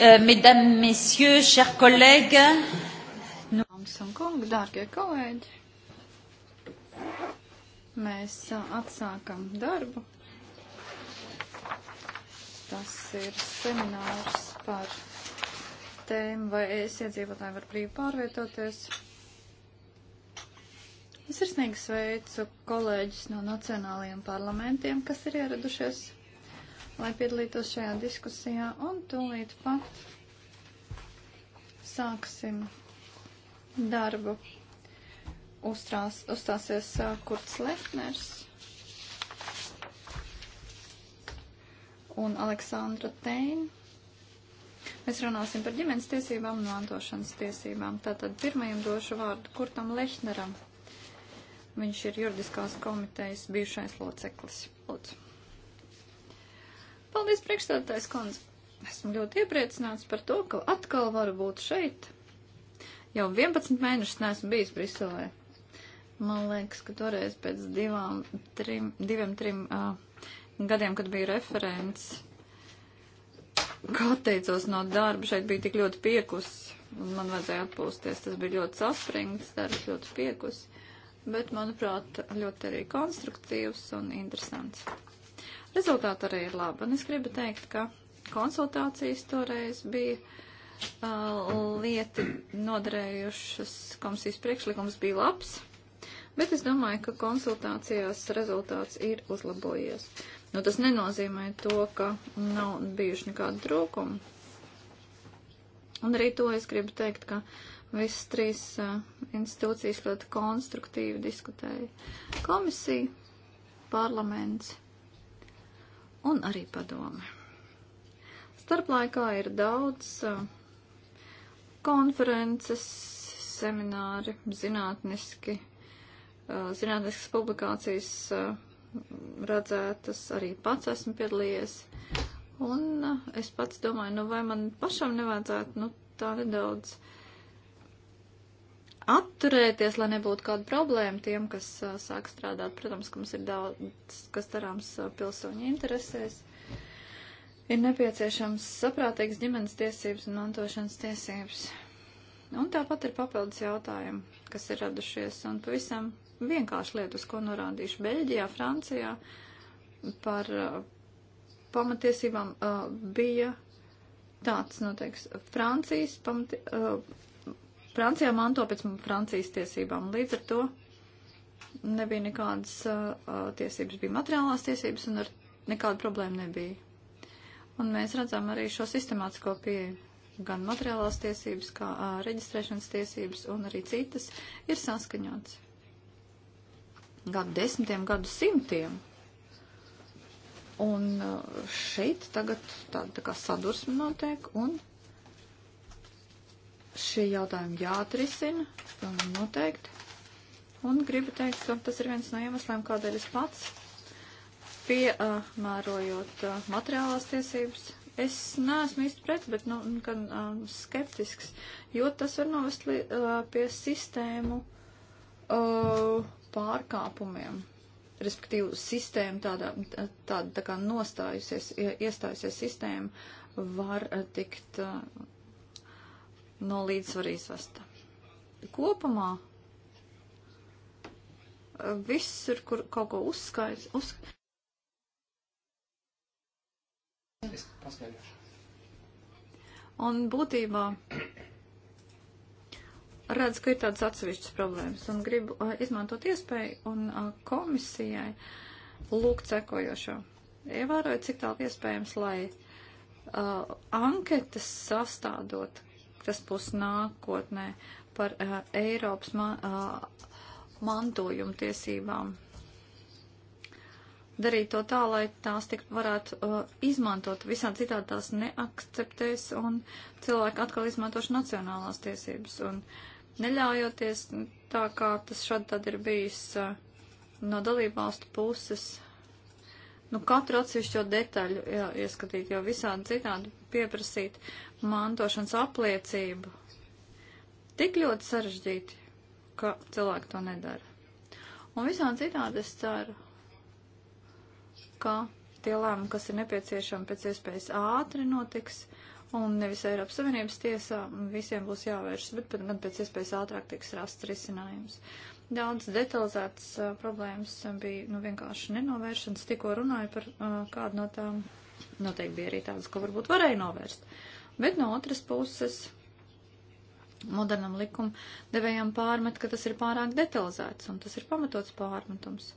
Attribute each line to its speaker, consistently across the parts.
Speaker 1: Uh, Mesdames, Messieurs, chers collègues, nous... Dārgie kolēģi, mēs uh, atsākam darbu. Tas ir seminārs par tēmu, vai es iedzīvotāji var brīvi pārvietoties. Es sirsnīgi sveicu kolēģis no nacionālajiem parlamentiem, kas ir ieradušies lai piedalītos šajā diskusijā, un tūlīt pat sāksim darbu. Uztrās, uzstāsies uh, Kurts Lefners un Aleksandra Teina. Mēs runāsim par ģimenes tiesībām un mantošanas tiesībām. Tātad pirmajam došu vārdu Kurtam Lehneram. Viņš ir juridiskās komitejas bijušais loceklis. Lūdzu. Paldies, priekšstādātais kundze. Esmu ļoti iepriecināts par to, ka atkal varu būt šeit. Jau 11 mēnešus neesmu bijis Briselē. Man liekas, ka toreiz pēc divām, trim, diviem, trim uh, gadiem, kad bija referents, kā teicos no darba, šeit bija tik ļoti piekus, un man vajadzēja atpūsties. Tas bija ļoti saspringts darbs, ļoti piekus, bet, manuprāt, ļoti arī konstruktīvs un interesants. Rezultāti arī ir labi. Un es gribu teikt, ka konsultācijas toreiz bija uh, lieti noderējušas, komisijas priekšlikums bija labs, bet es domāju, ka konsultācijās rezultāts ir uzlabojies. Nu, tas nenozīmē to, ka nav bijuši nekādi trūkumi. Un arī to es gribu teikt, ka visas trīs uh, institūcijas ļoti konstruktīvi diskutēja. Komisija, parlaments un arī padome. Starplaikā ir daudz konferences, semināri, zinātniski, zinātniskas publikācijas redzētas, arī pats esmu piedalījies. Un es pats domāju, nu vai man pašam nevajadzētu, nu tā nedaudz uh, atturēties, lai nebūtu kāda problēma tiem, kas a, uh, sāk strādāt. Protams, ka mums ir daudz, kas darāms uh, pilsoņu interesēs. Ir nepieciešams saprātīgs ģimenes tiesības un mantošanas tiesības. Un tāpat ir papildus jautājumi, kas ir radušies, un pavisam vienkārši lietas, ko norādīšu Beļģijā, Francijā par a, uh, pamatiesībām a, bija tāds noteikts nu, Francijas pamati, Francijā manto pēc Francijas tiesībām. Līdz ar to nebija nekādas uh, uh, tiesības, bija materiālās tiesības un ar nekādu problēmu nebija. Un mēs redzam arī šo sistemātisko pieeju. Gan materiālās tiesības, kā uh, reģistrēšanas tiesības un arī citas ir saskaņots. Gadu desmitiem, gadu simtiem. Un uh, šeit tagad tāda tā kā sadursme notiek un šie jautājumi jāatrisina, pilnīgi noteikti. Un gribu teikt, ka tas ir viens no iemesliem, kādēļ es pats piemērojot uh, uh, materiālās tiesības. Es neesmu īsti pret, bet nu, gan um, skeptisks, jo tas var novest li, uh, pie sistēmu uh, pārkāpumiem. Respektīvi, sistēma tāda, tāda tā kā nostājusies, iestājusies sistēma var uh, tikt. Uh, no līdzsvaru izvesta. Kopumā eh, viss ir, kur kaut ko uzskaits. Uz... Un būtībā redz, ka ir tādas atsevišķas problēmas un gribu uh, izmantot iespēju un uh, komisijai lūgt sekojošo. Ievēroju, cik tālu iespējams, lai uh, anketas sastādot, kas būs nākotnē par uh, Eiropas man, uh, eh, mantojuma tiesībām. Darīt to tā, lai tās tik varētu uh, izmantot, visā citādi tās neakceptēs un cilvēki atkal izmantošu nacionālās tiesības. Un neļaujoties tā, kā tas šad tad ir bijis uh, no dalībvalstu puses, nu katru atsevišķo detaļu jā, ieskatīt, jo visādi citādi pieprasīt uh, mantošanas apliecību tik ļoti sarežģīti, ka cilvēki to nedara. Un visām citādi es ceru, ka tie lēmumi, kas ir nepieciešami pēc iespējas ātri notiks, un nevis Eiropas Savienības tiesā visiem būs jāvēršas, bet pat gan pēc iespējas ātrāk tiks rasts risinājums. Daudz detalizētas uh, problēmas bija nu, vienkārši nenovēršanas, tikko runāju par uh, kādu no tām. Noteikti bija arī tādas, ko varbūt varēja novērst. Uh, Bet no otras puses modernam likumdevējam pārmet, ka tas ir pārāk detalizēts, un tas ir pamatots pārmetums.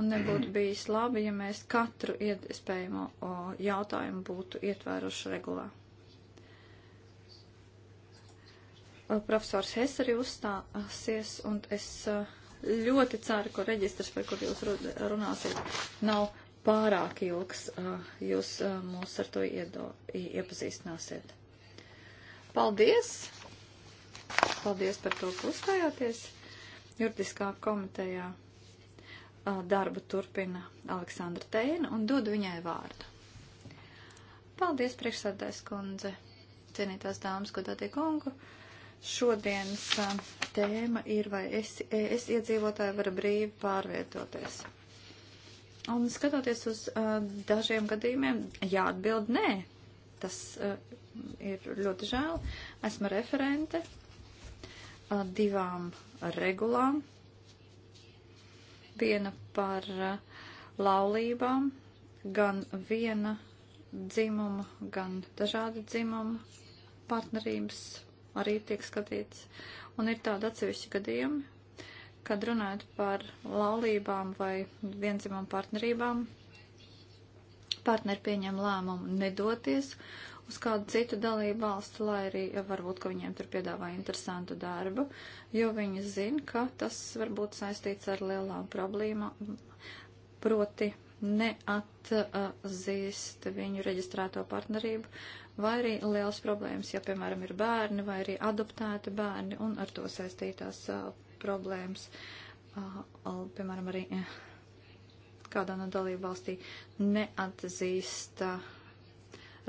Speaker 1: Un nebūtu bijis labi, ja mēs katru iespējamo jautājumu būtu ietvēruši regulā. Profesors Hess arī uzstāsies, un es ļoti ceru, ka reģistrs, par kur jūs runāsiet, nav pārāk ilgs, jūs mūs ar to iedo, iepazīstināsiet. Paldies! Paldies par to, ka uzstājāties juridiskā komitejā. Darbu turpina Aleksandra Tēna un dod viņai vārdu. Paldies, priekšsēdājs kundze, cienītās dāmas, godātie kungu. Šodienas tēma ir, vai es, es iedzīvotāji var brīvi pārvietoties. Un skatoties uz uh, dažiem gadījumiem, jāatbild nē. Tas uh, ir ļoti žēl. Esmu referente uh, divām regulām. Viena par uh, laulībām, gan viena dzimuma, gan dažāda dzimuma partnerības arī tiek skatīts. Un ir tādi atsevišķi gadījumi, kad runājot par laulībām vai vienzimam partnerībām, partneri pieņem lēmumu nedoties uz kādu citu dalību valstu, lai arī varbūt, ka viņiem tur piedāvā interesantu darbu, jo viņi zina, ka tas var būt saistīts ar lielām problēmām, proti neatzīst viņu reģistrēto partnerību, vai arī liels problēmas, ja, piemēram, ir bērni vai arī adoptēti bērni un ar to saistītās uh, problēmas. Piemēram, arī kādā no dalību valstī neatzīst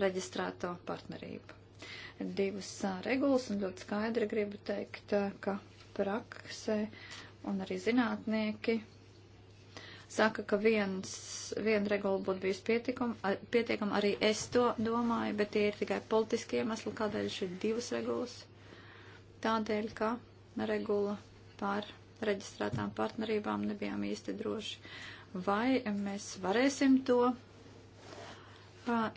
Speaker 1: reģistrēto partnerību. Divas regulas un ļoti skaidri gribu teikt, ka praksē un arī zinātnieki saka, ka viens, viena regula būtu bijusi pietiekama. Pietiekam, arī es to domāju, bet tie ir tikai politiski iemesli, kādēļ šī divas regulas. Tādēļ, ka regula par reģistrētām partnerībām nebijām īsti droši. Vai mēs varēsim to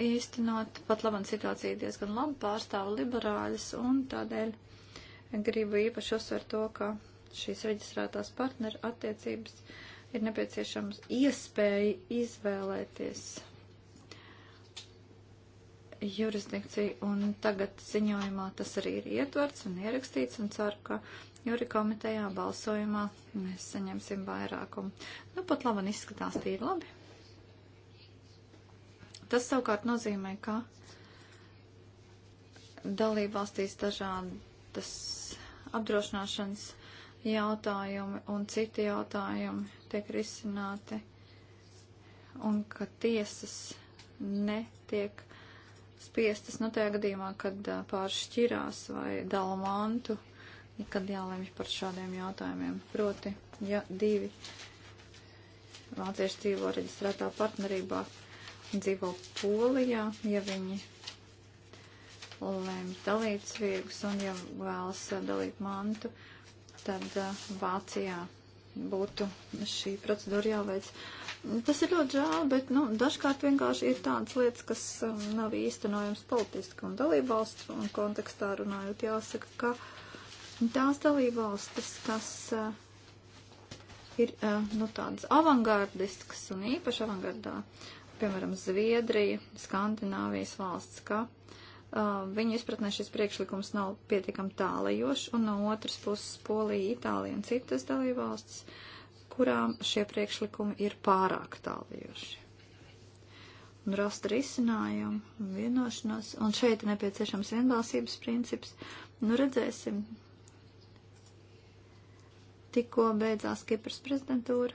Speaker 1: īstenot? Pat labam situācija diezgan labi pārstāv liberāļus un tādēļ gribu īpaši uzsvert to, ka šīs reģistrētās partneru attiecības ir nepieciešams iespēja izvēlēties jurisdikciju, un tagad ziņojumā tas arī ir ietverts un ierakstīts, un ceru, ka Juri komitejā balsojumā mēs saņemsim vairākumu. Nu, pat labi, izskatās tīri labi. Tas savukārt nozīmē, ka dalībvalstīs dažādas apdrošināšanas jautājumi un citi jautājumi tiek risināti un ka tiesas netiek spiestas, nu tajā gadījumā, kad pāršķirās vai dalmantu kad jālemj par šādiem jautājumiem. Proti, ja divi vācieši dzīvo reģistrētā partnerībā, dzīvo Polijā, ja viņi lemj dalīt sviegus un ja vēlas eh, dalīt mantu, tad uh, Vācijā būtu šī procedūra jāveic. Tas ir ļoti žēl, bet nu, dažkārt vienkārši ir tādas lietas, kas um, nav īstenojams politiski un dalībvalsts un kontekstā runājot jāsaka, ka Tās dalībvalstis, kas uh, ir uh, nu, tādas avangardiskas un īpaši avangardā, piemēram, Zviedrija, Skandināvijas valsts, ka uh, viņu izpratnē šis priekšlikums nav pietiekami tālajošs, un no otras puses Polija, Itālija un citas dalībvalstis, kurām šie priekšlikumi ir pārāk tālajoši. Un rast risinājumu un vienošanos, un šeit nepieciešams vienbalsības princips. Nu, redzēsim, Tikko beidzās Kipras prezidentūra.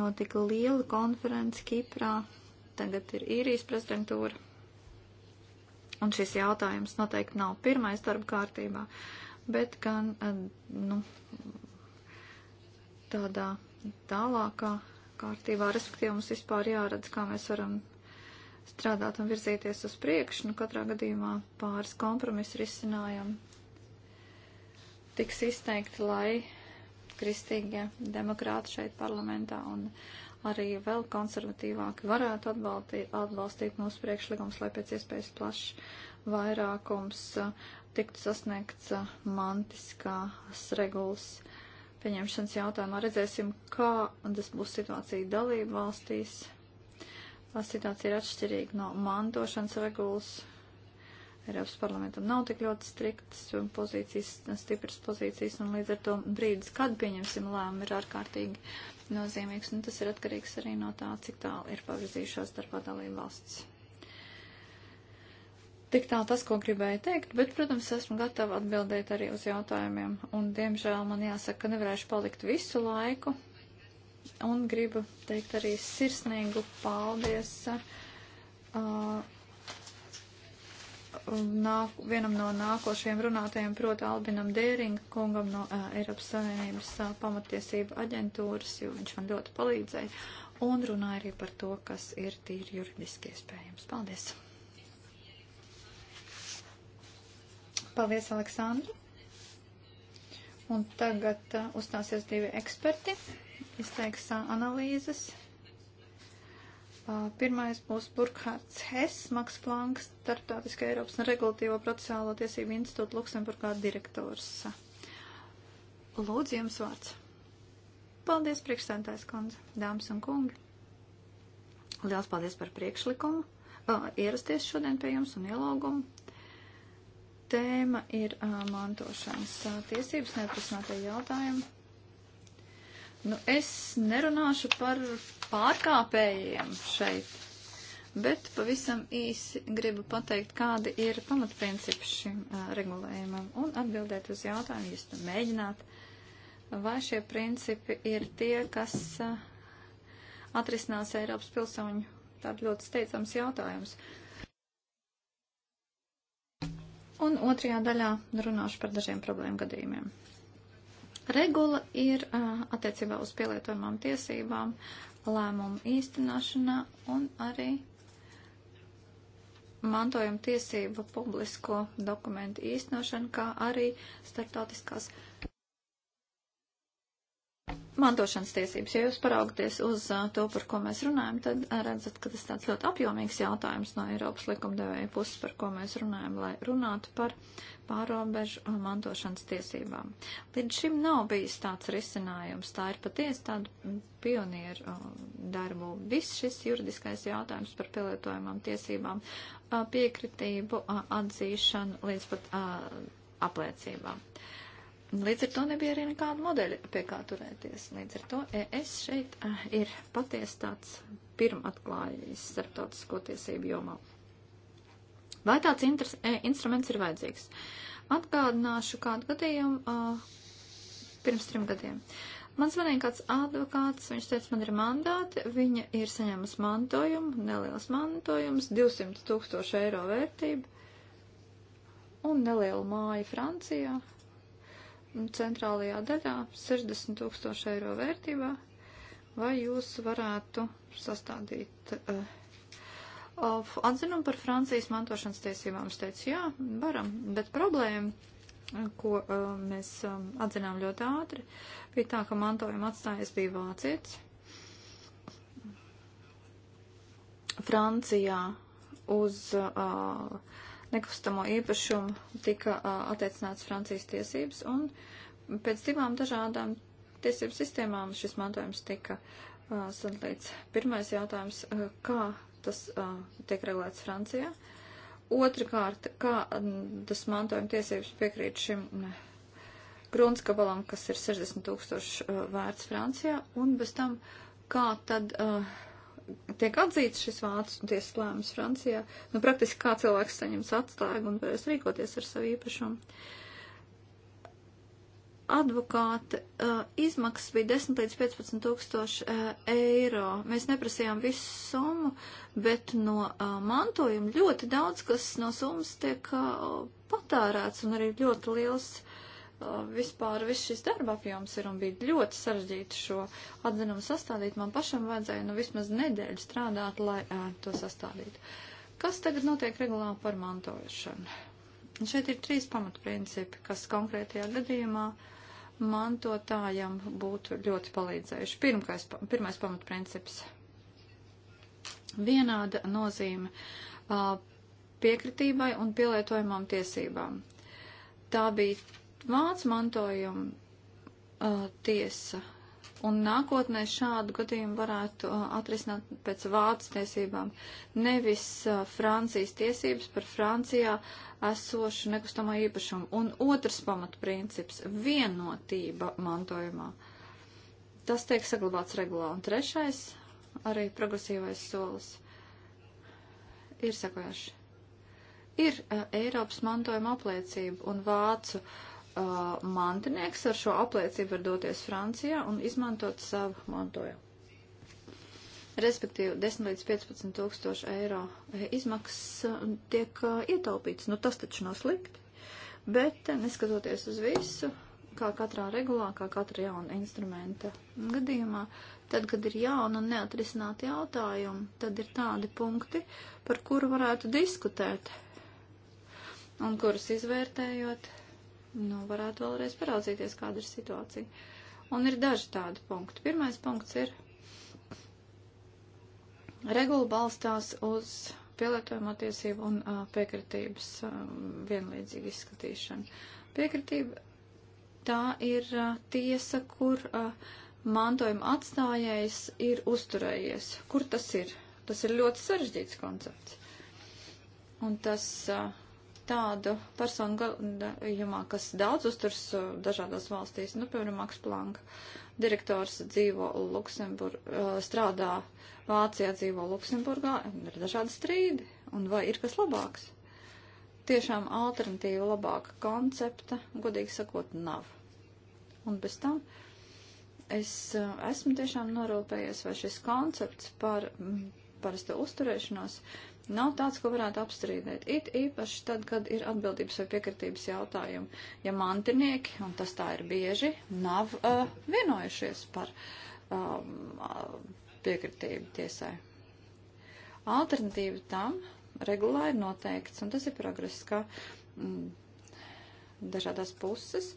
Speaker 1: Notika liela konference Kiprā. Tagad ir īrijas prezidentūra. Un šis jautājums noteikti nav pirmais darba kārtībā, bet gan eh, nu, tādā tālākā kārtībā, respektīvi mums vispār jāredz, kā mēs varam strādāt un virzīties uz priekšu. Nu, katrā gadījumā pāris kompromisu risinājam tiks izteikti, lai kristīgie demokrāti šeit parlamentā un arī vēl konservatīvāki varētu atbalstīt, atbalstīt mūsu priekšlikums, lai pēc iespējas plašs vairākums tiktu sasniegts mantiskās regulas pieņemšanas jautājumā. Redzēsim, kādas būs situācija dalību valstīs. Situācija ir atšķirīga no mantošanas regulas Eiropas parlamentam nav tik ļoti striktas pozīcijas, stipras pozīcijas, un līdz ar to brīdis, kad pieņemsim lēmumu, ir ārkārtīgi nozīmīgs, un tas ir atkarīgs arī no tā, cik tālu ir pavirzījušās darbā dalība valsts. Tik tā tas, ko gribēju teikt, bet, protams, esmu gatava atbildēt arī uz jautājumiem, un, diemžēl, man jāsaka, ka nevarēšu palikt visu laiku, un gribu teikt arī sirsnīgu paldies. Uh, nāk, vienam no nākošajiem runātajiem, proti Albinam Dēringa kungam no uh, Eiropas Savienības uh, pamatiesību aģentūras, jo viņš man ļoti palīdzēja, un runāja arī par to, kas ir tīri juridiski iespējams. Paldies! Paldies, Aleksandra! Un tagad uh, uzstāsies divi eksperti, izteiks uh, analīzes. Pirmais būs Burkhards Hess, Maks Planks, Startautiskā Eiropas un Regulatīvo procesālo tiesību institūta Luksemburgā direktors. Lūdzu, jums vārds. Paldies, priekšsēdētājs kundze, dāmas un kungi. Liels paldies par priekšlikumu, uh, ierasties šodien pie jums un ielūgumu. Tēma ir uh, mantošanas uh, tiesības, neatrisinātie jautājumi Nu, es nerunāšu par pārkāpējiem šeit, bet pavisam īsi gribu pateikt, kādi ir pamatprincipi šim uh, regulējumam un atbildēt uz jautājumu, jūs to mēģināt, vai šie principi ir tie, kas uh, atrisinās Eiropas pilsoņu tādu ļoti steidzams jautājums. Un otrajā daļā runāšu par dažiem problēmu gadījumiem. Regula ir attiecībā uz pielietojumām tiesībām, lēmumu īstenošanā un arī mantojuma tiesību publisko dokumentu īstenošanu, kā arī starptautiskās mantošanas tiesības. Ja jūs paraugties uz to, par ko mēs runājam, tad redzat, ka tas tāds ļoti apjomīgs jautājums no Eiropas likumdevēja puses, par ko mēs runājam, lai runātu par pārobežu eh, mantošanas tiesībām. Līdz šim nav bijis tāds risinājums, tā ir patiesi tāda mm, pionieru eh, darbu. Viss šis juridiskais jautājums par pielietojumām tiesībām, eh, piekritību, atzīšanu līdz pat apliecībām. Līdz ar to nebija arī nekāda modeļa, pie kā turēties. Līdz ar to es šeit ir patiesi tāds pirmatklājis starptautisko tiesību jomā. Vai tāds inters, e, instruments ir vajadzīgs? Atgādināšu kādu gadījumu uh, pirms trim gadiem. Man zvanīja kāds advokāts, viņš teica, man ir mandāti, viņa ir saņēmusi mantojumu, neliels mantojums, 200 tūkstoši eiro vērtība un nelielu māju Francijā, centrālajā daļā, 60 tūkstoši eiro vērtībā, vai jūs varētu sastādīt uh, atzinumu par Francijas mantošanas tiesībām. Es teicu, jā, varam, bet problēma ko uh, mēs um, atzinām ļoti ātri, bija tā, ka mantojuma atstājies bija vācietis. Francijā uz uh, nekustamo īpašumu tika uh, attiecināts Francijas tiesības, un pēc divām dažādām tiesību sistēmām šis mantojums tika uh, sadalīts. Pirmais jautājums, uh, kā tas uh, tiek regulēts Francijā. Otrakārt, kā tas mantojuma tiesības piekrīt šim ne, grunskabalam, kas ir 60 tūkstoši uh, vērts Francijā, un bez tam, kā tad uh, tiek atzīts šis vārds un tiesas lēmums Francijā, nu praktiski kā cilvēks saņems atstāgu un varēs rīkoties ar savu īpašumu. Uh, advokāta uh, izmaksas bija 10 līdz 15 tūkstoši uh, eiro. Mēs neprasījām visu summu, bet no uh, mantojuma ļoti daudz, kas no summas tiek uh, patērēts un arī ļoti liels uh, vispār viss šis darba apjoms ir un bija ļoti sarežģīti šo atzinumu sastādīt. Man pašam vajadzēja nu vismaz nedēļu strādāt, lai uh, to sastādītu. Kas tagad notiek regulā par mantojušanu? Un šeit ir trīs pamatprincipi, kas konkrētajā gadījumā uh, mantotājam būtu ļoti palīdzējuši. Pirmkais, pirmais pamatprincips - vienāda nozīme piekritībai un pielietojumām tiesībām. Tā bija vācu mantojuma tiesa Un nākotnē šādu gadījumu varētu uh, atrisināt pēc vācu tiesībām, nevis uh, Francijas tiesības par Francijā esošu nekustamā īpašumu. Un otrs pamatprincips - vienotība mantojumā. Tas tiek saglabāts regulā. Un trešais, arī progresīvais solis, ir sekojoši. Ir uh, Eiropas mantojuma apliecība un vācu uh, uh, mantinieks ar šo apliecību var doties Francijā un izmantot savu mantojumu. Respektīvi 10 līdz 15 tūkstoši eiro eh, izmaksas uh, tiek uh, ietaupīts. Nu tas taču nav slikti. Bet eh, neskatoties uz visu, kā katrā regulā, kā katra jauna instrumenta gadījumā, tad, kad ir jauna un neatrisināta jautājuma, tad ir tādi punkti, par kuru varētu diskutēt un kurus izvērtējot, nu, varētu vēlreiz paraudzīties, kāda ir situācija. Un ir daži tādi punkti. Pirmais punkts ir regula balstās uz pielietojumā tiesību un uh, piekritības uh, vienlīdzīgu izskatīšanu. Piekritība tā ir uh, tiesa, kur uh, mantojuma atstājējs ir uzturējies. Kur tas ir? Tas ir ļoti sarežģīts koncepts. Un tas uh, tādu personu gadījumā, kas daudz uzturs uh, dažādās valstīs, nu, piemēram, Max Planck, direktors dzīvo Luksemburg, uh, strādā Vācijā, dzīvo Luksemburgā, ir dažādi strīdi, un vai ir kas labāks? Tiešām alternatīva labāka koncepta, godīgi sakot, nav. Un bez tam es uh, esmu tiešām norūpējies, vai šis koncepts par mm, parasto uzturēšanos uh, nav tāds, ko varētu apstrīdēt. It īpaši tad, kad ir atbildības vai piekritības jautājumi. Ja mantinieki, un tas tā ir bieži, nav uh, vienojušies par um, piekritību tiesai. Alternatīva tam regulā ir noteikts, un tas ir progress, ka mm, dažādās puses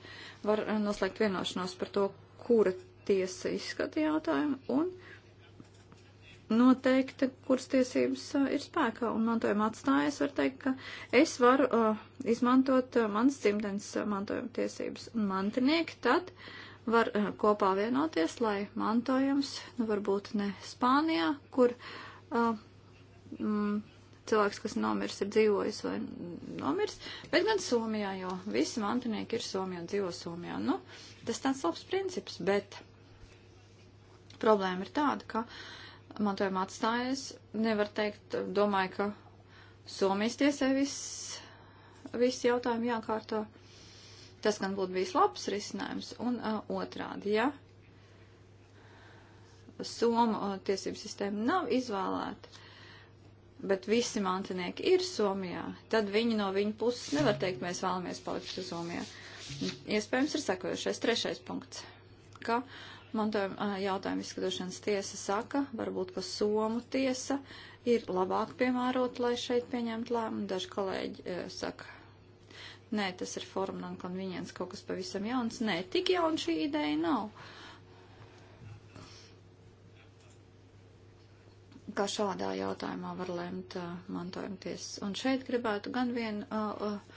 Speaker 1: var noslēgt vienošanos par to, kura tiesa izskata jautājumu, un uh, noteikta, kuras tiesības uh, ir spēkā un mantojuma atstāja, es varu teikt, ka es varu uh, izmantot uh, manas dzimtenes uh, mantojuma tiesības. Un mantinieki tad var uh, kopā vienoties, lai mantojums, nu varbūt ne Spānijā, kur uh, mm, cilvēks, kas nomirs, ir dzīvojis vai nomirs, bet gan Somijā, jo visi mantinieki ir Somijā un dzīvo Somijā. Nu, tas tāds labs princips, bet problēma ir tāda, ka mantojumā atstājies. Nevar teikt, domāju, ka Somijas tiesai viss, viss jautājumi jākārto. Tas gan būtu bijis labs risinājums. Un uh, otrādi, ja Soma uh, tiesību sistēma nav izvēlēta, bet visi mantinieki ir Somijā, tad viņi no viņa puses nevar teikt, mēs vēlamies palikt Somijā. Iespējams, ir sekojošais trešais punkts, ka uh, mantojuma jautājumu izskatošanas tiesa saka, varbūt, ka Somu tiesa ir labāk piemērot, lai šeit pieņemtu lēmumu. Daži kolēģi e, saka, nē, tas ir forma non convenience, kaut kas pavisam jauns. Nē, tik jauna šī ideja nav. Kā šādā jautājumā var lemt uh, mantojuma tiesas. Un šeit gribētu gan vienu uh, uh,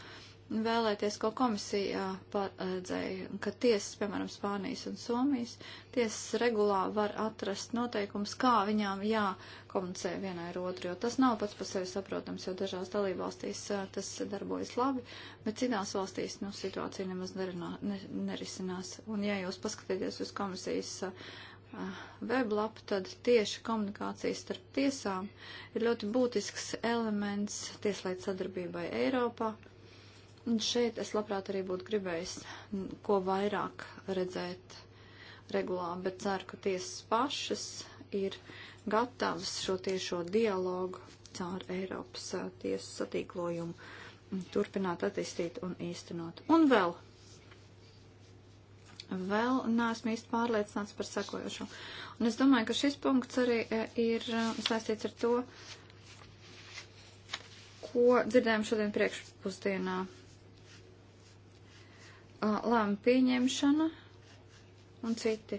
Speaker 1: vēlēties, ko komisija uh, paredzēja, ka tiesas, piemēram, Spānijas un Somijas, tiesas regulā var atrast noteikums, kā viņām jākomunicē vienai ar otru, jo tas nav pats par sevi saprotams, jo dažās dalībvalstīs uh, tas darbojas labi, bet citās valstīs, nu, situācija nemaz nerinā, ne, nerisinās. Un ja jūs paskatieties uz komisijas uh, weblapu, tad tieši komunikācija starp tiesām ir ļoti būtisks elements tieslietu sadarbībai Eiropā Un šeit es labprāt arī būtu gribējis ko vairāk redzēt regulā, bet ceru, ka tiesas pašas ir gatavas šo tiešo dialogu caur Eiropas tiesu satīklojumu turpināt attīstīt un īstenot. Un vēl, vēl neesmu īsti pārliecināts par sekojošo. Un es domāju, ka šis punkts arī ir saistīts ar to, ko dzirdējām šodien priekšpusdienā lēma pieņemšana un citi.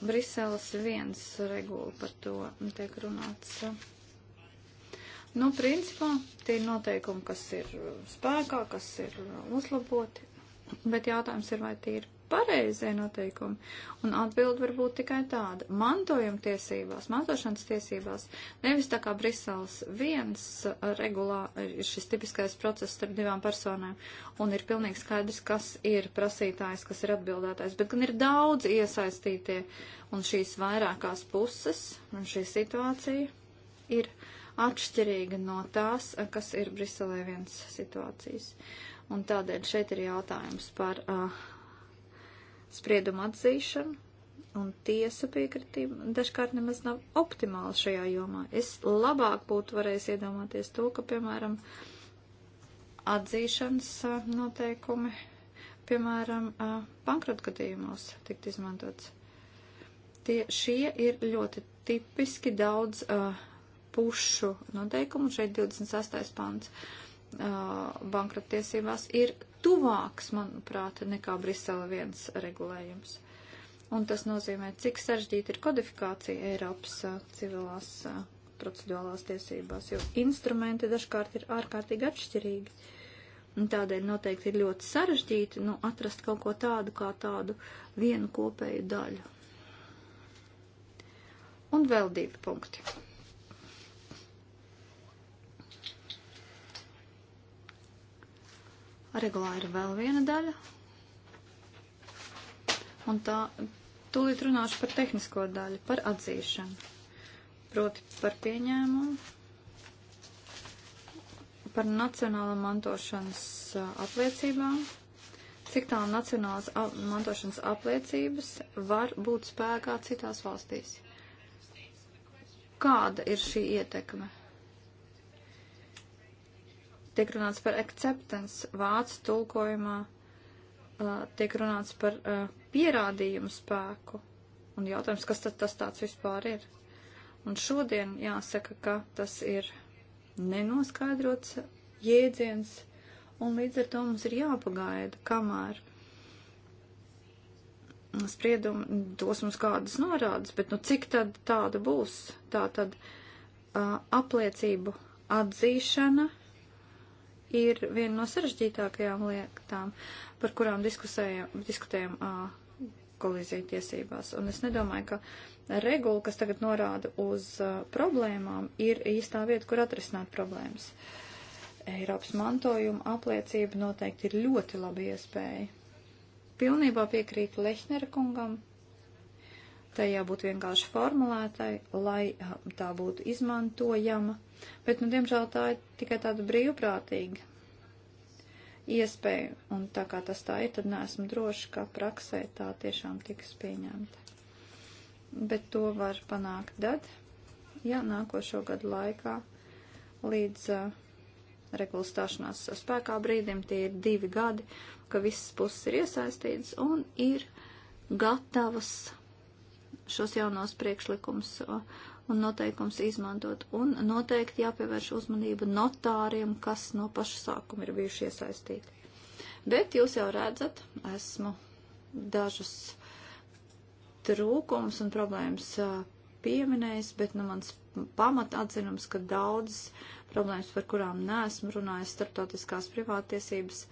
Speaker 1: Briseles viens regula par to tiek runāts. Nu, principā, tie ir noteikumi, kas ir spēkā, kas ir uzlaboti, bet jautājums ir, vai tie ir pareizie noteikumi? Un atbildi var būt tikai tāda. Mantojuma tiesībās, mantošanas tiesībās, nevis tā kā Brisels viens regulā ir šis tipiskais process starp divām personēm un ir pilnīgi skaidrs, kas ir prasītājs, kas ir atbildētājs, bet gan ir daudz iesaistītie un šīs vairākās puses un šī situācija ir atšķirīga no tās, kas ir Briselē viens situācijas. Un tādēļ šeit ir jautājums par uh, spriedumu atzīšanu un tiesa piekritība dažkārt nemaz nav optimāla šajā jomā. Es labāk būtu varējis iedomāties to, ka, piemēram, atzīšanas noteikumi, piemēram, bankrota gadījumos tikt izmantots. Tie, šie ir ļoti tipiski daudz uh, pušu noteikumu, un šeit 28. pants uh, bankrotiesībās ir tuvāks, manuprāt, nekā Brisele viens regulējums. Un tas nozīmē, cik sarežģīta ir kodifikācija Eiropas a, civilās a, procedūrālās tiesībās, jo instrumenti dažkārt ir ārkārtīgi atšķirīgi. Un tādēļ noteikti ir ļoti sarežģīti nu, atrast kaut ko tādu kā tādu vienu kopēju daļu. Un vēl divi punkti. Regulā ir vēl viena daļa. Un tā tūlīt runāšu par tehnisko daļu, par atzīšanu. Proti par pieņēmumu, par nacionālo mantošanas apliecībām, cik tālu nacionālās mantošanas apliecības var būt spēkā citās valstīs. Kāda ir šī ietekme? tiek runāts par acceptance, vācu tulkojumā uh, tiek runāts par uh, pierādījumu spēku. Un jautājums, kas tad tas tāds vispār ir? Un šodien jāsaka, ka tas ir nenoskaidrots jēdziens, un līdz ar to mums ir jāpagaida, kamēr spriedumi dos mums kādas norādes, bet nu cik tad tāda būs? Tā tad uh, apliecību atzīšana ir viena no sarežģītākajām lietām, par kurām diskutējam koliziju tiesībās. Un es nedomāju, ka regula, kas tagad norāda uz uh, problēmām, ir īstā vieta, kur atrisināt problēmas. Eiropas mantojuma apliecība noteikti ir ļoti laba iespēja. Pilnībā piekrītu Lehnera kungam tai jābūt vienkārši formulētai, lai tā būtu izmantojama, bet, nu, diemžēl tā ir tikai tāda brīvprātīga iespēja, un tā kā tas tā ir, tad neesmu droši, ka praksē tā tiešām tiks pieņemta. Bet to var panākt tad, ja nākošo gadu laikā līdz uh, regulas stāšanās spēkā brīdim, tie ir divi gadi, ka visas puses ir iesaistītas un ir gatavas šos jaunos priekšlikums un noteikums izmantot. Un noteikti jāpievērš uzmanība notāriem, kas no paša sākuma ir bijuši iesaistīti. Bet jūs jau redzat, esmu dažus trūkums un problēmas pieminējis, bet nu, mans pamat atzinums, ka daudzas problēmas, par kurām neesmu runājis, starptautiskās privātiesības,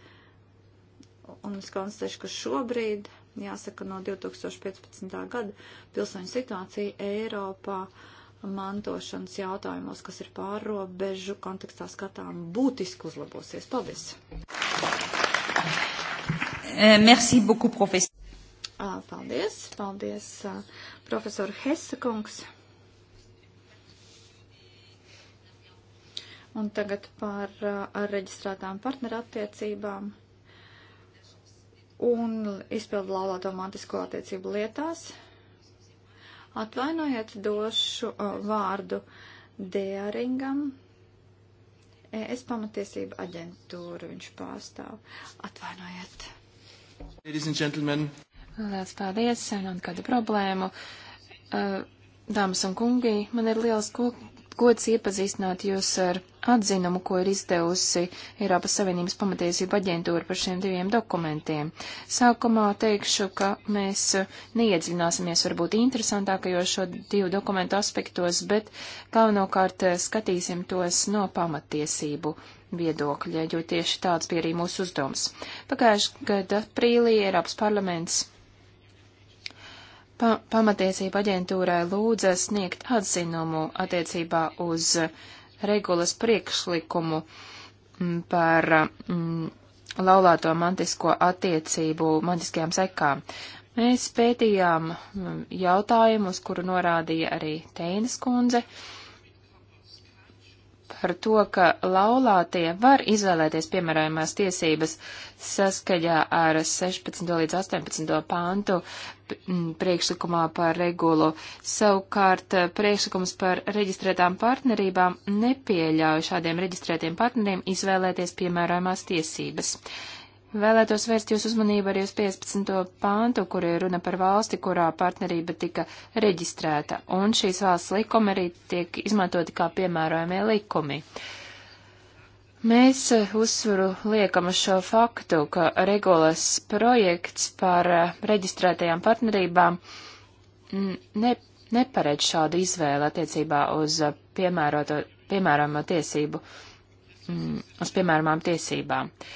Speaker 1: un es konstatēšu, ka šobrīd Jāsaka, no 2015. gada pilsoņu situācija Eiropā mantošanas jautājumos, kas ir pārrobežu kontekstā skatām, būtiski uzlabosies. Paldies! Eh, merci beaucoup, profesor. Paldies, paldies, profesor Hesekungs. Un tagad par reģistrētām partnerattiecībām un izpildu laulāto mantisko attiecību lietās. Atvainojiet, došu uh, vārdu Dēringam. E, es pamatiesību aģentūru viņš pārstāv. Atvainojiet.
Speaker 2: Ladies and gentlemen. Lielas paldies, nav nekādu problēmu. Uh, Dāmas un kungi, man ir liels gods iepazīstināt jūs ar atzinumu, ko ir izdevusi Eiropas Savienības pamatiesība aģentūra par šiem diviem dokumentiem. Sākumā teikšu, ka mēs neiedziļināsimies varbūt interesantākajos šo divu dokumentu aspektos, bet galvenokārt skatīsim tos no pamatiesību viedokļa, jo tieši tāds bija arī mūsu uzdevums. Pagājušajā gada aprīlī Eiropas parlaments pa pamatiesība aģentūrai lūdza sniegt atzinumu attiecībā uz regulas priekšlikumu mm, par mm, laulāto mantisko attiecību mantiskajām sekām. Mēs pētījām mm, jautājumus, kuru norādīja arī Teinas kundze. Uh, par to, ka laulātie var izvēlēties piemērojumās tiesības saskaļā ar 16. līdz 18. pāntu priekšlikumā par regulu. Savukārt eh, priekšlikums par reģistrētām partnerībām nepieļauj šādiem reģistrētiem partneriem izvēlēties piemērojumās tiesības. Uh, Vēlētos vērst jūs uzmanību arī uz 15. pāntu, kur ir runa par valsti, kurā partnerība tika reģistrēta, un šīs valsts likumi arī tiek izmantoti kā piemērojamie likumi. Mēs eh, uzsvaru liekam uz šo faktu, ka regulas projekts par eh, reģistrētajām partnerībām ne, neparedz šādu izvēli attiecībā uz eh, piemēroto, piemērojamo tiesību, mm, uz piemērojamām tiesībām. Uh,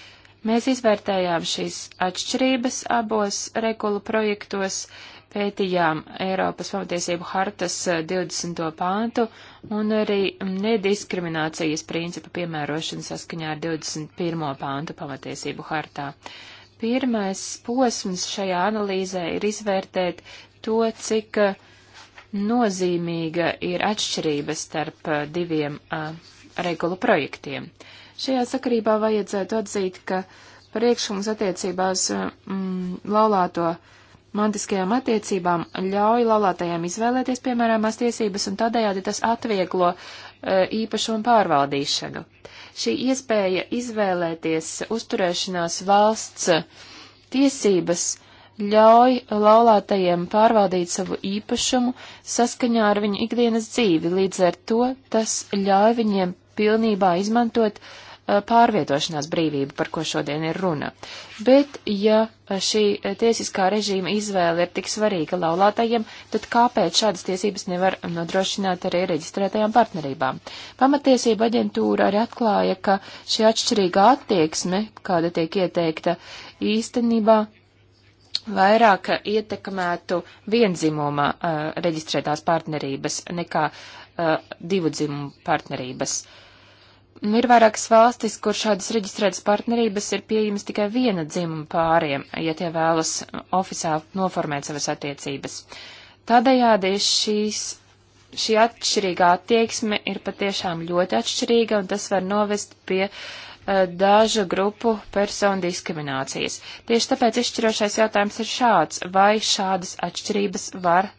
Speaker 2: Mēs izvērtējām šīs atšķirības abos regulu projektos, pētījām Eiropas pamatiesību hartas 20. Eh, pāntu un arī nediskriminācijas principu piemērošanu saskaņā ar 21. pāntu pamatiesību hartā. Pirmais posms šajā analīzē ir izvērtēt to, cik eh, nozīmīga ir atšķirība starp eh, diviem a, regulu projektiem. A, Šajā sakarībā vajadzētu atzīt, ka priekšums attiecībās mm, laulāto mantiskajām attiecībām ļauj laulātajām izvēlēties, piemēram, mās tiesības, un tādējādi tas atvieglo e, īpašumu pārvaldīšanu. Šī iespēja izvēlēties uzturēšanās valsts tiesības ļauj laulātajiem pārvaldīt savu īpašumu saskaņā ar viņu ikdienas dzīvi, līdz ar to tas ļauj viņiem pilnībā izmantot uh, Eh, pārvietošanās brīvību, par ko šodien ir runa. Bet, ja eh, šī eh, tiesiskā režīma izvēle ir tik svarīga laulātajiem, tad kāpēc šādas tiesības nevar nodrošināt arī reģistrētajām partnerībām? Pamatiesība aģentūra arī atklāja, ka šī atšķirīga attieksme, kāda tiek ieteikta, īstenībā vairāk ietekmētu vienzimuma uh, reģistrētās partnerības nekā uh, divu dzimumu partnerības. Uh, Nu, ir vairākas valstis, kur šādas reģistrētas partnerības ir pieejamas tikai viena dzimuma pāriem, ja tie vēlas oficiāli noformēt savas attiecības. Tādējādi šīs, šī atšķirīgā attieksme ir patiešām ļoti atšķirīga, un tas var novest pie uh, dažu grupu personu diskriminācijas. Tieši tāpēc izšķirošais jautājums ir šāds, vai šādas atšķirības var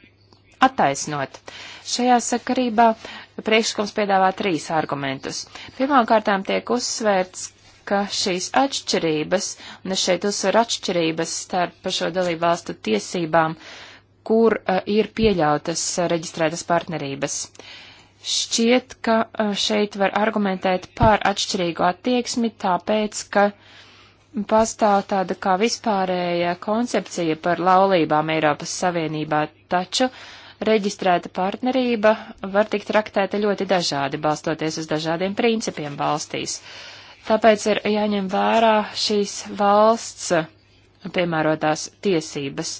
Speaker 2: attaisnot. Šajā sakarībā uh, priekšlikums piedāvā trīs argumentus. Pirmkārtām tiek uzsvērts, ka šīs atšķirības, un es šeit uzsveru atšķirības starp šo dalību valstu tiesībām, kur uh, ir pieļautas uh, reģistrētas partnerības. Šķiet, ka uh, šeit var argumentēt par atšķirīgu attieksmi, tāpēc, ka pastāv tāda kā vispārēja koncepcija par laulībām Eiropas Savienībā, taču uh, reģistrēta partnerība var tikt traktēta ļoti dažādi, balstoties uz dažādiem principiem valstīs. Tāpēc ir jāņem vērā šīs valsts piemērotās tiesības,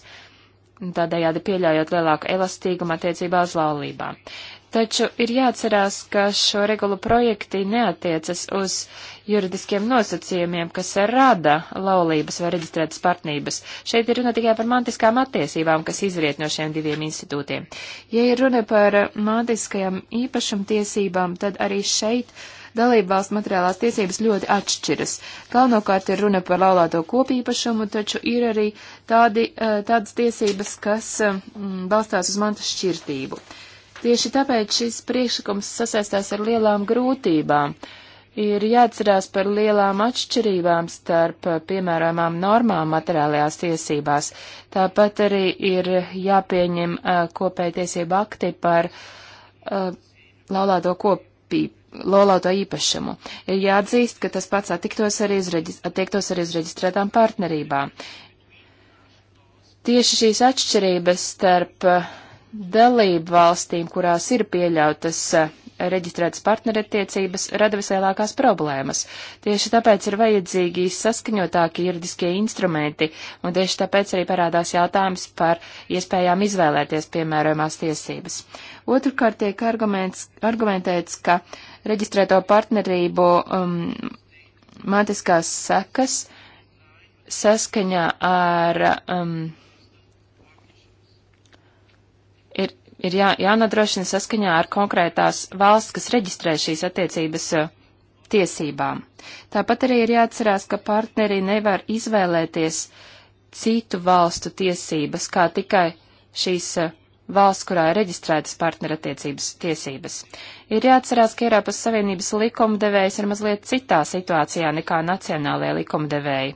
Speaker 2: tādējādi pieļaujot lielāku elastīgumu attiecībā uz laulībām. Taču ir jāatcerās, ka šo regulu projekti neatiecas uz juridiskiem nosacījumiem, kas rada laulības vai reģistrētas partnības. Šeit ir runa tikai par mantiskām attiecībām, kas izriet no šiem diviem institūtiem. Ja ir runa par mantiskajām īpašumtiesībām, tad arī šeit dalībvalstu materiālās tiesības ļoti atšķiras. Galvenokārt ir runa par laulāto kopīpašumu, taču ir arī tādi, eh, tādas tiesības, kas mm, balstās uz mantas šķirtību. Tieši tāpēc šis priekšlikums sasaistās ar lielām grūtībām. Ir jāatcerās par lielām atšķirībām starp piemērojumām normām materiālajās tiesībās. Tāpat arī ir jāpieņem kopēja tiesība akti par uh, laulāto kopību laulāto īpašumu. Ir jāatzīst, ka tas pats attiektos arī uz, attiektos arī uz reģistrētām partnerībām. Tieši šīs atšķirības starp uh, dalību valstīm, kurās ir pieļautas eh, reģistrētas partnerattiecības, rada vislielākās problēmas. Tieši tāpēc ir vajadzīgi saskaņotāki juridiskie instrumenti, un tieši tāpēc arī parādās jautājums par iespējām izvēlēties piemērojumās tiesības. Otrkārt tiek argumentēts, ka reģistrēto partnerību um, matiskās sekas saskaņā ar um, ir jā, jānodrošina saskaņā ar konkrētās valsts, kas reģistrē šīs attiecības eh, tiesībām. Tāpat arī ir jāatcerās, ka partneri nevar izvēlēties citu valstu tiesības, kā tikai šīs eh, valsts, kurā ir reģistrētas partnerattiecības tiesības. Ir jāatcerās, ka Eiropas Savienības likumdevējs ir mazliet citā situācijā nekā nacionālajie likumdevēji.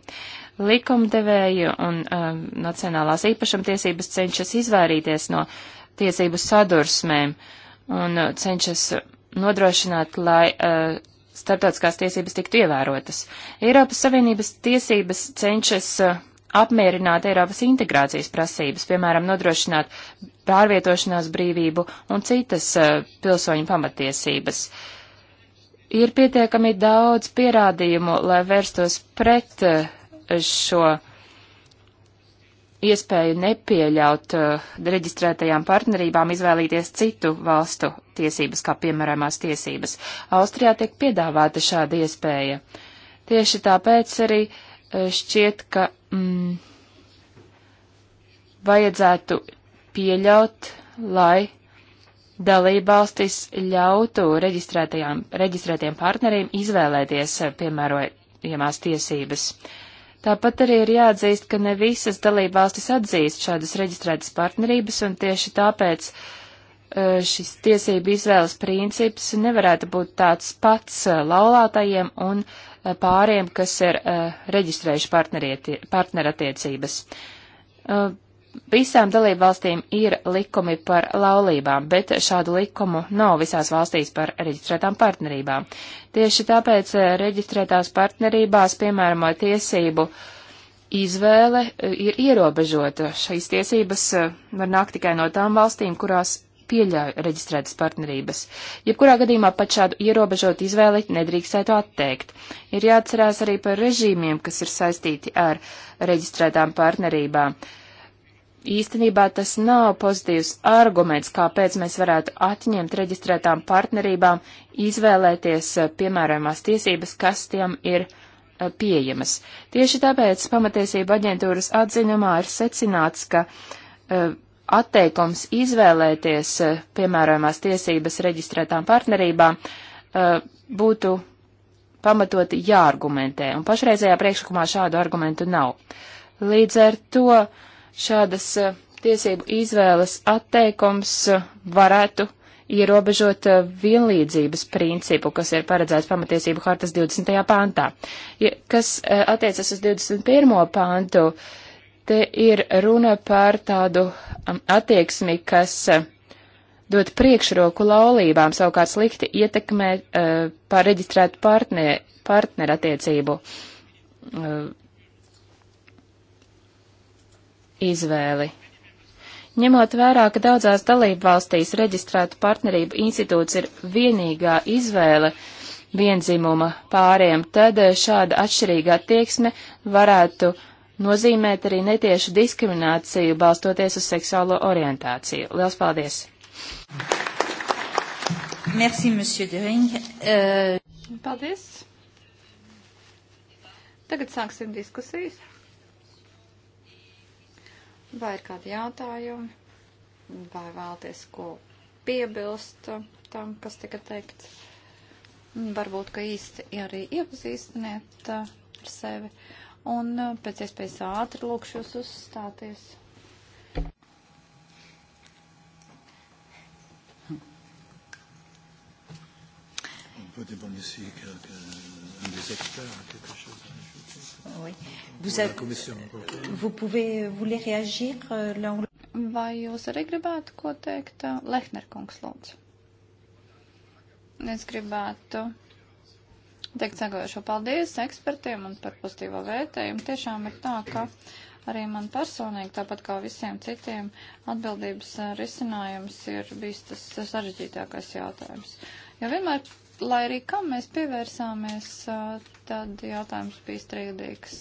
Speaker 2: Likumdevēju un um, nacionālās īpašumtiesības cenšas izvairīties no uh, tiesību sadursmēm un uh, cenšas nodrošināt, lai uh, starptautiskās tiesības tiktu ievērotas. Eiropas Savienības tiesības cenšas uh, apmierināt Eiropas integrācijas prasības, piemēram, nodrošināt pārvietošanās brīvību un citas uh, pilsoņu pamatiesības. Ir pietiekami daudz pierādījumu, lai vērstos pret uh, šo uh, iespēju nepieļaut uh, reģistrētajām partnerībām izvēlīties citu valstu tiesības, kā piemērāmās tiesības. Austrijā tiek piedāvāta šāda iespēja. Tieši tāpēc arī uh, šķiet, ka mm, vajadzētu pieļaut, lai dalībvalstis ļautu reģistrētajām, reģistrētiem partneriem izvēlēties eh, piemērojamās tiesības. Uh, Tāpat arī ir jāatzīst, ka ne visas dalībvalstis atzīst šādas reģistrētas partnerības, un tieši tāpēc e, šis tiesību izvēles princips nevarētu būt tāds pats e, laulātajiem un e, pāriem, kas ir reģistrējuši partnerattiecības. Visām dalībvalstīm ir likumi par laulībām, bet šādu likumu nav visās valstīs par reģistrētām partnerībām. Tieši tāpēc eh, reģistrētās partnerībās, piemēram, tiesību izvēle eh, ir ierobežota. Šīs tiesības eh, var nākt tikai no tām valstīm, kurās pieļauj reģistrētas partnerības. Jebkurā gadījumā pat šādu ierobežotu izvēli nedrīkstētu atteikt. Ir jāatcerās arī par režīmiem, kas ir saistīti ar reģistrētām partnerībām. Uh, īstenībā tas nav pozitīvs arguments, kāpēc mēs varētu atņemt reģistrētām partnerībām izvēlēties eh, piemērojamās tiesības, kas tiem ir eh, pieejamas. Tieši tāpēc pamatiesība aģentūras atziņumā ir secināts, ka eh, atteikums izvēlēties piemērojamās tiesības reģistrētām partnerībām būtu pamatoti jāargumentē, un pašreizējā priekšlikumā šādu argumentu nav. Līdz ar to uh, šādas tiesību izvēles atteikums varētu ierobežot vienlīdzības principu, kas ir paredzēts pamatiesību hartas 20. pāntā. Ja, kas attiecas uz 21. pāntu, te ir runa par tādu attieksmi, kas dot priekšroku laulībām, savukārt slikti ietekmē uh, par reģistrētu partner, partnerattiecību uh, izvēli. Ņemot vērā, ka daudzās dalību valstīs reģistrētu partnerību institūts ir vienīgā izvēle vienzimuma pāriem, tad šāda atšķirīga attieksme varētu nozīmēt arī netiešu diskrimināciju balstoties uz seksuālo orientāciju. Lielas paldies!
Speaker 1: Merci, monsieur Dering. Uh... Paldies! Tagad sāksim diskusijas. Vai ir kādi jautājumi? Vai vēlties ko piebilst tam, kas tika teikts? Varbūt, ka īsti arī iepazīstiniet eh, ar sevi. Un eh, pēc iespējas ātri lūkšu jūs uzstāties. peut dépendre aussi qu'un des experts, quelque chose. Oui. Vous, avez, vous pouvez, euh, voulez réagir euh, là on... Vai jūs arī gribētu ko teikt? Uh, Lehner kungs, lūdzu. Es gribētu teikt sagojušo paldies ekspertiem un par pozitīvo vērtējumu. Tiešām ir tā, ka arī man personīgi, tāpat kā visiem citiem, atbildības uh, risinājums ir bijis tas sarežģītākais jautājums. Jo vienmēr lai arī kam mēs pievērsāmies, tad jautājums bija strīdīgs.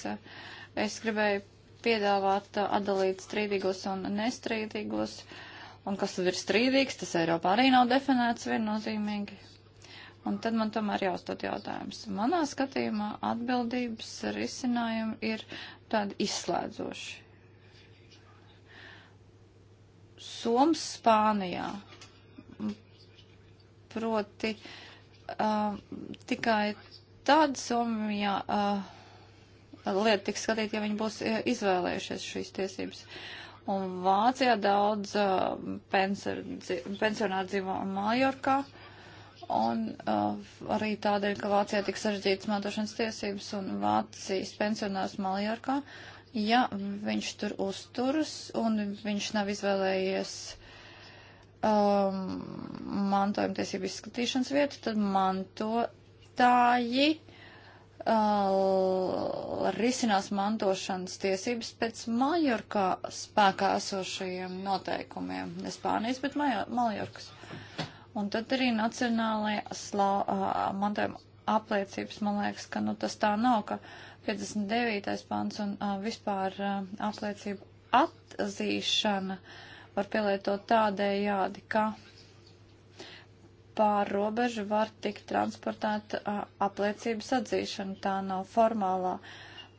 Speaker 1: Es gribēju piedāvāt atdalīt strīdīgos un nestrīdīgos, un kas tad ir strīdīgs, tas Eiropā arī nav definēts viennozīmīgi. Un tad man tomēr jāuzdod jautājums. Manā skatījumā atbildības risinājumi ir tādi izslēdzoši. Soms Spānijā. Proti, uh, uh, tikai tad Somijā uh, lieta tiks skatīta, ja viņi būs uh, izvēlējušies šīs tiesības. Un Vācijā daudz uh, pensionāri dzīvo Mallorkā. Un uh, arī tādēļ, ka Vācijā tik sarežģītas mantošanas tiesības un Vācijas pensionārs Mallorkā, ja viņš tur uzturas un viņš nav izvēlējies uh, um, mantojuma tiesību izskatīšanas vietu, tad mantotāji uh, risinās mantošanas tiesības pēc Maljorkā spēkā esošajiem noteikumiem. Ne Spānijas, bet Maljorkas. Un tad arī nacionālajā slā, uh, mantojuma apliecības, man liekas, ka nu, tas tā nav, ka 59. pants un uh, vispār uh, apliecību atzīšana uh, var pielietot tādējādi, ka pār robežu var tikt transportēta apliecības atzīšana. Tā nav formālā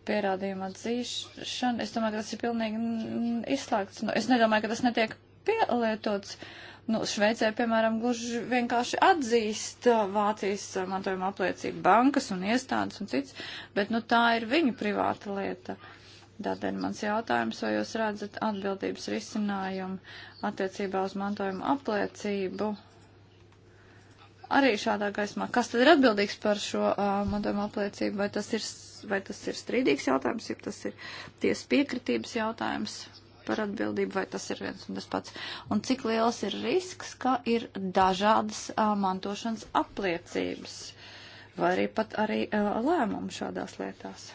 Speaker 1: pierādījuma atzīšana. Es domāju, ka tas ir pilnīgi izslēgts. Nu, es nedomāju, ka tas netiek pielietots. Nu, Šveicē, piemēram, gluži vienkārši atzīst Vācijas mantojuma apliecību bankas un iestādes un cits, bet nu, tā ir viņa privāta lieta. Uh, Tādēļ mans jautājums, vai jūs redzat atbildības risinājumu attiecībā uz mantojumu apliecību arī šādā gaismā? Kas tad ir atbildīgs par šo uh, mantojumu apliecību? Vai tas, ir, vai tas ir strīdīgs jautājums, ja tas ir tiesas piekritības jautājums? par atbildību, vai tas ir viens un tas pats. Un cik liels ir risks, ka ir dažādas uh, mantošanas apliecības vai arī pat arī uh, lēmumu šādās lietās?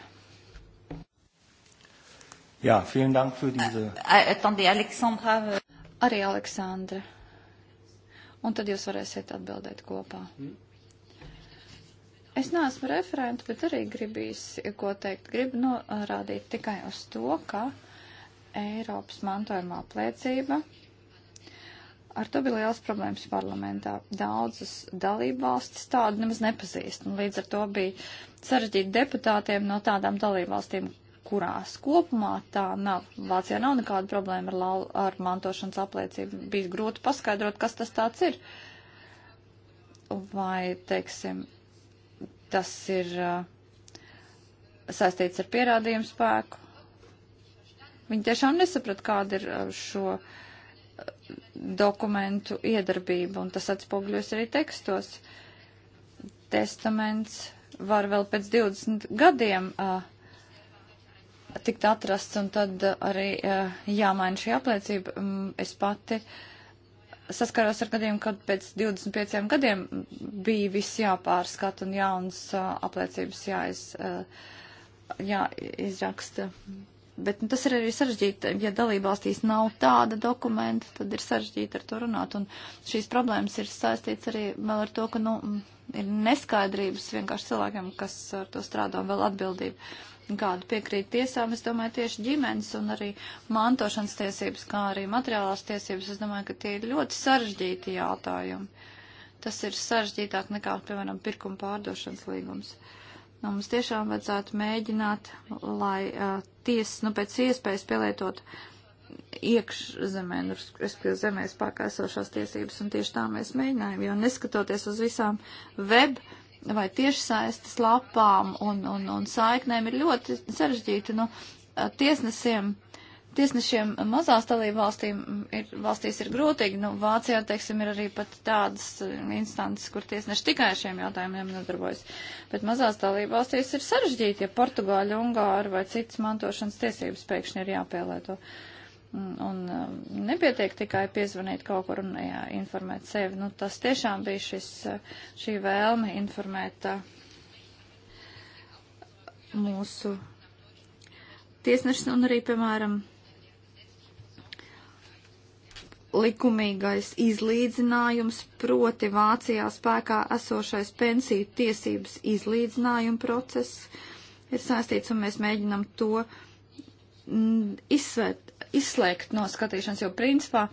Speaker 3: Jā, vielen dank für diese.
Speaker 1: Attendez, Aleksandra. Eh. Arī Aleksandra. Un tad jūs varēsiet atbildēt kopā. Hmm? Es neesmu referenta, bet arī gribīs, ko teikt. Gribu norādīt tikai uz to, ka Eiropas mantojumā plēcība ar to bija liels problēmas parlamentā. Daudzas dalību valstis tādu nemaz nepazīst, un līdz ar to bija sarežģīti deputātiem no tādām dalību valstīm, kurās kopumā tā nav. Vācijā nav nekāda problēma ar, lau, ar mantošanas apliecību. Bija grūti paskaidrot, kas tas tāds ir. Vai, teiksim, tas ir saistīts ar pierādījumu spēku. Viņi tiešām nesaprat, kāda ir šo dokumentu iedarbība, un tas atspogļos arī tekstos. Testaments var vēl pēc 20 gadiem uh, tikt atrasts un tad eh, arī eh, jāmaina šī apliecība. Mm, es pati saskāros ar gadījumu, kad pēc 25 gadiem mm, bija viss jāpārskat un jauns eh, apliecības jāiz, jāizraksta. Bet nu, tas ir arī sarežģīti, ja dalībvalstīs nav tāda dokumenta, tad ir sarežģīti ar to runāt. Un šīs problēmas ir saistīts arī vēl ar to, ka nu, mm, ir neskaidrības vienkārši cilvēkiem, kas ar to strādā, un vēl atbildība kādu piekrīt tiesām. Es domāju, tieši ģimenes un arī mantošanas tiesības, kā arī materiālās tiesības, es domāju, ka tie ir ļoti sarežģīti jautājumi. Tas ir sarežģītāk nekā, piemēram, pirkuma pārdošanas līgums. Nu, mums tiešām vajadzētu mēģināt, lai uh, tiesas, nu, pēc iespējas pielietot iekšzemē, nu, respektīvi zemē spēkā esošās tiesības, un tieši tā mēs mēģinājām, jo neskatoties uz visām web vai tiešsaistes lapām un, un, un saiknēm ir ļoti sarežģīti. Nu, tiesnesiem, tiesnešiem mazās dalībvalstīm ir, valstīs ir grūtīgi. Nu, Vācijā, teiksim, ir arī pat tādas instances, kur tiesneši tikai ar šiem jautājumiem nodarbojas. Bet mazās dalībvalstīs ir sarežģīti, ja Portugāļa, Ungāra vai citas mantošanas tiesības pēkšņi ir jāpielieto. Uh, Un um, nepietiek tikai piezvanīt kaut kur un jā, informēt sevi. Nu, tas tiešām bija šis, uh, šī vēlme informēt uh, mūsu tiesnešus un arī, piemēram, likumīgais izlīdzinājums, proti Vācijā spēkā esošais pensiju tiesības izlīdzinājuma process ir saistīts, un mēs mēģinam to mm, izsvērt izslēgt no skatīšanas, jo principā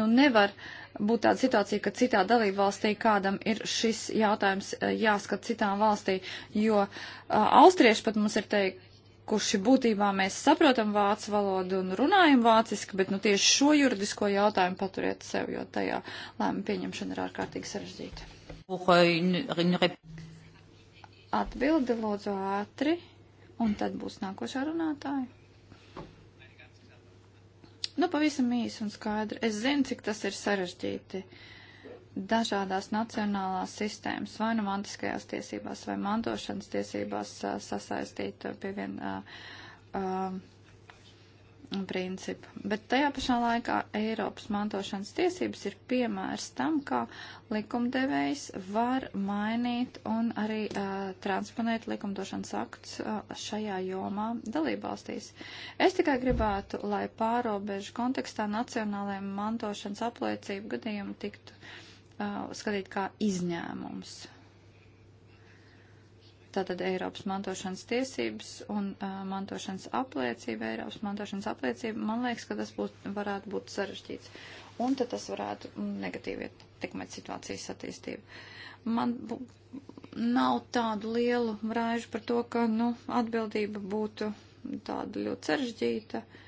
Speaker 1: nu nevar būt tāda situācija, ka citā dalība valstī kādam ir šis jautājums e, jāskat citām valstī, jo uh, austrieši pat mums ir teikuši, būtībā mēs saprotam vācu valodu un runājam vāciski, bet nu tieši šo juridisko jautājumu paturiet sev, jo tajā lēma pieņemšana ir ārkārtīgi sarežģīta. Atbildi lūdzu ātri, un tad būs nākošā runātāja. Nu, pavisam īsi un skaidri. Es zinu, cik tas ir sarežģīti. Dažādās nacionālās sistēmas, vai nu mantiskajās tiesībās, vai mantošanas tiesībās sasaistīt pie viena. Uh, uh, principu. Bet tajā pašā laikā Eiropas mantošanas tiesības ir piemērs tam, kā likumdevējs var mainīt un arī uh, transponēt likumdošanas aktus uh, šajā jomā dalībvalstīs. Es tikai gribētu, lai pārobežu kontekstā nacionālajiem mantošanas apliecību gadījumu tiktu uh, skatīt kā izņēmums tātad Eiropas mantošanas tiesības un uh, mantošanas apliecība, Eiropas mantošanas apliecība, man liekas, ka tas būs, varētu būt sarežģīts. Un tad tas varētu negatīvi ietekmēt situācijas attīstību. Man bu, nav tādu lielu brāžu par to, ka, nu, atbildība būtu tāda ļoti sarežģīta. Uh,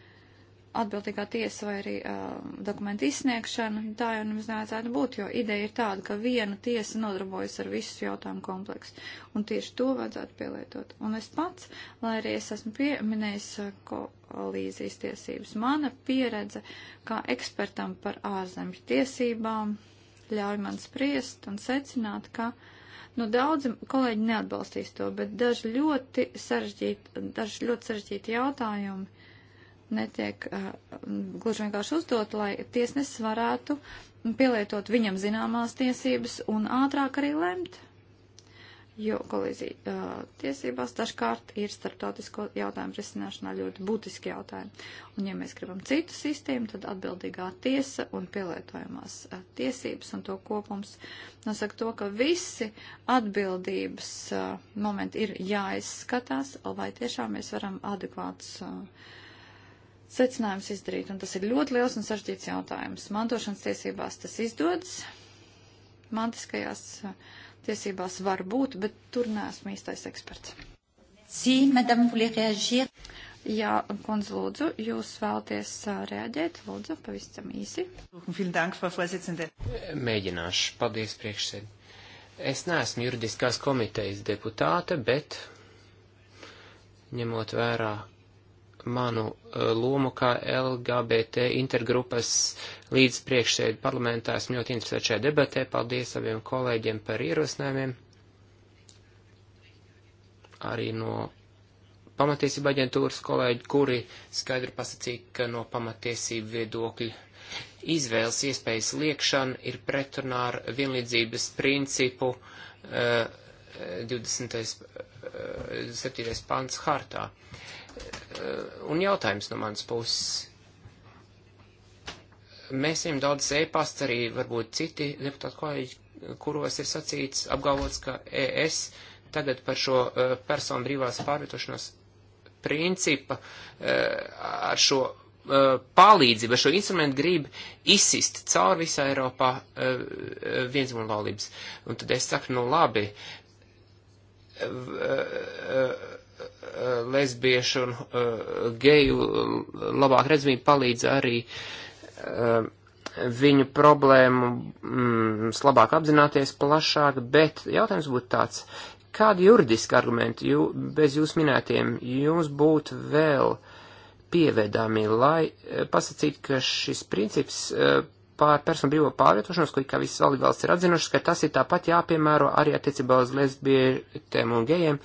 Speaker 1: atbildīgā tiesa vai arī uh, dokumentu izsniegšana. Tā jau nemaz nevajadzētu būt, jo ideja ir tāda, ka viena tiesa nodarbojas ar visu jautājumu kompleksu. Un tieši to vajadzētu pielietot. Un es pats, lai arī es esmu pieminējis kolīzijas tiesības, mana pieredze kā ekspertam par ārzemju tiesībām ļauj man spriest un secināt, ka. Nu, daudzi kolēģi neatbalstīs to, bet daži ļoti sarežģīti, daži ļoti sarežģīti jautājumi netiek uh, gluži vienkārši uzdot, lai tiesnesis varētu pielietot viņam zināmās tiesības un ātrāk arī lemt. Jo kolīzija uh, tiesībās dažkārt ir starptautisko jautājumu risināšanā ļoti būtiski jautājumi. Un ja mēs gribam citu sistēmu, tad atbildīgā tiesa un pielietojumās uh, tiesības un to kopums nosaka to, ka visi atbildības uh, momenti ir jāizskatās, vai tiešām mēs varam adekvāts. Uh, secinājums izdarīt, un tas ir ļoti liels un sarežģīts jautājums. Mantošanas tiesībās tas izdodas, mantiskajās uh, tiesībās var būt, bet tur neesmu īstais eksperts. Si, madame, voulez réagir? Jā, kundz, lūdzu, jūs vēlaties uh, reaģēt, lūdzu, pavisam īsi.
Speaker 3: Mēģināšu. Paldies, priekšsēd. Es neesmu juridiskās komitejas deputāte, bet ņemot vērā manu eh, lomu kā LGBT intergrupas līdz priekšsēdi parlamentā. Esmu ļoti interesēta šajā debatē. Paldies saviem kolēģiem par ierosinājumiem. Arī no pamatiesība aģentūras kolēģi, kuri skaidri pasacīja, ka no pamatiesību viedokļa izvēles iespējas liekšana ir pretrunā ar vienlīdzības principu uh, eh, 27. Eh, pants hartā. Uh, un jautājums no manas puses. Mēs saņem daudz e-pasta, arī varbūt citi deputāti kolēģi, kuros ir sacīts, apgalvots, ka ES tagad par šo eh, personu brīvās pārvietošanās principa eh, ar šo eh, palīdzību, ar šo instrumentu grib izsist cauri visā Eiropā vienzimuma laulības. Un tad es saku, nu labi, lesbiešu un uh, geju um, labāk redzamību palīdz arī um, viņu problēmu mm, labāk apzināties plašāk, bet jautājums būtu tāds, kādi juridiski argumenti jū, bez jūs minētiem jums būtu vēl pievedami, lai eh, pasacītu, ka šis princips eh, pār personu brīvo pārvietošanos, ko kā visas valsts ir atzinušas, ka tas ir tāpat jāpiemēro arī attiecībā uz lesbietēm un gejiem,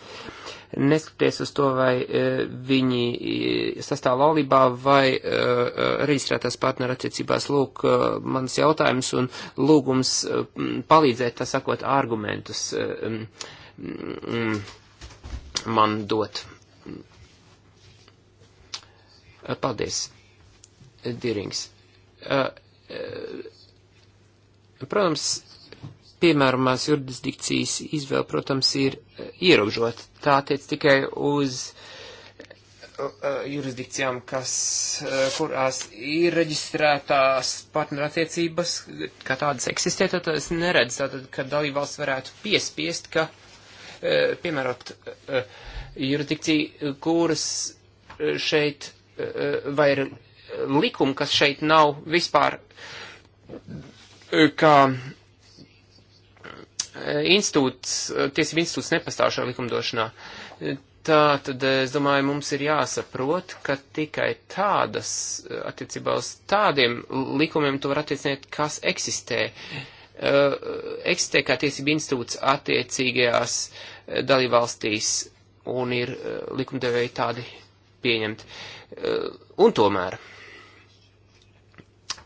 Speaker 3: neskatoties uz to, vai e, viņi e, sastāv laulībā vai e, e, reģistrētās partneru attiecībās. Lūk, e, mans jautājums un lūgums e, palīdzēt, tā sakot, argumentus e, m, man dot. Paldies, Dirings. Uh, Eh, protams, piemērumās jurisdikcijas izvēle, protams, ir eh, ierobežota. Tā tiec tikai uz eh, jurisdikcijām, kas, kurās ir reģistrētās partnerattiecības, kā tādas eksistē, tad es neredzu, tātad, ka dalībvalsts varētu piespiest, ka, piemērot, jurisdikcija, kuras šeit vai ir likumu, kas šeit nav vispār e, kā e, institūts, e, tiesību institūts nepastāv šajā likumdošanā. Tā tad, es domāju, mums ir jāsaprot, ka tikai tādas, attiecībā uz tādiem likumiem to var attiecināt, kas eksistē. Eksistē kā tiesību institūts attiecīgajās dalībvalstīs un ir likumdevēji tādi pieņemti. Un tomēr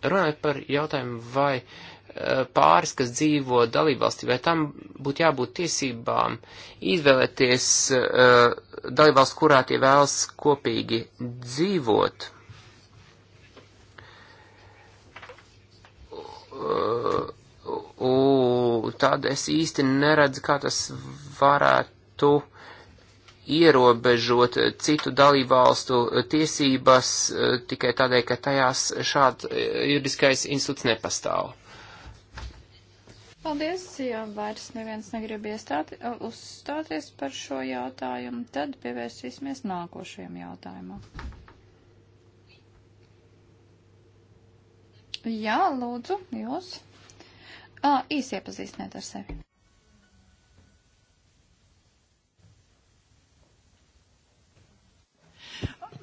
Speaker 3: runājot par jautājumu, vai eh, pāris, kas dzīvo dalībvalstī, vai tam būtu jābūt tiesībām izvēlēties uh, dalībvalsts, kurā tie vēlas kopīgi dzīvot. Uh, uh, tad es īsti neredzu, kā tas varētu uh, ierobežot citu dalībvalstu tiesības e, tikai tādēļ, ka tajās šāds e, juridiskais institūts nepastāv.
Speaker 1: Paldies, ja vairs neviens negrib iestāti, e, uzstāties par šo jautājumu, tad pievērsīsimies nākošajam jautājumam. Jā, lūdzu, jūs. Ā, īsi iepazīstiniet ar sevi.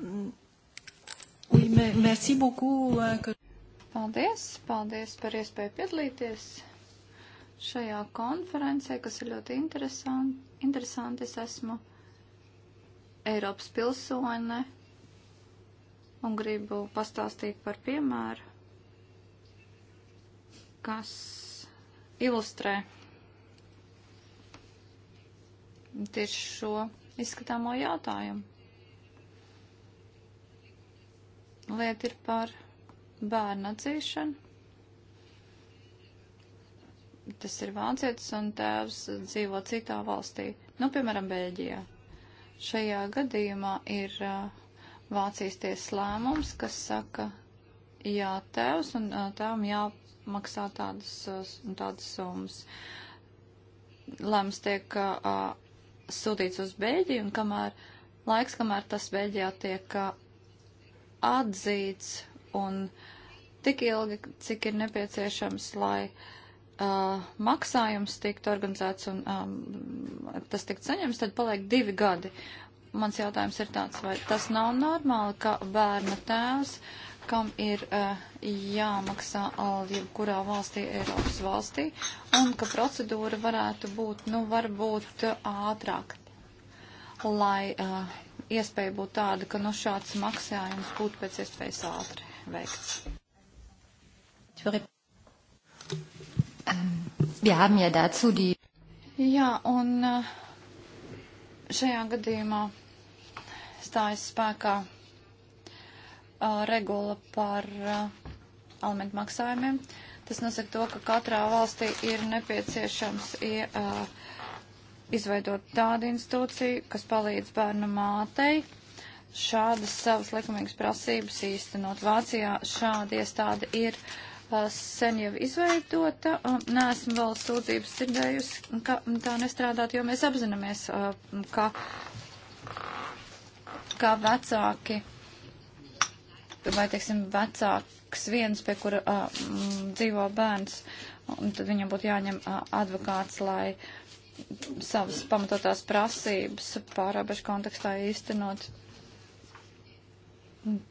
Speaker 1: Oui, merci beaucoup. Euh, paldies, paldies par iespēju piedalīties šajā konferencē, kas ir ļoti interesanti. interesanti. Es esmu Eiropas pilsone un gribu pastāstīt par piemēru, kas ilustrē tieši šo izskatāmo jautājumu. lieta ir par bērnu atzīšanu. Tas ir vācietis un tēvs dzīvo citā valstī, nu, piemēram, Bēļģijā. Šajā gadījumā ir uh, Vācijas tiesas lēmums, kas saka, jā, tēvs un uh, tēvam jāmaksā tādas, uh, tādas summas. Lēmums tiek uh, sūtīts uz Bēļģiju un kamēr laiks, kamēr tas Bēļģijā tiek uh, atzīts un tik ilgi, cik ir nepieciešams, lai uh, maksājums tiktu organizēts un um, tas tiktu saņemts, tad paliek divi gadi. Mans jautājums ir tāds, vai tas nav normāli, ka bērna tēvs, kam ir uh, jāmaksā alga uh, jebkurā valstī, Eiropas valstī, un ka procedūra varētu būt, nu, varbūt uh, ātrāk, lai uh, iespēja būtu tāda, ka nu, šāds maksājums būtu pēc iespējas ātri veikts. Jā, un eh, šajā gadījumā stājas spēkā uh, regula par uh, eh, alimentu maksājumiem. Tas nosaka to, ka katrā valstī ir nepieciešams ie, uh, izveidot tādu institūciju, kas palīdz bērnu mātei šādas savas likumīgas prasības īstenot. Vācijā šāda iestāde ir uh, sen jau izveidota. Um, Nesmu vēl sūdzības dzirdējusi, ka tā nestrādāt, jo mēs apzināmies, uh, ka, kā vecāki vai, teiksim, vecāks viens, pie kura uh, dzīvo bērns, un tad viņam būtu jāņem advokāts, lai savas pamatotās prasības pārābežu kontekstā īstenot.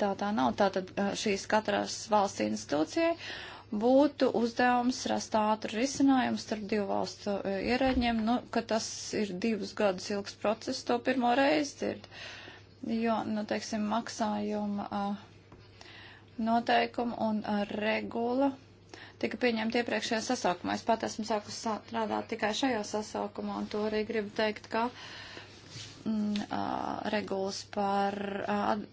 Speaker 1: Tā tā nav. Tātad eh, šīs katras valsts institūcijai būtu uzdevums rast ātru risinājumu starp divu valstu eh, ierēģiem, nu, ka tas ir divus gadus ilgs process, to pirmo reizi dzird. Jo, nu, teiksim, maksājuma eh, noteikumu un regula tika pieņemti iepriekšējā sasaukumā. Es pat esmu sākusi strādāt tikai šajā sasaukumā, un to arī gribu teikt, ka mm, uh, regulas par uh, um,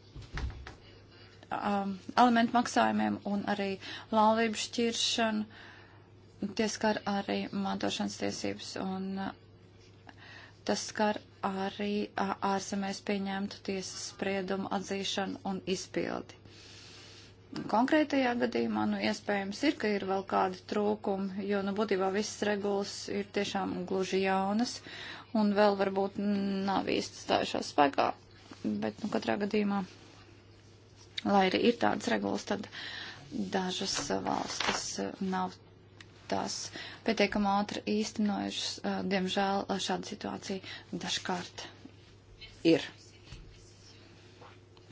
Speaker 1: alimentu maksājumiem un arī laulību šķiršanu. Tie skar arī mantošanas tiesības un tas skar arī ārzemēs pieņemtu tiesas spriedumu atzīšanu un izpildi konkrētajā gadījumā, nu, iespējams ir, ka ir vēl kādi trūkumi, jo, nu, būtībā visas regulas ir tiešām gluži jaunas un vēl varbūt nav īsti stājušās spēkā. Bet, nu, katrā gadījumā, lai arī ir tādas regulas, tad dažas valstis uh, nav tās pietiekam ātri īstenojušas. Uh, diemžēl uh, šāda situācija dažkārt ir.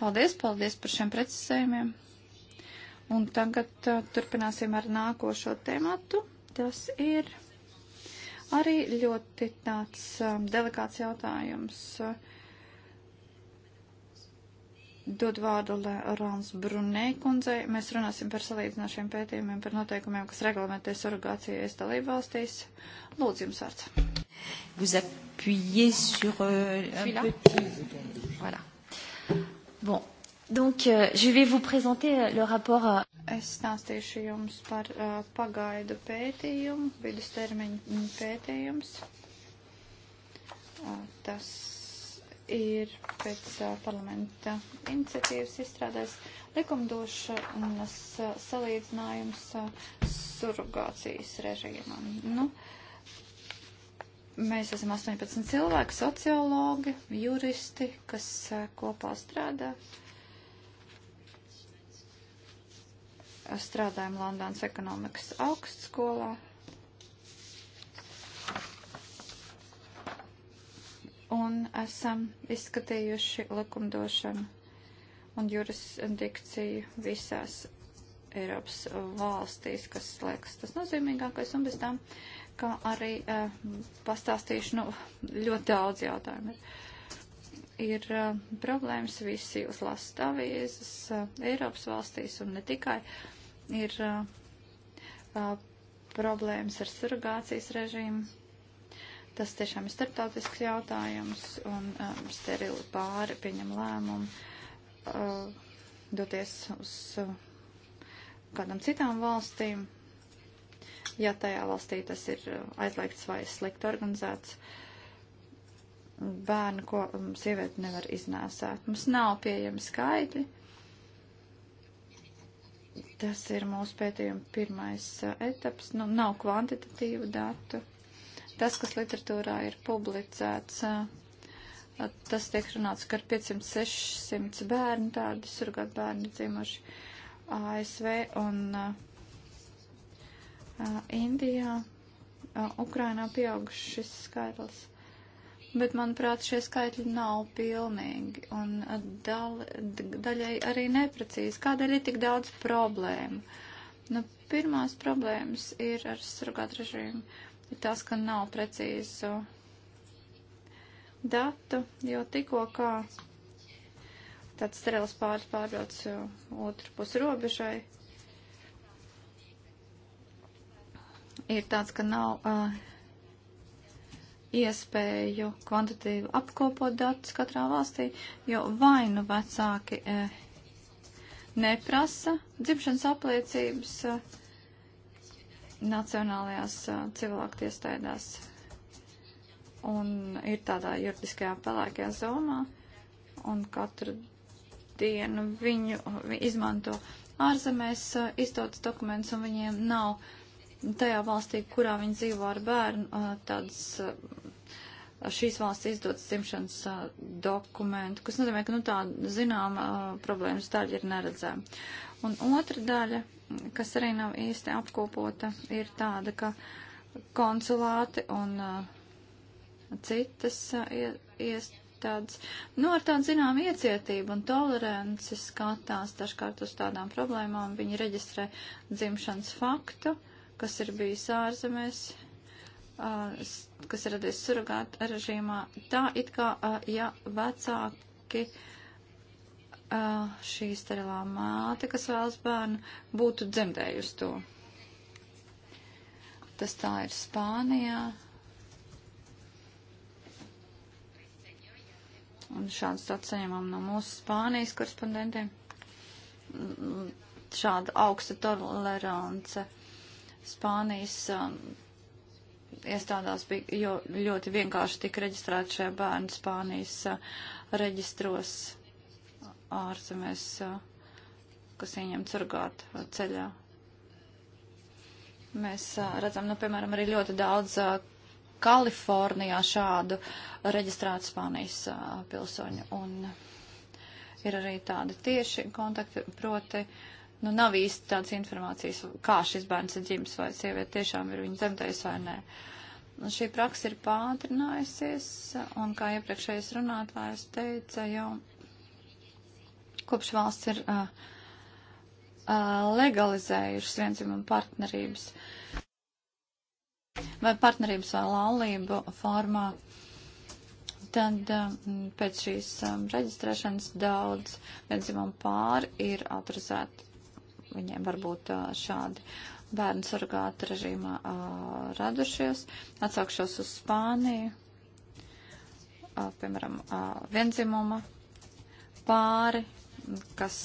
Speaker 1: Paldies, paldies par šiem precizējumiem. Un tagad uh, turpināsim ar nākošo tematu. Tas ir arī ļoti tāds um, delikāts jautājums. Dod vārdu Lorāns Brunē kundzei. Mēs runāsim par salīdzinošiem pētījumiem, par noteikumiem, kas reglamentē surrogācijas dalībvalstīs. Lūdzu, jums vārds. Vous appuyez sur euh, un petit... Voilà. Bon, Donc, euh, je vais vous présenter euh, le rapport. Euh, es stāstīšu jums par uh, pagaidu pētījumu, vidustermiņu pētījums. Uh, tas ir pēc uh, parlamenta iniciatīvas izstrādājis likumdošanas uh, salīdzinājums uh, surrogācijas režīmam. Nu, mēs esam 18 cilvēki, sociologi, juristi, kas uh, kopā strādā. Uh, strādājam Londonas ekonomikas augstskolā. Un esam izskatījuši likumdošanu un jurisdikciju visās Eiropas valstīs, kas liekas tas nozīmīgākais, un bez tām, kā arī uh, pastāstīšu, nu, ļoti daudz jautājumu ir. Ir uh, eh, problēmas visi, jūs lasat avīzes uh, Eiropas valstīs un ne tikai. Uh, ir uh, uh, problēmas ar surgācijas režīmu. Tas tiešām ir starptautisks jautājums, un um, sterili pāri pieņem lēmumu uh, doties uz uh, kādam citām valstīm, ja tajā valstī tas ir uh, aizliegts vai slikti organizēts. Bērnu, ko um, sieviete nevar iznēsāt. Mums nav pieejami skaidri, Tas ir mūsu pētījuma pirmais uh, etaps. Nu, nav kvantitatīvu datu. Tas, kas literatūrā ir publicēts, uh, tas tiek runāts, ka ar 500-600 bērnu tādi surgāt bērni dzimuši ASV un uh, uh, Indijā. Uh, Ukrainā pieaug šis skaitlis bet, manuprāt, šie skaitļi nav pilnīgi un dal, daļai arī neprecīzi. Kādēļ ir tik daudz problēmu? Nu, pirmās problēmas ir ar surgātu režīmu, ir tas, ka nav precīzu datu, jo tikko kā tāds strels pāris pārbrauc uh, otru pusi robežai, ir tāds, ka nav. Uh, iespēju kvantitīvi apkopot datus katrā valstī, jo vai nu vecāki e, neprasa dzimšanas apliecības e, nacionālajās e, eh, civilaktiestēdās un ir tādā juridiskajā pelēkajā zonā un katru dienu viņu izmanto ārzemēs izdotas dokumentus un viņiem nav tajā valstī, kurā viņi dzīvo ar bērnu, tādas šīs valsts izdod simšanas dokumentu, kas nozīmē, ka nu, tā zināma problēmas daļa ir neredzēma. Un otra daļa, kas arī nav īsti apkopota, ir tāda, ka konsulāti un citas iestādes, nu, ar tādu zinām iecietību un toleranci skatās dažkārt uz tādām problēmām, viņi reģistrē dzimšanas faktu. Uh, kas ir bijis ārzemēs, kas ir radies surgāta režīmā. Tā it kā, ja vecāki šī sterilā māte, kas vēlas bērnu, būtu dzemdējusi to. Tas tā ir Spānijā. Un šāds tāds saņemam no mūsu Spānijas korespondentiem. Šāda augsta tolerance Spānijas um, iestādās bija jo, ļoti vienkārši tika reģistrēti šie bērni Spānijas uh, reģistros ārzemēs, uh, kas ieņemts urgāt uh, ceļā. Mēs uh, redzam, nu, piemēram, arī ļoti daudz uh, Kalifornijā šādu reģistrētu Spānijas uh, pilsoņu. Un ir arī tādi tieši kontakti, proti. Uh, nu, nav īsti tādas informācijas, kā šis bērns ir dzimis vai sieviete tiešām ir viņa dzemdējis vai nē. Un šī praksa ir pātrinājusies, un kā iepriekšējais runātājs teica, jau kopš valsts ir uh, uh, legalizējušas vienzimumu partnerības vai partnerības vai laulību formā, tad pēc šīs um, reģistrēšanas daudz viendzimam pāri ir autorizēti viņiem var būt šādi bērnu surgāta režīmā radušies. Atsaukšos uz Spāniju, piemēram, vienzimuma pāri, kas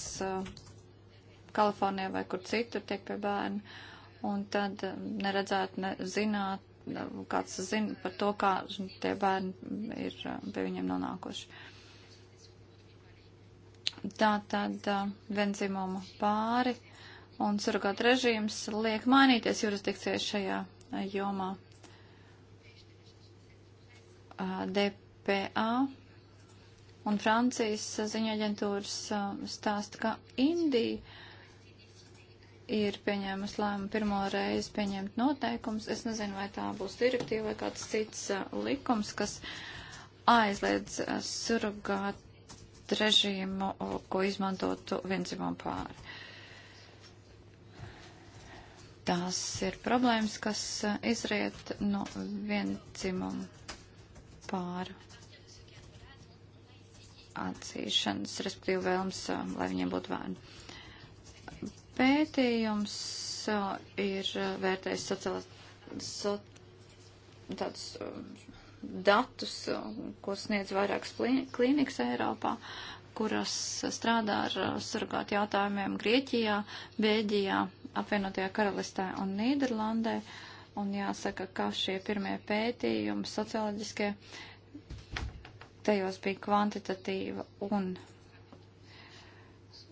Speaker 1: Kalifornijā vai kur citur tiek pie bērnu, un tad neredzētu, ne zināt, kāds zina par to, kā tie bērni ir pie viņiem nonākuši. Tā tad vienzimuma pāri un surgāt režīms liek mainīties jurisdikcijai šajā eh, jomā. DPA un Francijas ziņa aģentūras stāsta, ka Indija ir pieņēmusi lēmumu pirmo reizi pieņemt noteikums. Es nezinu, vai tā būs direktīva vai kāds cits likums, kas aizliedz surgāt režīmu, ko izmantotu vienzimam pāri. Tās ir problēmas, kas eh, izriet no viencimam pāru atzīšanas, respektīvi vēlms, eh, lai viņiem būtu vērni. Pētījums eh, ir vērtējis sociālās, so, tāds datus, ko sniedz vairākas klīnikas Eiropā, kuras strādā ar surgāt jautājumiem Grieķijā, Bēģijā, apvienotajā karalistē un Nīderlandē. Un jāsaka, ka šie pirmie pētījumi socioloģiskie, tajos bija kvantitatīva un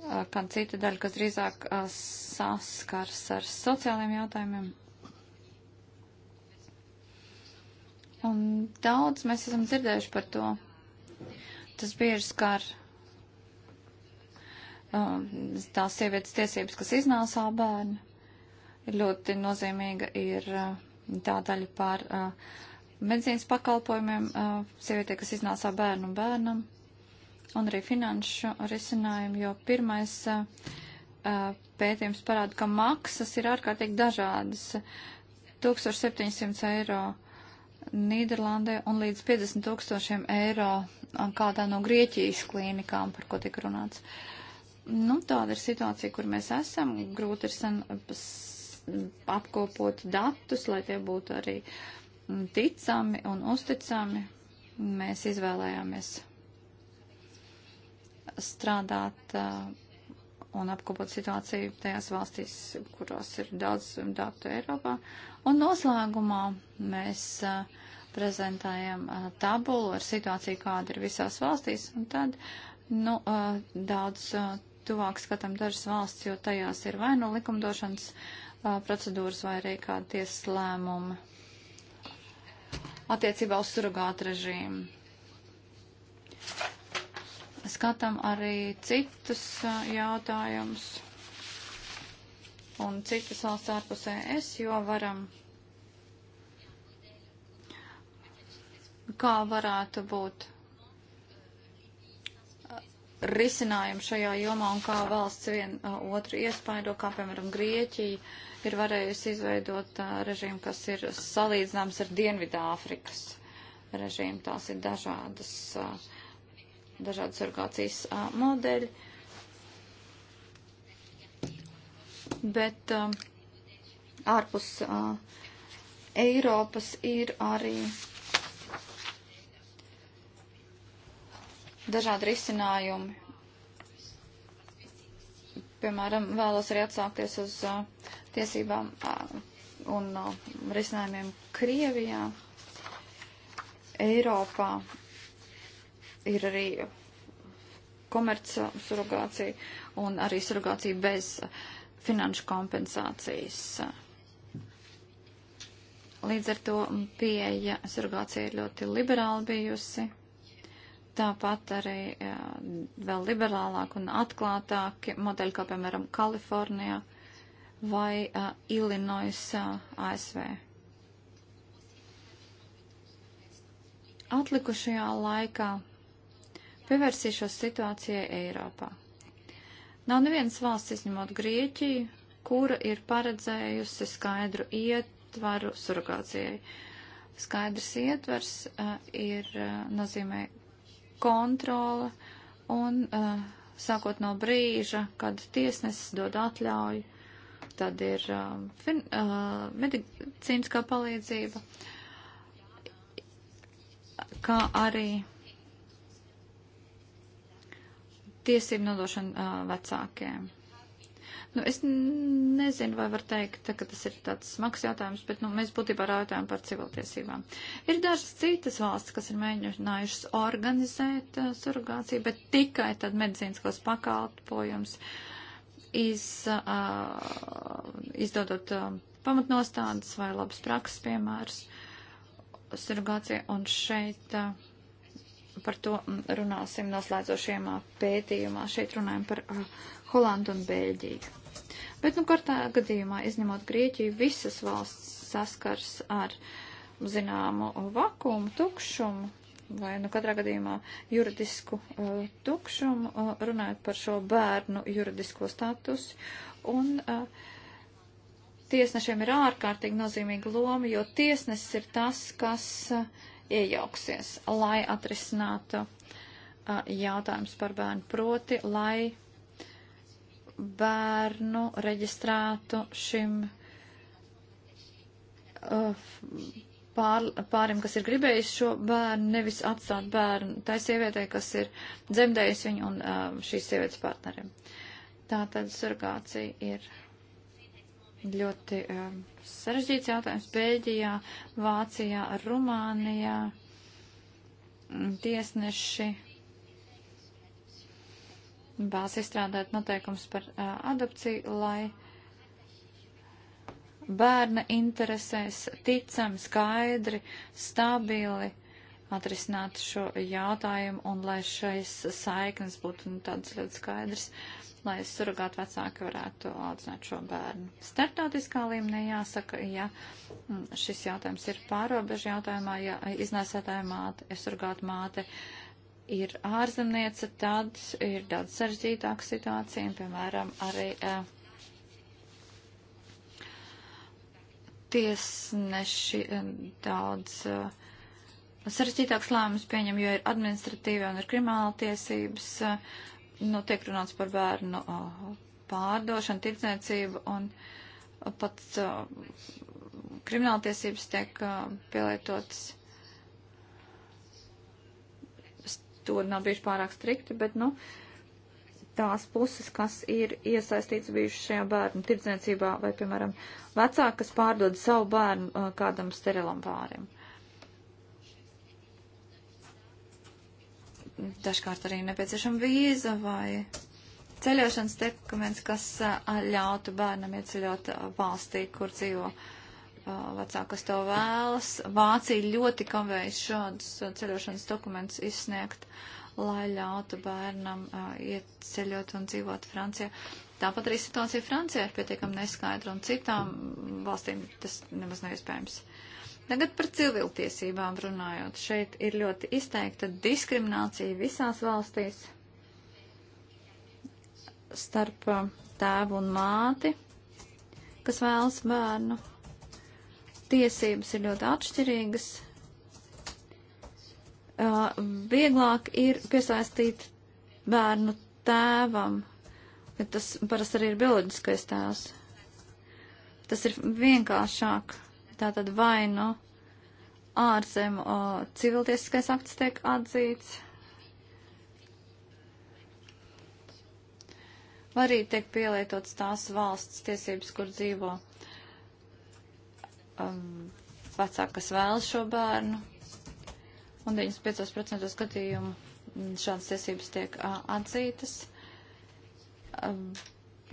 Speaker 1: kāda cita daļa, kas drīzāk saskars ar sociāliem jautājumiem. Un daudz mēs esam dzirdējuši par to. Tas bieži skar Um, tās sievietes tiesības, kas iznāsā bērni, ir ļoti nozīmīga ir uh, tā daļa par uh, medicīnas pakalpojumiem uh, sievietē, kas iznāsā bērnu un bērnam, un arī finanšu risinājumu, jo pirmais pētījums parāda, ka maksas ir ārkārtīgi dažādas. 1700 eiro Nīderlandē un līdz 50 tūkstošiem eiro um, kādā no Grieķijas klīnikām, par ko tika runāts. Uh, Nu, tāda ir situācija, kur mēs esam. Grūti ir san, apkopot datus, lai tie būtu arī ticami un uzticami. Mēs izvēlējāmies strādāt uh, un apkopot situāciju tajās valstīs, kurās ir daudz datu Eiropā. Un noslēgumā mēs uh, prezentējam uh, tabulu ar situāciju, kāda ir visās valstīs. Un tad, nu, daudz tuvāk skatām dažas valsts, jo tajās ir vai nu no likumdošanas uh, procedūras, vai arī kāda tiesas lēmuma attiecībā uz surrogātu režīmu. Skatām arī citus uh, jautājumus un citas valsts ārpus ES, jo varam kā varētu būt risinājumu šajā jomā un kā valsts vien otru iespaido, kā piemēram Grieķija ir varējusi izveidot režīmu, kas ir salīdzināms ar Dienvidāfrikas režīmu. Tās ir dažādas, dažādas organizācijas modeļi. Bet ārpus Eiropas ir arī dažādi risinājumi. Piemēram, vēlos arī atsaukties uz uh, tiesībām uh, un uh, risinājumiem Krievijā, Eiropā. Ir arī komerca surrogācija un arī surrogācija bez finanšu kompensācijas. Līdz ar to pieeja surrogācija ir ļoti liberāli bijusi Tāpat arī jā, vēl liberālāk un atklātāki modeļi, kā piemēram Kalifornijā vai uh, Illinois uh, ASV. Atlikušajā laikā pievērsīšos situācijai Eiropā. Nav nevienas valsts, izņemot Grieķiju, kura ir paredzējusi skaidru ietvaru surgācijai. Skaidrs ietvers uh, ir uh, nozīmē kontrole un uh, sākot no brīža, kad tiesnesis dod atļauju, tad ir uh, fin, uh, medicīniskā palīdzība, kā arī tiesību nodošana uh, vecākiem. Nu, es nezinu, vai var teikt, ka tas ir tāds smags jautājums, bet nu, mēs būtībā rājotājam par civiltiesībām. Ir dažas citas valsts, kas ir mēģinājušas organizēt uh, surrogāciju, bet tikai tad medicīniskos pakalpojums iz, uh, izdodot uh, pamatnostādes vai labas prakses piemērus surrogācija. Un šeit uh, par to mm, runāsim noslēdzošajā pētījumā. Šeit runājam par uh, Holandu un Bēļģiju. Bet, nu, kartā gadījumā, izņemot Grieķiju, visas valsts saskars ar zināmu vakumu, tukšumu, vai nu katrā gadījumā juridisku uh, tukšumu, uh, runājot par šo bērnu juridisko statusu. Un uh, tiesnešiem ir ārkārtīgi nozīmīga loma, jo tiesnesis ir tas, kas uh, iejauksies, lai atrisinātu uh, jautājums par bērnu proti, lai bērnu reģistrētu šim uh, pār, pārim, kas ir gribējis šo bērnu, nevis atstāt bērnu tai sievietei, kas ir dzemdējis viņu un uh, šīs sievietes partnerim. Tātad surgācija ir ļoti um, sarežģīts jautājums Bēļģijā, Vācijā, Rumānijā. Mm, tiesneši vēlas izstrādāt noteikums par uh, adopciju, lai bērna interesēs ticam, skaidri, stabili atrisināt šo jautājumu un lai šais saiknes būtu nu, tādas ļoti skaidrs, lai surgāt vecāki varētu audzināt šo bērnu. Startautiskā līmenī jāsaka, ja mm, šis jautājums ir pārobežu jautājumā, ja iznēsētāja māte, surgāt māte, uh, ir ārzemniece, tad ir daudz sarežģītāka situācija, un, piemēram, arī uh, tiesneši eh, daudz uh, sarežģītāks lēmums pieņem, jo ir administratīva un ir krimināla tiesības, uh, nu, tiek runāts par bērnu uh, pārdošanu, tirdzniecību un pat krimināla tiesības tiek pielietotas. tur nav bijuši pārāk strikti, bet, nu, tās puses, kas ir iesaistīts bijuši šajā bērnu tirdzniecībā, vai, piemēram, vecāki, kas pārdod savu bērnu uh, kādam sterilam pārim. Dažkārt arī nepieciešama vīza vai ceļošanas dokuments, kas uh, ļautu bērnam ieceļot uh, valstī, kur dzīvo. Uh, Uh, vecākas to vēlas. Vācija ļoti kavējas šādus uh, ceļošanas dokumentus izsniegt, lai ļautu bērnam uh, ieceļot un dzīvot Francijā. Tāpat arī situācija Francijā ir pietiekami neskaidra un citām valstīm tas nemaz nav iespējams. Tagad par civiltiesībām runājot. Šeit ir ļoti izteikta diskriminācija visās valstīs starp tēvu un māti, kas vēlas bērnu tiesības ir ļoti atšķirīgas. Uh, vieglāk ir piesaistīt bērnu tēvam, bet tas parasti arī ir bioloģiskais tēvs. Tas ir vienkāršāk. Tātad vai nu ārzem uh, civiltiesiskais akts tiek atzīts, vai arī tiek pielietots tās valsts tiesības, kur dzīvo um, vecāki, kas vēlas šo bērnu, un 95% gadījumu šādas tiesības tiek uh, atzītas. Um,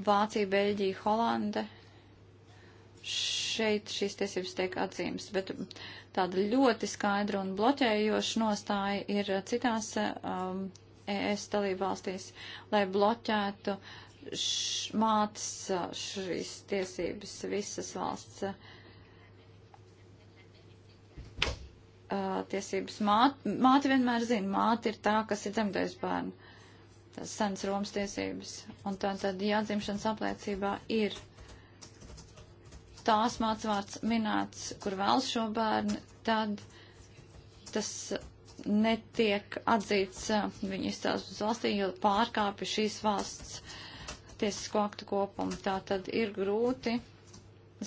Speaker 1: Vācija, Beļģija, Holanda. Šeit šīs tiesības tiek atzīmes, bet tāda ļoti skaidra un bloķējoša nostāja ir citās um, ES dalībvalstīs, lai bloķētu š, mātes šīs tiesības visas valsts. Uh, uh, tiesības. Māte, māte vienmēr zina, māte ir tā, kas ir dzemdējusi bērnu. Tas sens Romas tiesības. Un tā tad jādzimšanas apliecībā ir tās mācvārds minēts, kur vēlas šo bērnu, tad tas netiek atzīts uh, viņa izcelsmes valstī, jo pārkāpja šīs valsts tiesisko aktu kopumu. Tā tad ir grūti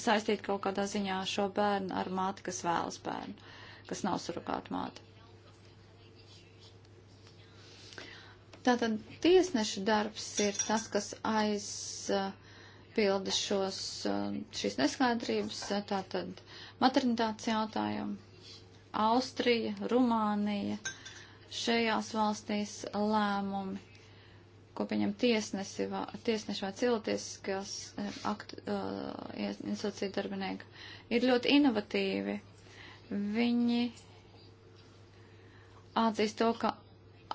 Speaker 1: saistīt kaut kādā ziņā šo bērnu ar māti, kas vēlas bērnu kas nav surukāta māte. Tātad tiesneša darbs ir tas, kas aizpilda šos, šīs neskaidrības, tātad maternitātes jautājumu. Austrija, Rumānija, šajās valstīs lēmumi, ko pieņem tiesnesi, va, tiesneši vai cilvēciskās uh, eh, eh, institūcija darbinieki, ir ļoti inovatīvi Viņi atzīst to, ka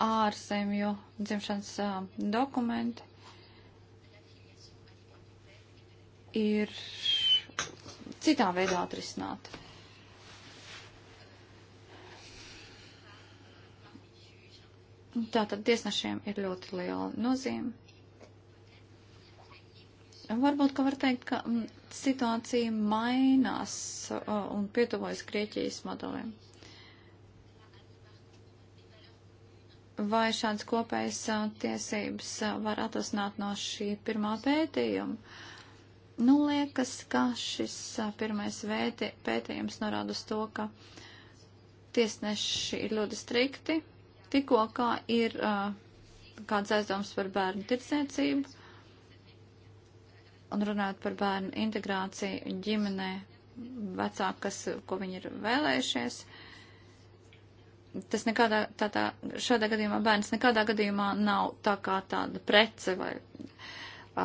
Speaker 1: ārzemju dzimšanas uh, dokumenti ir citā veidā atrisināti. Tātad tiesnešiem ir ļoti liela nozīme. Varbūt, ka var teikt, ka mm, situācija mainās uh, un pietuvojas Grieķijas modelim. Vai šāds kopējs uh, tiesības uh, var atrasināt no šī pirmā pētījuma? Nu, liekas, ka šis pirmais vēti, pētījums norāda uz to, ka tiesneši ir ļoti strikti, tikko kā ir kāds aizdoms par bērnu tirdzniecību Un runājot par bērnu integrāciju ģimenē, vecākas, ko viņi ir vēlējušies, tas nekādā, tā, tā, šādā gadījumā bērns nekādā gadījumā nav tā kā tāda prece vai uh,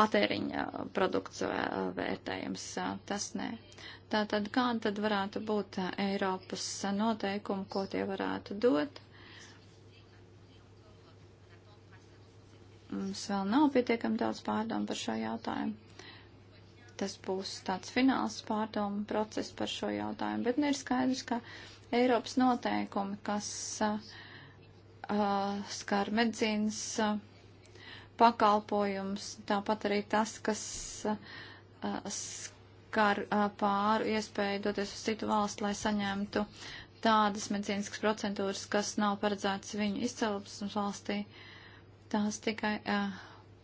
Speaker 1: patēriņa produkts vai uh, vērtējums. Uh, tas nē. Tātad, kāda tad varētu būt Eiropas noteikuma, ko tie varētu dot? Mums vēl nav pietiekami daudz pārdomu par šo jautājumu. Tas būs tāds fināls pārdomu process par šo jautājumu, bet nu ir skaidrs, ka Eiropas noteikumi, kas uh, uh skar medzīnas uh, pakalpojums, tāpat arī tas, kas uh, uh, skar uh, pāru iespēju doties uz citu valstu, lai saņemtu tādas medicīniskas procedūras, kas nav paredzētas viņu izcelsmes valstī. Uh, tās tikai uh,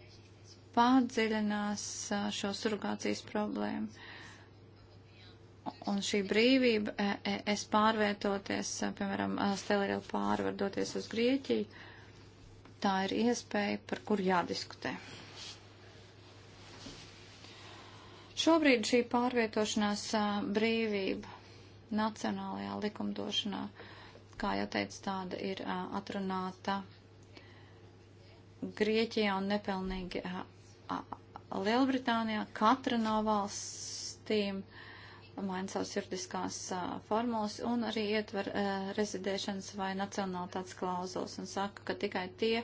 Speaker 1: eh, pārdziļinās uh, eh, šo surgācijas problēmu. Un šī brīvība, uh, es pārvietoties, uh, piemēram, uh, Stelerilu pāri var doties uz Grieķiju, tā ir iespēja, par kur jādiskutē. Šobrīd šī pārvietošanās uh, brīvība nacionālajā likumdošanā, kā jau teicu, tāda ir uh, atrunāta Grieķijā un nepilnīgi Lielbritānijā. Katra no valstīm maina savas juridiskās formulas un arī ietver a, rezidēšanas vai nacionālitātes klauzulas un saka, ka tikai tie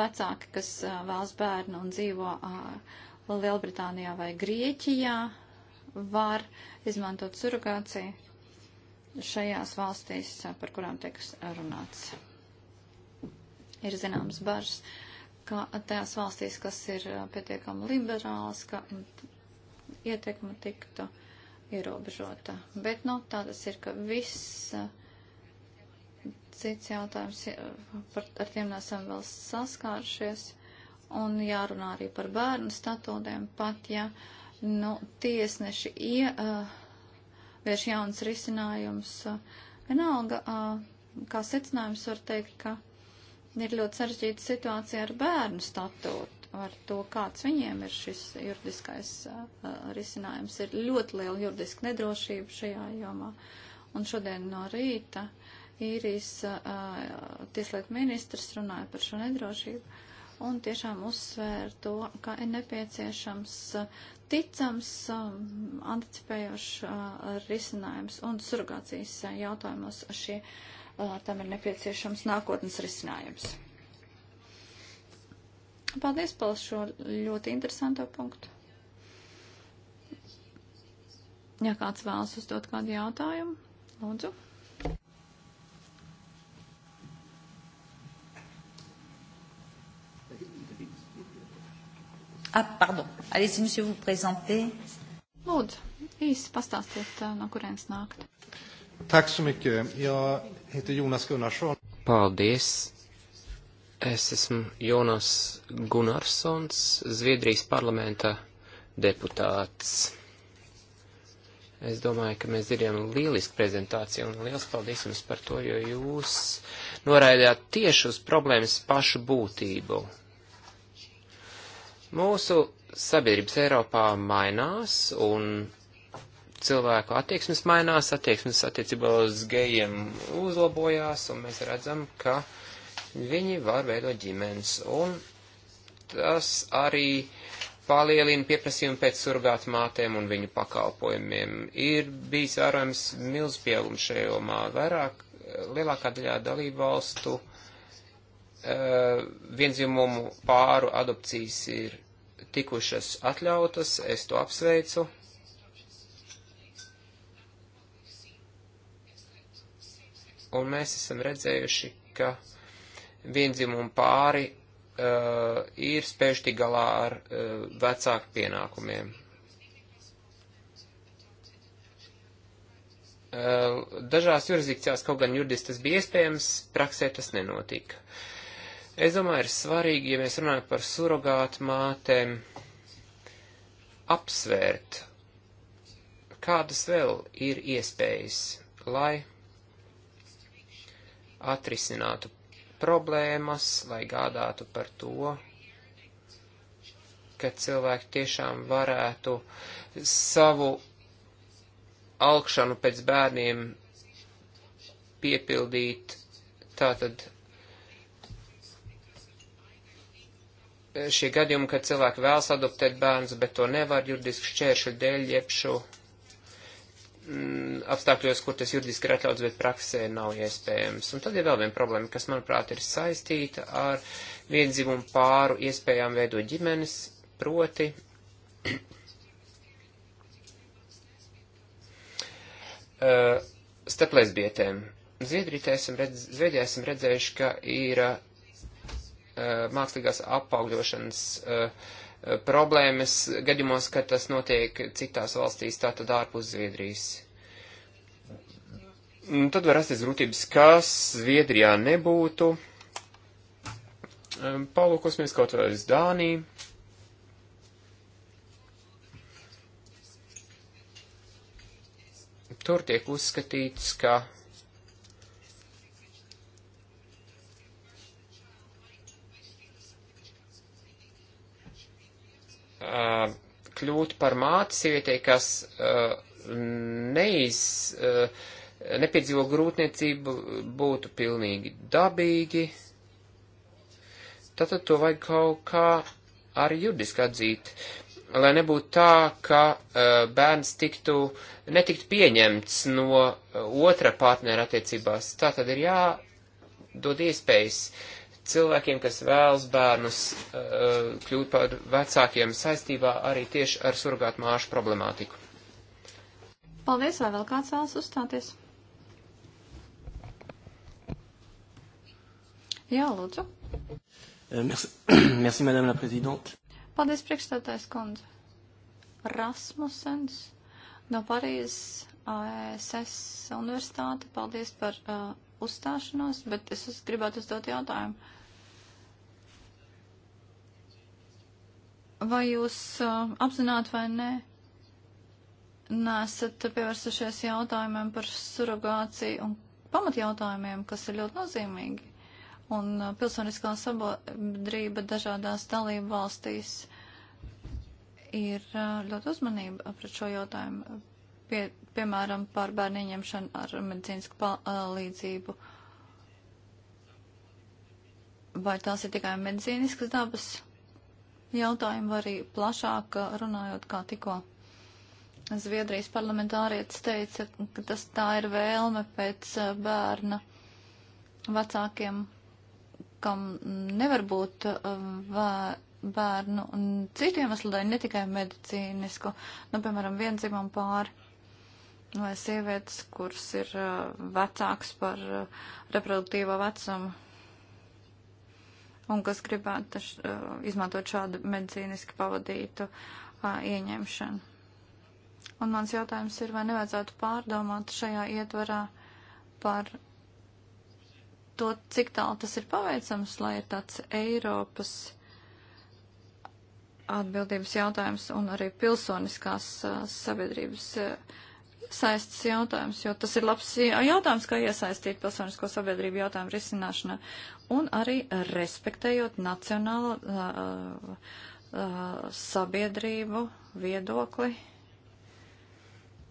Speaker 1: vecāki, kas a, vēlas bērnu un dzīvo a, Lielbritānijā vai Grieķijā, var izmantot surrogāciju šajās valstīs, par kurām tiek runāts. Ir zināms bažas ka tajās valstīs, kas ir uh, pietiekami liberāls, ka ietekme tiktu ierobežota. Bet, nu, tā tas ir, ka viss uh, cits jautājums, par, ar tiem nesam vēl saskāršies, un jārunā arī par bērnu statūtiem, pat ja, nu, tiesneši ie, uh, vieš jauns risinājums, vienalga, kā secinājums var teikt, ka ir ļoti sarežģīta situācija ar bērnu statūtu, ar to, kāds viņiem ir šis juridiskais uh, risinājums. Ir ļoti liela juridiska nedrošība šajā jomā. Un šodien no rīta īrijas uh, tieslietu ministrs runāja par šo nedrošību un tiešām uzsvēra to, ka ir nepieciešams uh, ticams, um, anticipējošs uh, risinājums un surgācijas uh, jautājumos šie. Uh, tam ir nepieciešams nākotnes risinājums. Paldies par šo ļoti interesanto punktu. Ja kāds vēlas uzdot kādu jautājumu, lūdzu. Ah, pardon. Allez-y, monsieur, vous présentez. Lūdzu, īsi pastāstiet, no kurienes nākat.
Speaker 2: Tack så mycket. Jag
Speaker 3: heter Jonas Gunnarsson. Paldies. Es esmu Jonas Gunnarsons, Zviedrijas parlamenta deputāts. Es domāju, ka mēs dzirdējām lielisku prezentāciju un liels paldies jums par to, jo jūs noraidījāt tieši uz problēmas pašu būtību. Mūsu sabiedrības Eiropā mainās un cilvēku attieksmes mainās, attieksmes attiecībā uz gejiem uzlabojās, un mēs redzam, ka viņi var veidot ģimenes. Un tas arī palielina pieprasījumu pēc surgāt mātēm un viņu pakalpojumiem. Ir bijis vērojams milz pieaugums šajā jomā. Vairāk, lielākā daļā dalību valstu uh, vienzimumu pāru adopcijas ir tikušas atļautas, es to apsveicu. un mēs esam redzējuši, ka viendzimumu pāri uh, ir spējuši tik galā ar uh, vecāku pienākumiem. Uh, dažās jurisdikcijās, kaut gan juridiski tas bija iespējams, praksē tas nenotika. Es domāju, ir svarīgi, ja mēs runājam par surrogātu mātēm, apsvērt, kādas vēl ir iespējas, lai atrisinātu problēmas, lai gādātu par to, ka cilvēki tiešām varētu savu alkšanu pēc bērniem piepildīt tātad šie gadījumi, kad cilvēki vēlas adoptēt bērnus, bet to nevar juridiski šķēršu dēļ, jeb šo mm, apstākļos, kur tas juridiski ir atļauts, bet praksē nav iespējams. Un tad ir vēl viena problēma, kas, manuprāt, ir saistīta ar vienzimumu pāru iespējām veidot ģimenes, proti. uh, starp lesbietēm. Zviedrijā esam, redz, Zviedrijā esam redzējuši, ka ir uh, mākslīgās apaugļošanas uh, problēmas gadījumos, kad tas notiek citās valstīs, tātad ārpus Zviedrijas. Un tad var rasties grūtības, kas Zviedrijā nebūtu. Ehm, palūkosimies kaut vai uz Dāniju. Tur tiek uzskatīts, ka kļūt par māti sievietei, kas eh, neiz, eh, nepiedzīvo grūtniecību, būtu pilnīgi dabīgi. Tātad to vajag kaut kā arī juridiski atzīt, lai nebūtu tā, ka uh, bērns tiktu, netiktu pieņemts no uh, otra partnera attiecībās. Tā tad ir jādod iespējas uh, cilvēkiem, kas vēlas bērnus uh, kļūt par vecākiem saistībā arī tieši ar surgāt māšu problemātiku.
Speaker 1: Paldies, vai vēl kāds vēlas uzstāties? Jā, lūdzu. Euh, merci,
Speaker 3: merci madame la présidente.
Speaker 1: Paldies, priekšstādājs kundze. Rasmusens no Parīzes ASS e universitāte. Paldies par uh, uzstāšanos, bet es uz, gribētu uzdot jautājumu. Vai jūs uh, apzināti vai nē, nesat pievērsušies jautājumiem par surrogāciju un pamatjautājumiem, kas ir ļoti nozīmīgi? Un uh, pilsoniskā sabiedrība dažādās dalību valstīs ir uh, ļoti uzmanība pret šo jautājumu. Pie, piemēram, par bērnu ieņemšanu ar medicīnisku palīdzību. Vai tās ir tikai medicīniskas dabas? jautājumu, arī plašāk eh, runājot, kā tikko Zviedrijas parlamentārietis teica, ka tas tā ir vēlme pēc eh, bērna vecākiem, kam nevar būt eh, bērnu un citu iemeslu dēļ, ne tikai medicīnisku, nu, piemēram, viendzimam pāri vai sievietes, kuras ir vecāks par reproduktīvo vecumu un kas gribētu taš, uh, izmantot šādu medicīniski pavadītu uh, ieņemšanu. Un mans jautājums ir, vai nevajadzētu pārdomāt šajā ietvarā par to, cik tālu tas ir paveicams, lai ir tāds Eiropas atbildības jautājums un arī pilsoniskās uh, sabiedrības. Uh, saistas jautājums, jo tas ir labs jautājums, kā iesaistīt pilsonisko sabiedrību jautājumu risināšanā. Un arī respektējot nacionālo uh, uh, sabiedrību viedokli.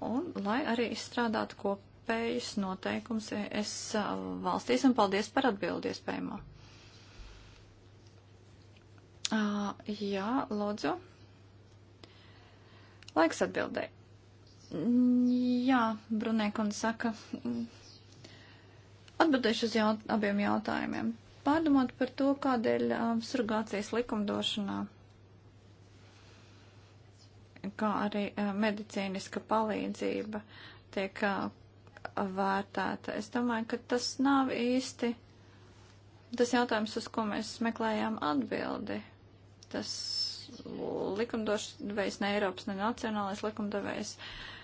Speaker 1: Un lai arī izstrādātu kopējus noteikums es uh, valstīs un paldies par atbildi iespējamo. Uh, jā, lūdzu. Laiks atbildēt. Jā, Brunēkundze saka, mm, atbildēšu uz jaut abiem jautājumiem. Pārdomāt par to, kādēļ um, surgācijas likumdošanā, kā arī uh, medicīniska palīdzība tiek uh, vērtēta. Es domāju, ka tas nav īsti tas jautājums, uz ko mēs meklējām atbildi. Tas likumdošs veids ne Eiropas, ne nacionālais likumdevējs. Uh,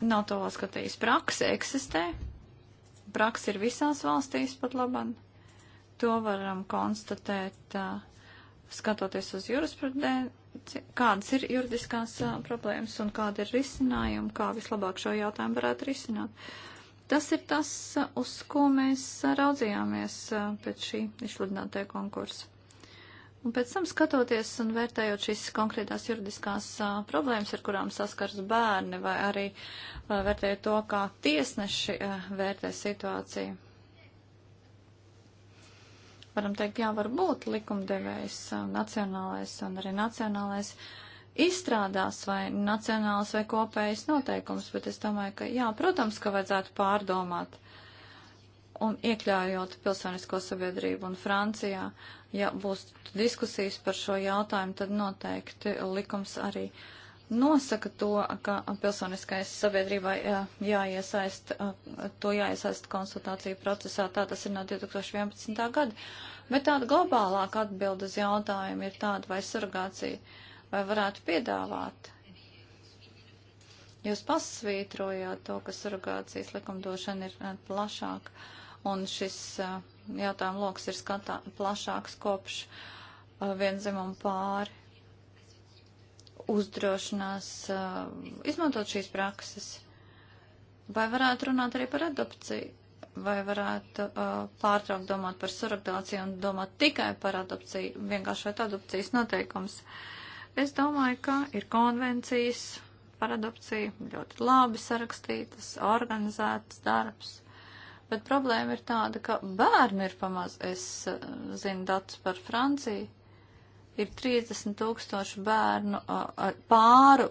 Speaker 1: Nav to vēl skatījis. Praksa eksistē. Praksa ir visās valstīs pat laban. To varam konstatēt, skatoties uz jurisprudenci, kādas ir juridiskās problēmas un kāda ir risinājuma, kā vislabāk šo jautājumu varētu risināt. Tas ir tas, uz ko mēs raudzījāmies pēc šī izsludinātē konkursa. Un pēc tam skatoties un vērtējot šīs konkrētās juridiskās uh, problēmas, ar kurām saskars bērni, vai arī uh, vērtējot to, kā tiesneši uh, vērtē situāciju. Varam teikt, jā, varbūt likumdevējs, uh, nacionālais un arī nacionālais izstrādās vai nacionāls vai kopējs noteikums, bet es domāju, ka jā, protams, ka vajadzētu pārdomāt un iekļaujot pilsonisko sabiedrību un Francijā. Uh, ja būs diskusijas par šo jautājumu, tad noteikti likums arī nosaka to, ka pilsoniskais sabiedrībai eh, jāiesaist, eh, to jāiesaist konsultāciju procesā. Tā tas ir no 2011. gada. Bet tāda globālāka atbilda uz jautājumu ir tāda, vai surgācija vai varētu piedāvāt. Jūs pasvītrojāt to, ka surgācijas likumdošana ir eh, plašāka un šis uh, jautājumu lokus ir skatā, plašāks kopš uh, vienzimumu pāri uzdrošinās uh, izmantot šīs prakses. Vai varētu runāt arī par adopciju? Vai varētu uh, pārtraukt domāt par surrogāciju un domāt tikai par adopciju, vienkārši vai adopcijas noteikums? Es domāju, ka ir konvencijas par adopciju ļoti labi sarakstītas, organizētas darbs. Bet problēma ir tāda, ka bērni ir pamaz, es eh, zinu datus par Franciju, ir 30 tūkstoši bērnu pāru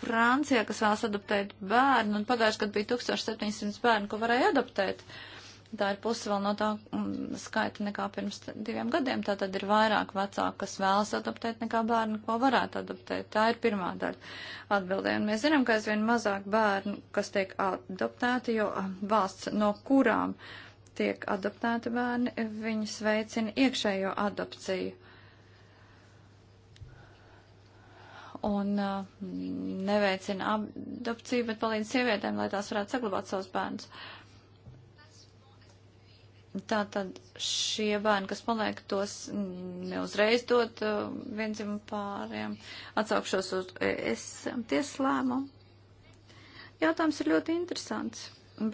Speaker 1: Francijā, kas vēlas adoptēt bērnu, un pagājušajā gadā bija 1700 bērnu, ko varēja adoptēt. Uh, Tā ir puse vēl no tā mm, skaita nekā pirms diviem gadiem. Tā tad ir vairāk vecāku, kas vēlas adoptēt nekā bērnu, ko varētu adoptēt. Tā ir pirmā daļa atbildē. Un mēs zinām, ka aizvien mazāk bērnu, kas tiek adoptēti, jo ah, valsts, no kurām tiek adoptēti bērni, viņas veicina iekšējo adopciju. Un uh, neveicina adopciju, bet palīdz sievietēm, lai tās varētu saglabāt savus bērnus. Uh, Tā tad šie bērni, kas paliek, tos neuzreiz dot uh, vienzim pāriem. Atsaukšos uz es tieslēmumu. Jautājums ir ļoti interesants,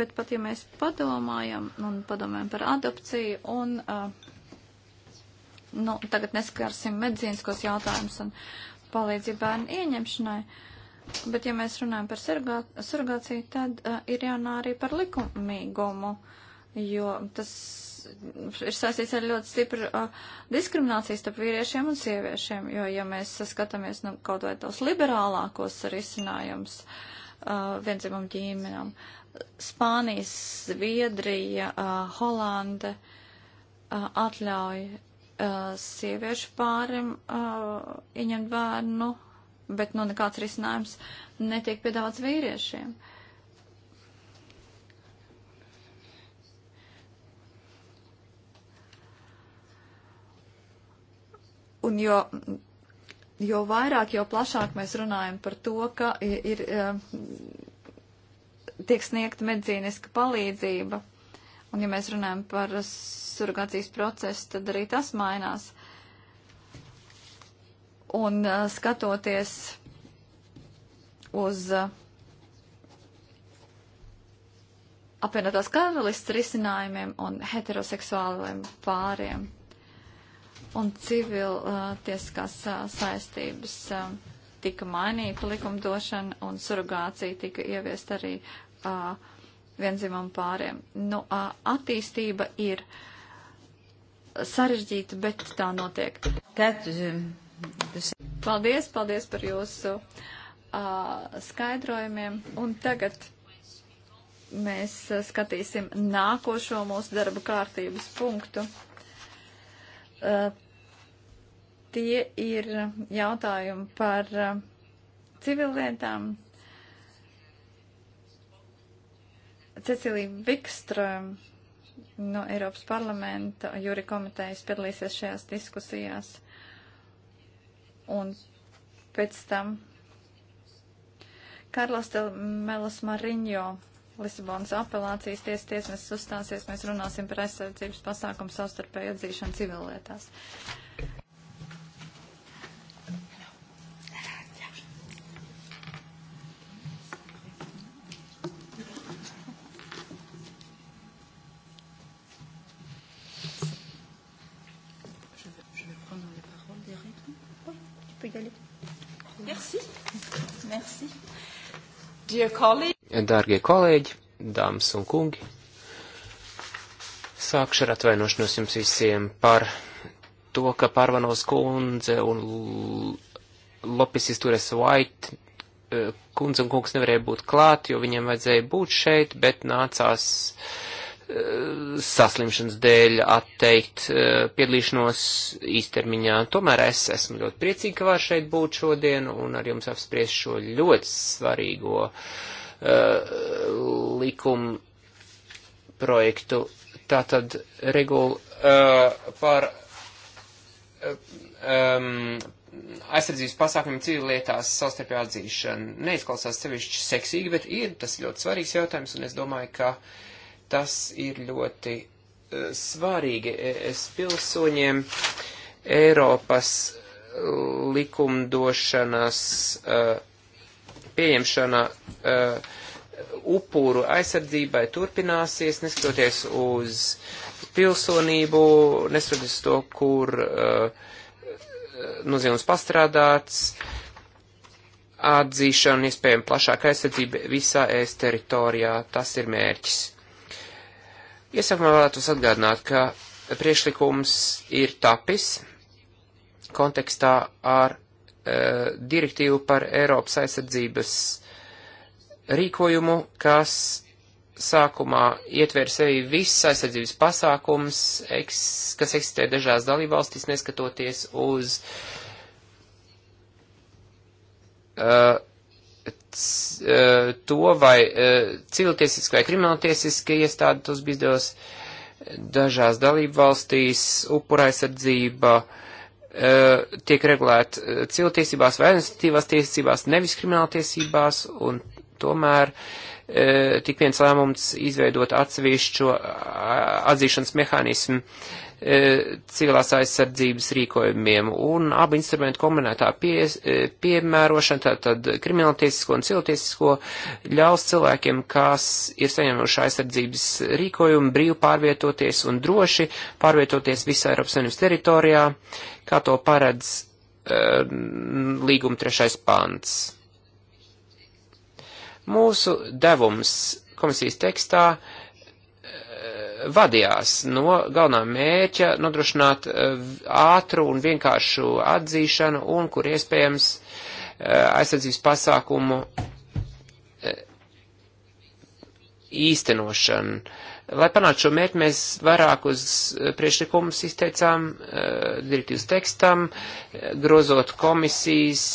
Speaker 1: bet pat ja mēs padomājam un padomājam par adopciju un, uh, nu, tagad neskarsim medzīniskos jautājumus un palīdzību bērnu ieņemšanai, bet ja mēs runājam par surgāciju, tad uh, ir jānā arī par likumīgumu. Uh, jo tas ir saistīts ar ļoti stipru uh, diskrimināciju starp vīriešiem un sieviešiem, jo, ja mēs skatāmies nu, kaut vai tos liberālākos risinājums uh, viendzimam ģimenam, Spānijas, Zviedrija, uh, Holande uh, atļauj uh, sieviešu pārim uh, ieņemt bērnu, bet nu nekāds risinājums netiek piedāvāts vīriešiem. Uh, Un jo, jo vairāk, jo plašāk mēs runājam par to, ka ir, um, tiek sniegta medicīniska palīdzība, un ja mēs runājam par surgācijas procesu, tad arī tas mainās. Un uh, skatoties uz uh, apvienotās karalists risinājumiem un heteroseksuāliem pāriem un civil uh, tiesiskās uh, saistības uh, tika mainīta likumdošana un surrogācija tika ieviest arī uh, vienzimam pāriem. Nu, uh, attīstība ir sarežģīta, bet tā notiek. Um, paldies, paldies par jūsu uh, skaidrojumiem. Un tagad mēs uh, skatīsim nākošo mūsu darba kārtības punktu. Uh, Tie ir um, jautājumi par um, civillietām. Cecilija Vikström no Eiropas parlamenta jūri komitejas piedalīsies šajās diskusijās. Un pēc tam Karlos Melos Mariņo Lisabonas apelācijas tiesas tiesnesis uzstāsies, mēs runāsim par aizsardzības pasākumu savstarpēju atzīšanu civillietās.
Speaker 2: Dārgie
Speaker 3: kolēģi, dāmas un kungi, sākšu ar atvainošanos jums visiem par to, ka Parvanovs kundze un Lopis izturēs White eh, kundze un kungs nevarēja būt klāt, jo viņiem vajadzēja būt šeit, bet nācās uh, saslimšanas dēļ atteikt eh, piedalīšanos īstermiņā. Tomēr es esmu ļoti priecīgi, ka var šeit būt šodien un ar jums apspriest šo ļoti svarīgo uh, likumu projektu. Tātad regula uh, par uh, um, aizsardzības pasākumiem civilietās savstarpējā atzīšana neizklausās sevišķi seksīgi, bet ir tas ļoti svarīgs jautājums, un es domāju, ka uh, Tas ir ļoti e, svarīgi e, es pilsoņiem Eiropas likumdošanas e, pieņemšana upuru aizsardzībai turpināsies, neskatoties uz pilsonību, neskatoties to, kur nozīmes pastrādāts, atzīšana, iespējami plašāka aizsardzība visā ēst teritorijā. Tas ir mērķis. Iesākumā vēlētos atgādināt, ka priekšlikums ir tapis kontekstā ar e, direktīvu par Eiropas aizsardzības rīkojumu, kas sākumā ietver sevi viss aizsardzības pasākums, eks, kas eksistē dažās dalībvalstīs, neskatoties uz uh, Eh, to, vai eh, civiltiesiski vai krimināltiesiski iestādi tos bizdos dažās dalību valstīs, upuraizsardzība eh, tiek regulēta civiltiesībās vai administratīvās tiesībās, nevis krimināltiesībās, un tomēr e, tik viens lēmums izveidot atsevišķo atzīšanas mehānismu e, civilās aizsardzības rīkojumiem un abu instrumentu kombinētā pie, e, piemērošana, tātad krimināltiesisko un cilvēcisko, ļaus cilvēkiem, kas ir saņēmuši aizsardzības rīkojumu, brīvi pārvietoties un droši pārvietoties visā Eiropas Savienības teritorijā, kā to paredz līguma trešais pants. Mūsu devums komisijas tekstā eh, vadījās no galvenā mērķa nodrošināt eh, ātru un vienkāršu atzīšanu un, kur iespējams, eh, aizsardzības pasākumu īstenošanu Lai panātu šo mērķi, mēs vairākus eh, priekšlikumus izteicām eh, direktīvas tekstam, eh, grozot komisijas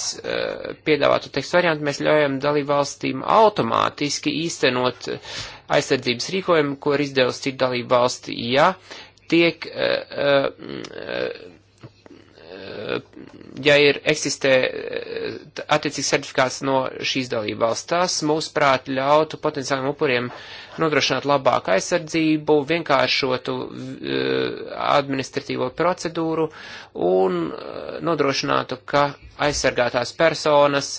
Speaker 3: piedāvātu tekstu variantu, mēs ļaujam dalībvalstīm automātiski īstenot aizsardzības rīkojumu, ko ir izdevusi cita dalībvalsti, ja tiek uh, uh, ja ir eksistē eh, attiecīgs certifikāts no šīs dalība valsts, tas mūsuprāt ļautu potenciāliem upuriem nodrošināt labāku aizsardzību, vienkāršotu eh, administratīvo procedūru un eh, nodrošinātu, ka aizsargātās personas,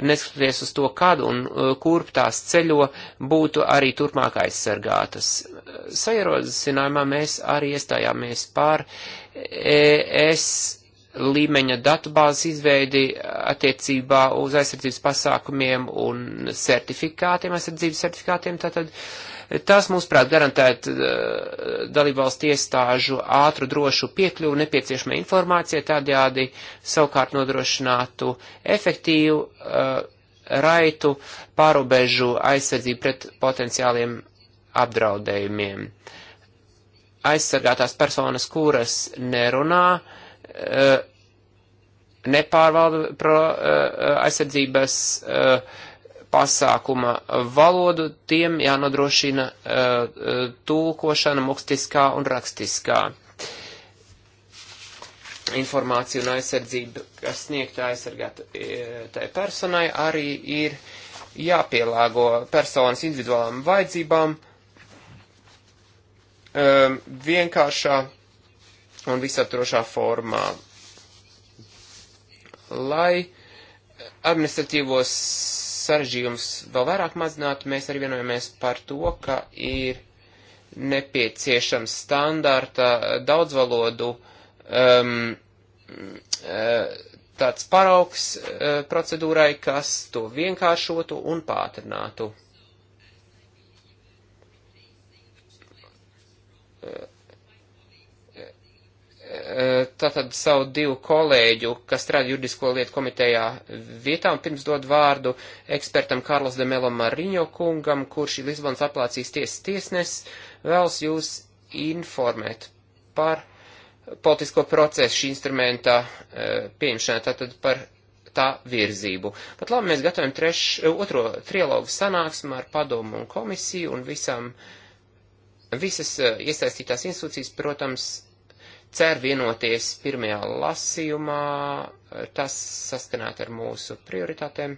Speaker 3: neskatoties uz to, kad un kurp tās ceļo, būtu arī turpmāk aizsargātas. Saierozinājumā mēs arī iestājāmies pār ES līmeņa datubāzes izveidi attiecībā uz aizsardzības pasākumiem un certifikātiem, aizsardzības certifikātiem. Tātad tās, mūsuprāt, garantēt eh, dalībvalstu iestāžu ātru, drošu piekļuvu nepieciešamai informācijai, tādējādi savukārt nodrošinātu efektīvu uh, raitu pārobežu aizsardzību pret potenciāliem apdraudējumiem. Aizsargātās personas, kuras nerunā, uh, Uh, nepārvalda pro uh, uh, aizsardzības pasākuma valodu, tiem jānodrošina tulkošana mukstiskā un rakstiskā informācija un aizsardzība, kas sniegta aizsargātai personai, arī ir jāpielāgo personas individuālām vajadzībām um, vienkāršā un visaptrošā formā. Lai administratīvos sarežģījumus vēl vairāk mazinātu, mēs arī vienojamies par to, ka ir nepieciešams standarta daudzvalodu um, uh, tāds paraugs uh, procedūrai, kas to vienkāršotu un pātrinātu. Uh, Eh, tātad savu divu kolēģu, kas strādā juridisko lietu komitejā vietā, un pirms dod vārdu ekspertam Karlos de Melo Mariņo kungam, kurš ir Lisbonas aplācijas tiesas tiesnes, vēlas jūs informēt par politisko procesu šī instrumenta eh, pieņemšanā, tātad par tā virzību. Pat labi, mēs gatavojam treš, otro trilogu sanāksmu ar padomu un komisiju un visam, visas eh, iesaistītās institūcijas, protams, cer vienoties pirmajā lasījumā, tas saskanētu ar mūsu prioritātēm.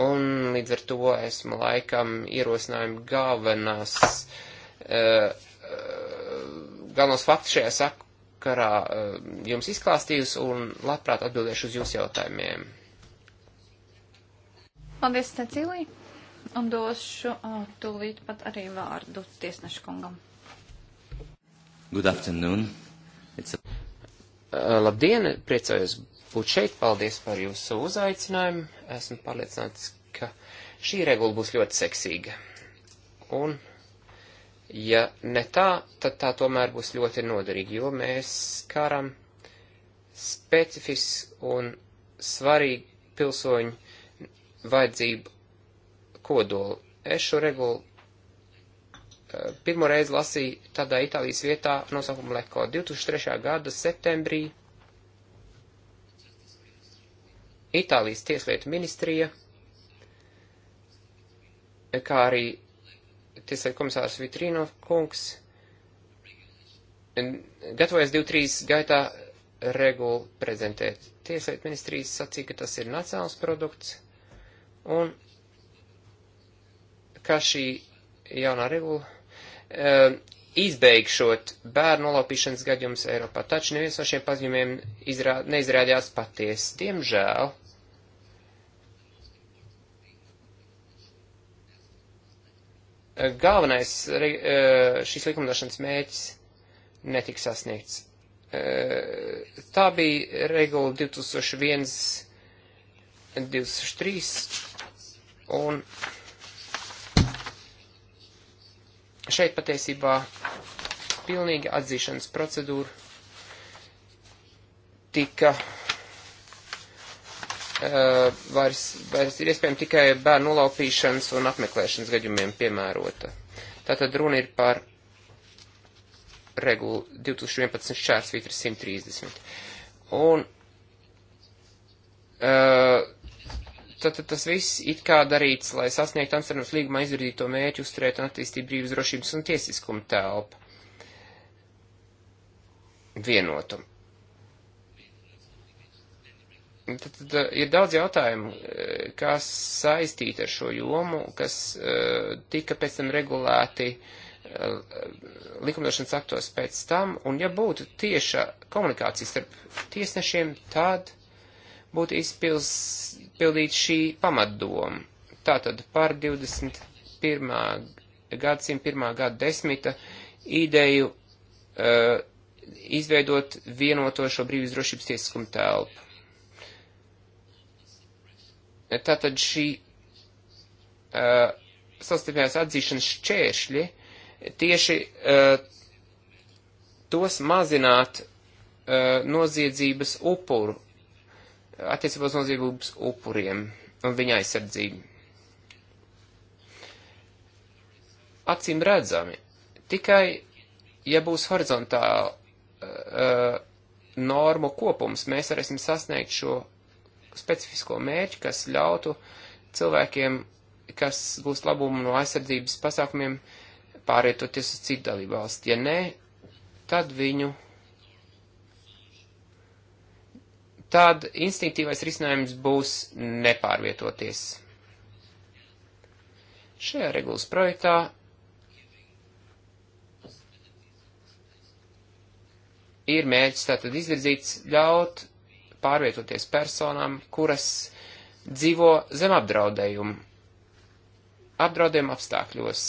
Speaker 3: Un līdz ar to esmu laikam ierosinājumi galvenās, uh, galvenos faktus šajā sakarā uh, jums izklāstījusi un labprāt atbildēšu uz jūsu jautājumiem.
Speaker 1: Paldies, Cecīlija, un došu uh, tūlīt pat arī vārdu tiesnešu kungam.
Speaker 3: Good afternoon. Uh, labdien, priecājos būt šeit, paldies par jūsu uzaicinājumu. Esmu pārliecināts, ka šī regula būs ļoti seksīga. Un, ja ne tā, tad tā tomēr būs ļoti noderīga, jo mēs skaram specifisku un svarīgu pilsoņu vajadzību kodolu. Es šo regulu Eh, pirmo reizi lasīju tādā Itālijas vietā nosaukumu Leko 2003. gada septembrī. Itālijas tieslietu ministrija, eh, kā arī tieslietu komisārs Vitrino kungs, gatavojas 2-3 gaitā regulu prezentēt. Tieslietu ministrijas sacīja, ka tas ir nacionāls produkts un ka šī jaunā regula Um, izbeigšot bērnu nolaupīšanas gadījumus Eiropā, taču neviens no šiem paziņojumiem izrā, neizrādījās paties. Diemžēl. Galvenais uh, šīs likumdošanas mēģis netika sasniegts. Uh, tā bija regula 2001, 2003 un Šeit patiesībā pilnīga atzīšanas procedūra tika uh, vairs, vairs ir iespējams tikai bērnu nolaupīšanas un apmeklēšanas gadījumiem piemērota. Tātad runa ir par regulu 2011 šķērsvītra 130. Un uh, tad, tad tas viss it kā darīts, lai sasniegtu Amsterdams līgumā izvirzīto mērķu uzturēt un attīstīt brīvas drošības un tiesiskuma telpu. Vienotumu. Tad, tad eh, ir daudz jautājumu, eh, kas saistīti ar šo jomu, kas eh, tika pēc tam regulēti likumdošanas aktos pēc tam, un ja būtu tieša komunikācija starp tiesnešiem, tad būtu izpildīt šī pamatdoma. Tātad par 21. gadsimta pirmā gada desmita ideju uh, izveidot vienoto šo brīvības drošības tiesiskumu telpu. Tātad šī uh, eh, sastarpējās atzīšanas šķēršļi tieši uh, tos mazināt uh, noziedzības upuru attiecībā uz noziedzības upuriem un viņa aizsardzību. Acīm redzami, tikai ja būs horizontāla uh, normu kopums, mēs varēsim sasniegt šo specifisko mērķi, kas ļautu cilvēkiem, kas būs labumu no aizsardzības pasākumiem, pārietoties uz citu dalībvalstu. Ja nē, tad viņu tad instinktīvais risinājums būs nepārvietoties. Šajā regulas projektā ir mērķis tātad izvirzīts ļaut pārvietoties personām, kuras dzīvo zem apdraudējumu, apdraudējumu apstākļos,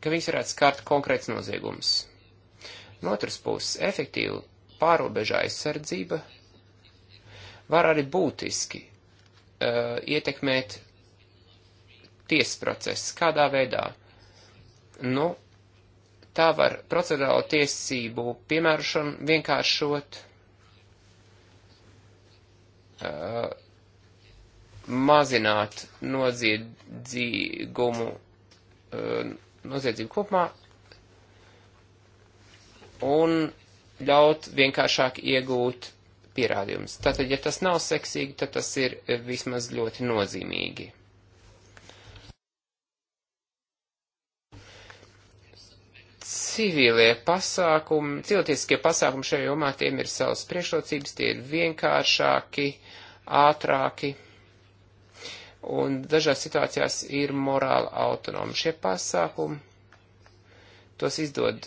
Speaker 3: ka viņas varētu skart konkrēts noziegums. No otras puses, efektīva pārobeža aizsardzība var arī būtiski uh, ietekmēt tiesas procesu. Kādā veidā? Nu, tā var procedurālo tiesību piemērošanu vienkāršot, uh, mazināt noziedzīgumu, uh, noziedzību kopumā un ļaut vienkāršāk iegūt pierādījums. Tātad, ja tas nav seksīgi, tad tas ir eh, vismaz ļoti nozīmīgi. Civilie pasākumi, cilvēciskie pasākumi šajā jomā, tiem ir savas priekšrocības, tie ir vienkāršāki, ātrāki un dažās situācijās ir morāla autonoma. Šie pasākumi, tos izdod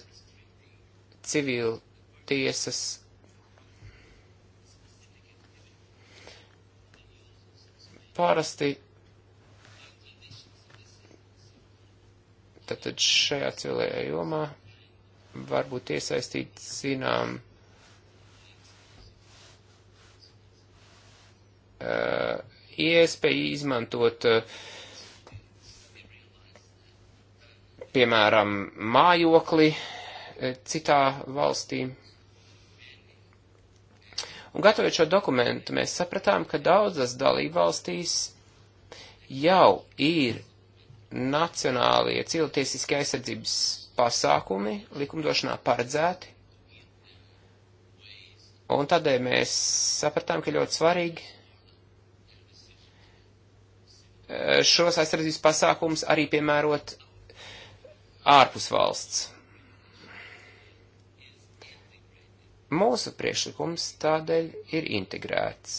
Speaker 3: civil tiesas Parasti tad šajā cilvēkajā jomā var būt iesaistīt zinām uh, iespēju izmantot, uh, piemēram, mājokli uh, citā valstī. Un gatavojot šo dokumentu, mēs sapratām, ka daudzas dalībvalstīs jau ir nacionālie cilvēktiesiskie aizsardzības pasākumi likumdošanā paredzēti. Un tādēļ mēs sapratām, ka ļoti svarīgi eh, šos aizsardzības pasākumus arī piemērot ārpus valsts. Mūsu priekšlikums tādēļ ir integrēts.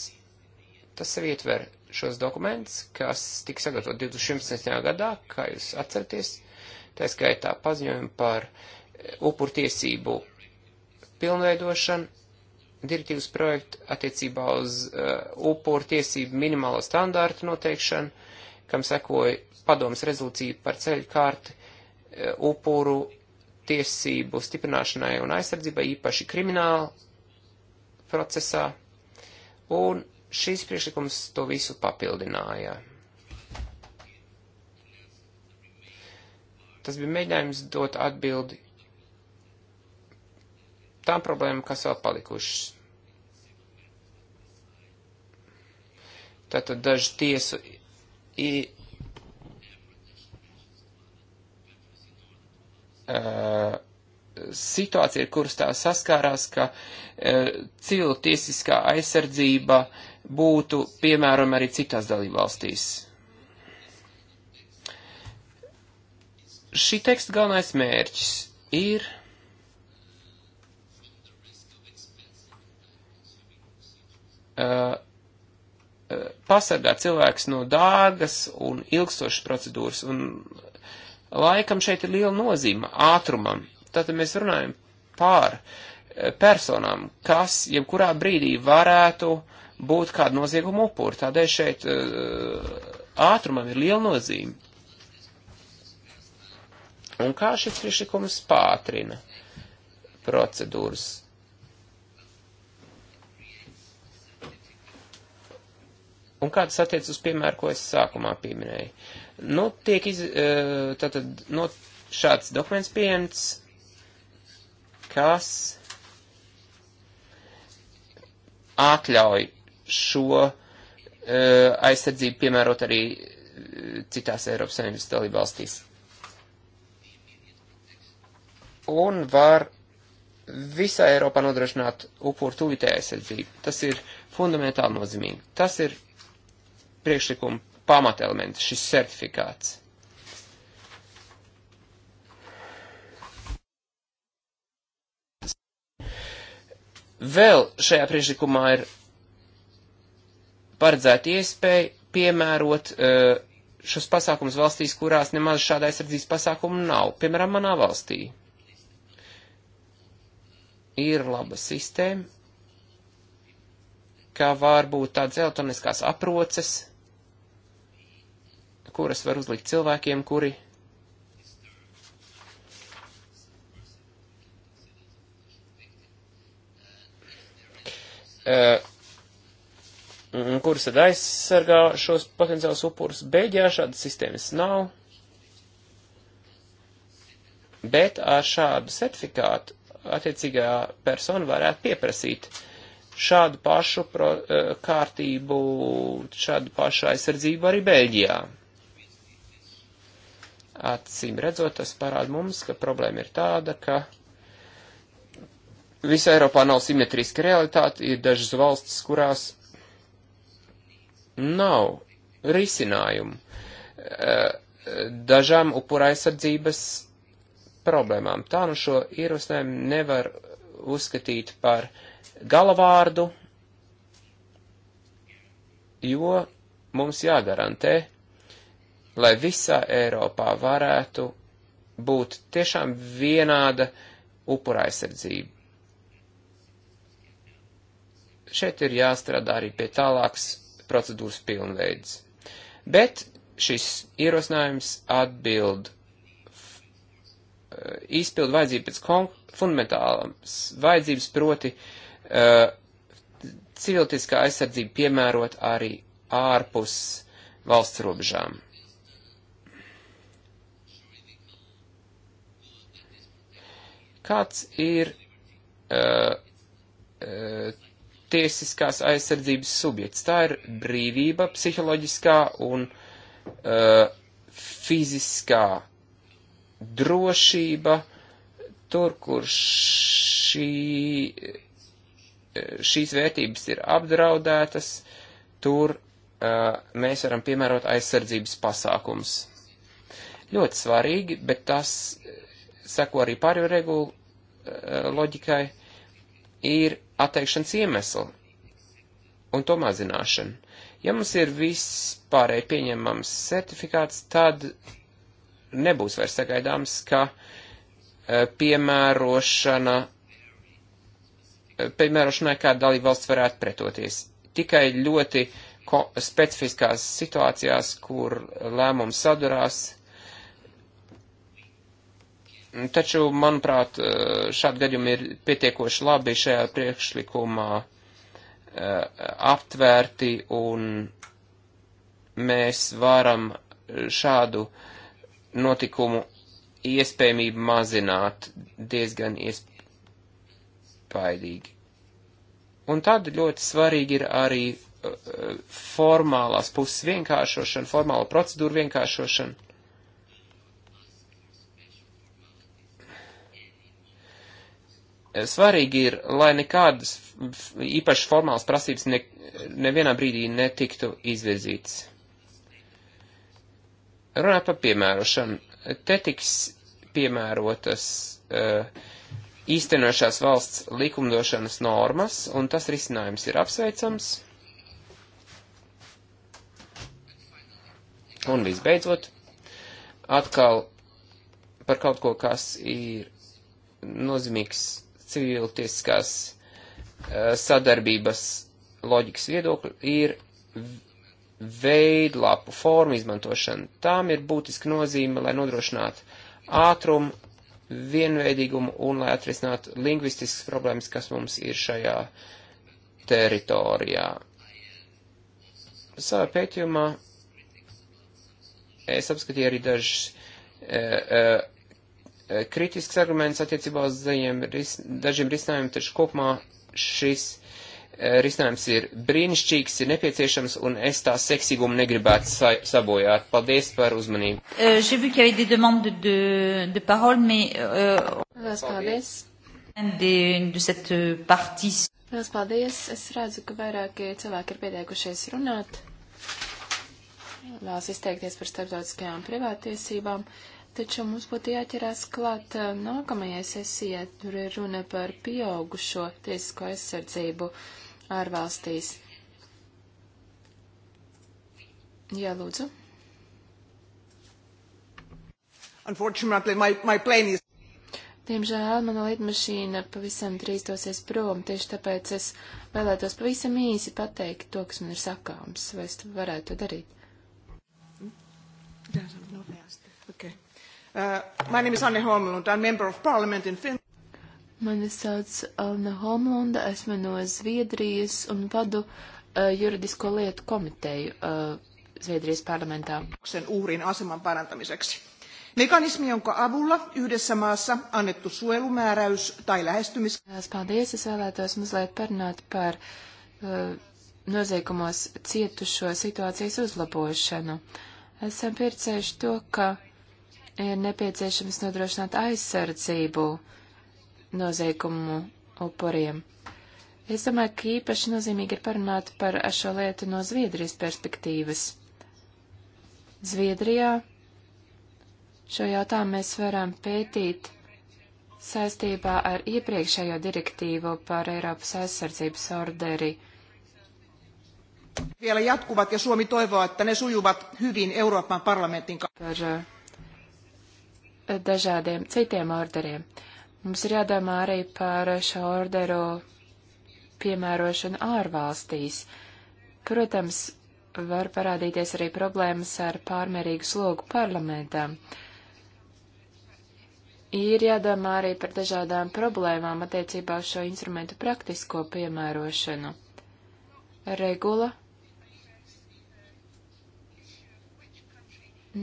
Speaker 3: Tas sev ietver šos dokumentus, kas tika sagatavot 2011. gadā, kā jūs atceraties, tā skaitā paziņojumu par e, upurtiesību pilnveidošanu, direktīvas projektu attiecībā uz uh, upurtiesību minimālo standārtu noteikšanu, kam sekoja padomas rezolūcija par ceļu kārti uh, upuru tiesību stiprināšanai un aizsardzībai, īpaši krimināla procesā, un šīs priekšlikums to visu papildināja. Tas bija mēģinājums dot atbildi tām problēmām, kas vēl palikušas. Tātad daži tiesu uh, situācija, ar kuras tā saskārās, ka uh, civilu tiesiskā aizsardzība būtu piemēram arī citās dalībvalstīs. Šī teksta galvenais mērķis ir uh, uh pasargāt cilvēks no dārgas un ilgstošas procedūras un Laikam šeit ir liela nozīme ātrumam. Tātad mēs runājam pār eh, personām, kas jebkurā brīdī varētu būt kāda nozieguma upuri. Tādēļ šeit eh, ātrumam ir liela nozīme. Un kā šis priekšlikums pātrina procedūras? Un kā tas attiec uz piemēru, ko es sākumā pieminēju? Nu, tiek iz, eh, tātad, nu, šāds dokuments pieņemts, kas atļauj šo eh, aizsardzību piemērot arī eh, citās Eiropas Savienības dalībvalstīs. Un var visā Eiropā nodrošināt upuru tūlītēju aizsardzību. Tas ir fundamentāli nozīmīgi. Tas ir priekšlikuma pamatelements, šis certifikāts. Vēl šajā priekšlikumā ir paredzēta iespēja piemērot eh, šos pasākumus valstīs, kurās nemaz šāda aizsardzības pasākuma nav. Piemēram, manā valstī ir laba sistēma, kā var būt tādas elektroniskās aproces, kuras var uzlikt cilvēkiem, kuri eh, kuras tad aizsargā šos potenciālus upurus. Beļģijā šādas sistēmas nav, bet ar šādu certifikātu attiecīgā persona varētu pieprasīt šādu pašu pro, eh, kārtību, šādu pašu aizsardzību arī Beļģijā. Acīm redzot, tas parāda mums, ka problēma ir tāda, ka visā Eiropā nav simetriska realitāte, ir dažas valstis, kurās nav risinājumu eh, dažām upura aizsardzības problēmām. Tā nu šo ierosinājumu nevar uzskatīt par galavārdu, jo mums jāgarantē lai visā Eiropā varētu būt tiešām vienāda upura aizsardzība. Šeit ir jāstrādā arī pie tālākas procedūras pilnveids. Bet šis ierosinājums atbild eh, izpildu vajadzību pēc fundamentālas vajadzības, proti uh, eh, civiltiskā aizsardzība piemērot arī ārpus valsts robežām. Kāds ir uh, uh, tiesiskās aizsardzības subjekts? Tā ir brīvība psiholoģiskā un uh, fiziskā drošība tur, kur šī, šīs vērtības ir apdraudētas, tur uh, mēs varam piemērot aizsardzības pasākums. Ļoti svarīgi, bet tas seko arī pārējo regulu eh, loģikai, ir atteikšanas iemesli un to mazināšana. Ja mums ir vispārēji pieņemams certifikāts, tad nebūs vairs sagaidāms, ka eh, piemērošana, eh, piemērošanai kāda dalība valsts varētu pretoties. Tikai ļoti specifiskās situācijās, kur lēmums sadurās, Taču, manuprāt, eh, šādi gadījumi ir pietiekoši labi šajā priekšlikumā eh, aptvērti, un mēs varam šādu notikumu iespējamību mazināt diezgan iespaidīgi. Un tad ļoti svarīgi ir arī eh, formālās puses vienkāršošana, formāla procedūra vienkāršošana. Svarīgi ir, lai nekādas īpašas formālas prasības ne, nevienā brīdī netiktu izvirzītas. Runājot par piemērošanu, te tiks piemērotas uh, eh, īstenošās valsts likumdošanas normas, un tas risinājums ir apsveicams. Un visbeidzot, atkal par kaut ko, kas ir nozīmīgs civiltiskās eh, sadarbības loģikas viedokļa ir veidlapu formu izmantošana. Tām ir būtiska nozīme, lai nodrošinātu ātrumu, vienveidīgumu un lai atrisinātu lingvistiskas problēmas, kas mums ir šajā teritorijā. Savā pētījumā es apskatīju arī dažas e, e, Eh, kritisks arguments attiecībā uz ris, dažiem risinājumiem, taču kopumā šis eh, risinājums ir brīnišķīgs, ir nepieciešams, un es tā seksīgumu negribētu sa sabojāt. Paldies par uzmanību.
Speaker 1: Eh, euh, Lielas paldies.
Speaker 2: Lielas paldies. Es redzu, ka vairāki cilvēki ir pieteikušies runāt. Vēlas izteikties par starptautiskajām privātiesībām. Uh, Taču mums būtu jāķerās klāt eh, nākamajai sesijai, tur ir runa par pieaugušo tiesisko aizsardzību ārvalstīs. Jā, lūdzu.
Speaker 3: Unfortunately, my, my plane is.
Speaker 2: Diemžēl mana lidmašīna pavisam drīz dosies prom, tieši tāpēc es vēlētos pavisam īsi pateikt to, kas man ir sakāms, vai es varētu to darīt. Mm? Uh, my name is Anne Holmlund. I'm member of parliament in Finland. Mani sauc Anna Holmlunda, esmu no Zviedrijas un vadu uh, juridisko lietu komiteju uh, Zviedrijas parlamentā. Sen uhrin aseman parantamiseksi. Mekanismi, jonka avulla yhdessä maassa annettu suojelumääräys tai lähestymis... Paldies, es vēlētos mazliet parunāt par uh, noziegumos cietušo situācijas uzlabošanu. Esam pieredzējuši to, ka uh, ir nepieciešams nodrošināt aizsardzību noziegumu upuriem. Es domāju, ka īpaši nozīmīgi ir parunāt par šo lietu no Zviedrijas perspektīvas. Zviedrijā šo jautājumu mēs varam pētīt saistībā ar iepriekšējo direktīvu par Eiropas aizsardzības orderi.
Speaker 3: Vielä jatkuvat ja Suomi toivoo, että ne sujuvat hyvin Euroopan parlamentin kanssa. Uh,
Speaker 2: dažādiem citiem orderiem. Mums ir jādomā arī par šo orderu piemērošanu ārvalstīs. Protams, var parādīties arī problēmas ar pārmērīgu slogu parlamentām. Ir jādomā arī par dažādām problēmām attiecībā uz šo instrumentu praktisko piemērošanu. Regula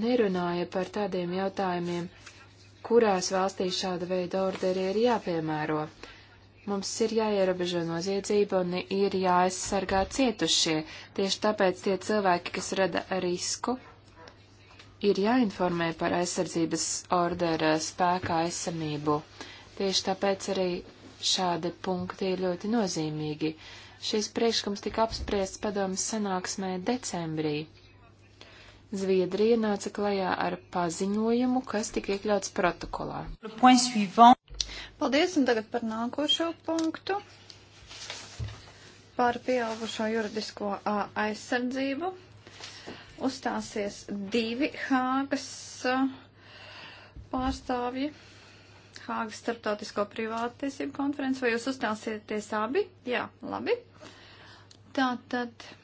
Speaker 2: nerunāja par tādiem jautājumiem, kurās valstīs šāda veida orderi ir jāpiemēro. Mums ir jāierobežo noziedzība un ir jāaizsargā cietušie. Tieši tāpēc tie cilvēki, kas rada risku, ir jāinformē par aizsardzības ordera spēkā esamību. Tieši tāpēc arī šādi punkti ir ļoti nozīmīgi. Šis priekšlikums tika apspriests padomas sanāksmē decembrī. Zviedrija nāca klajā ar paziņojumu, kas tika iekļauts protokolā. Paldies,
Speaker 1: un tagad par nākošo punktu. Par pieaugušo juridisko aizsardzību uzstāsies divi Hāgas pārstāvji. Hāgas starptautisko privātiesību konferenci, vai jūs uzstāsieties abi? Jā, labi. Tātad. Tā.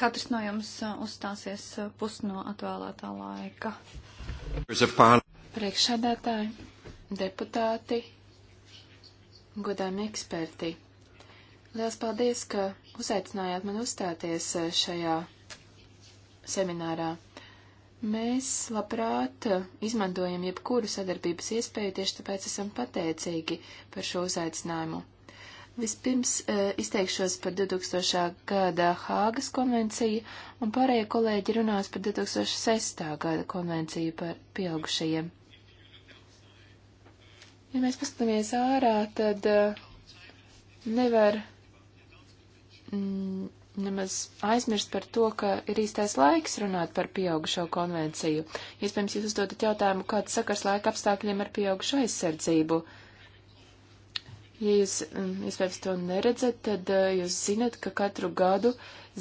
Speaker 1: Katrs no jums uh, uzstāsies uh, pus no atvēlētā laika. Priekšsēdētāji,
Speaker 2: deputāti, godājumi eksperti. Liels paldies, ka uzaicinājāt mani uzstāties uh, šajā seminārā. Mēs labprāt izmantojam jebkuru sadarbības iespēju, tieši tāpēc esam pateicīgi par šo uzaicinājumu. Vispirms e, izteikšos par 2000. gada Hāgas konvenciju, un pārējie kolēģi runās par 2006. gada konvenciju par pieaugušajiem. Ja mēs paskatāmies ārā, tad e, nevar mm, nemaz aizmirst par to, ka ir īstais laiks runāt par pieaugušo konvenciju. Iespējams, jūs uzdodat jautājumu, kāds sakars laika apstākļiem ar pieaugušo aizsardzību. Uh, Ja jūs, mm, iespējams, to neredzat, tad eh, jūs zinat, ka katru gadu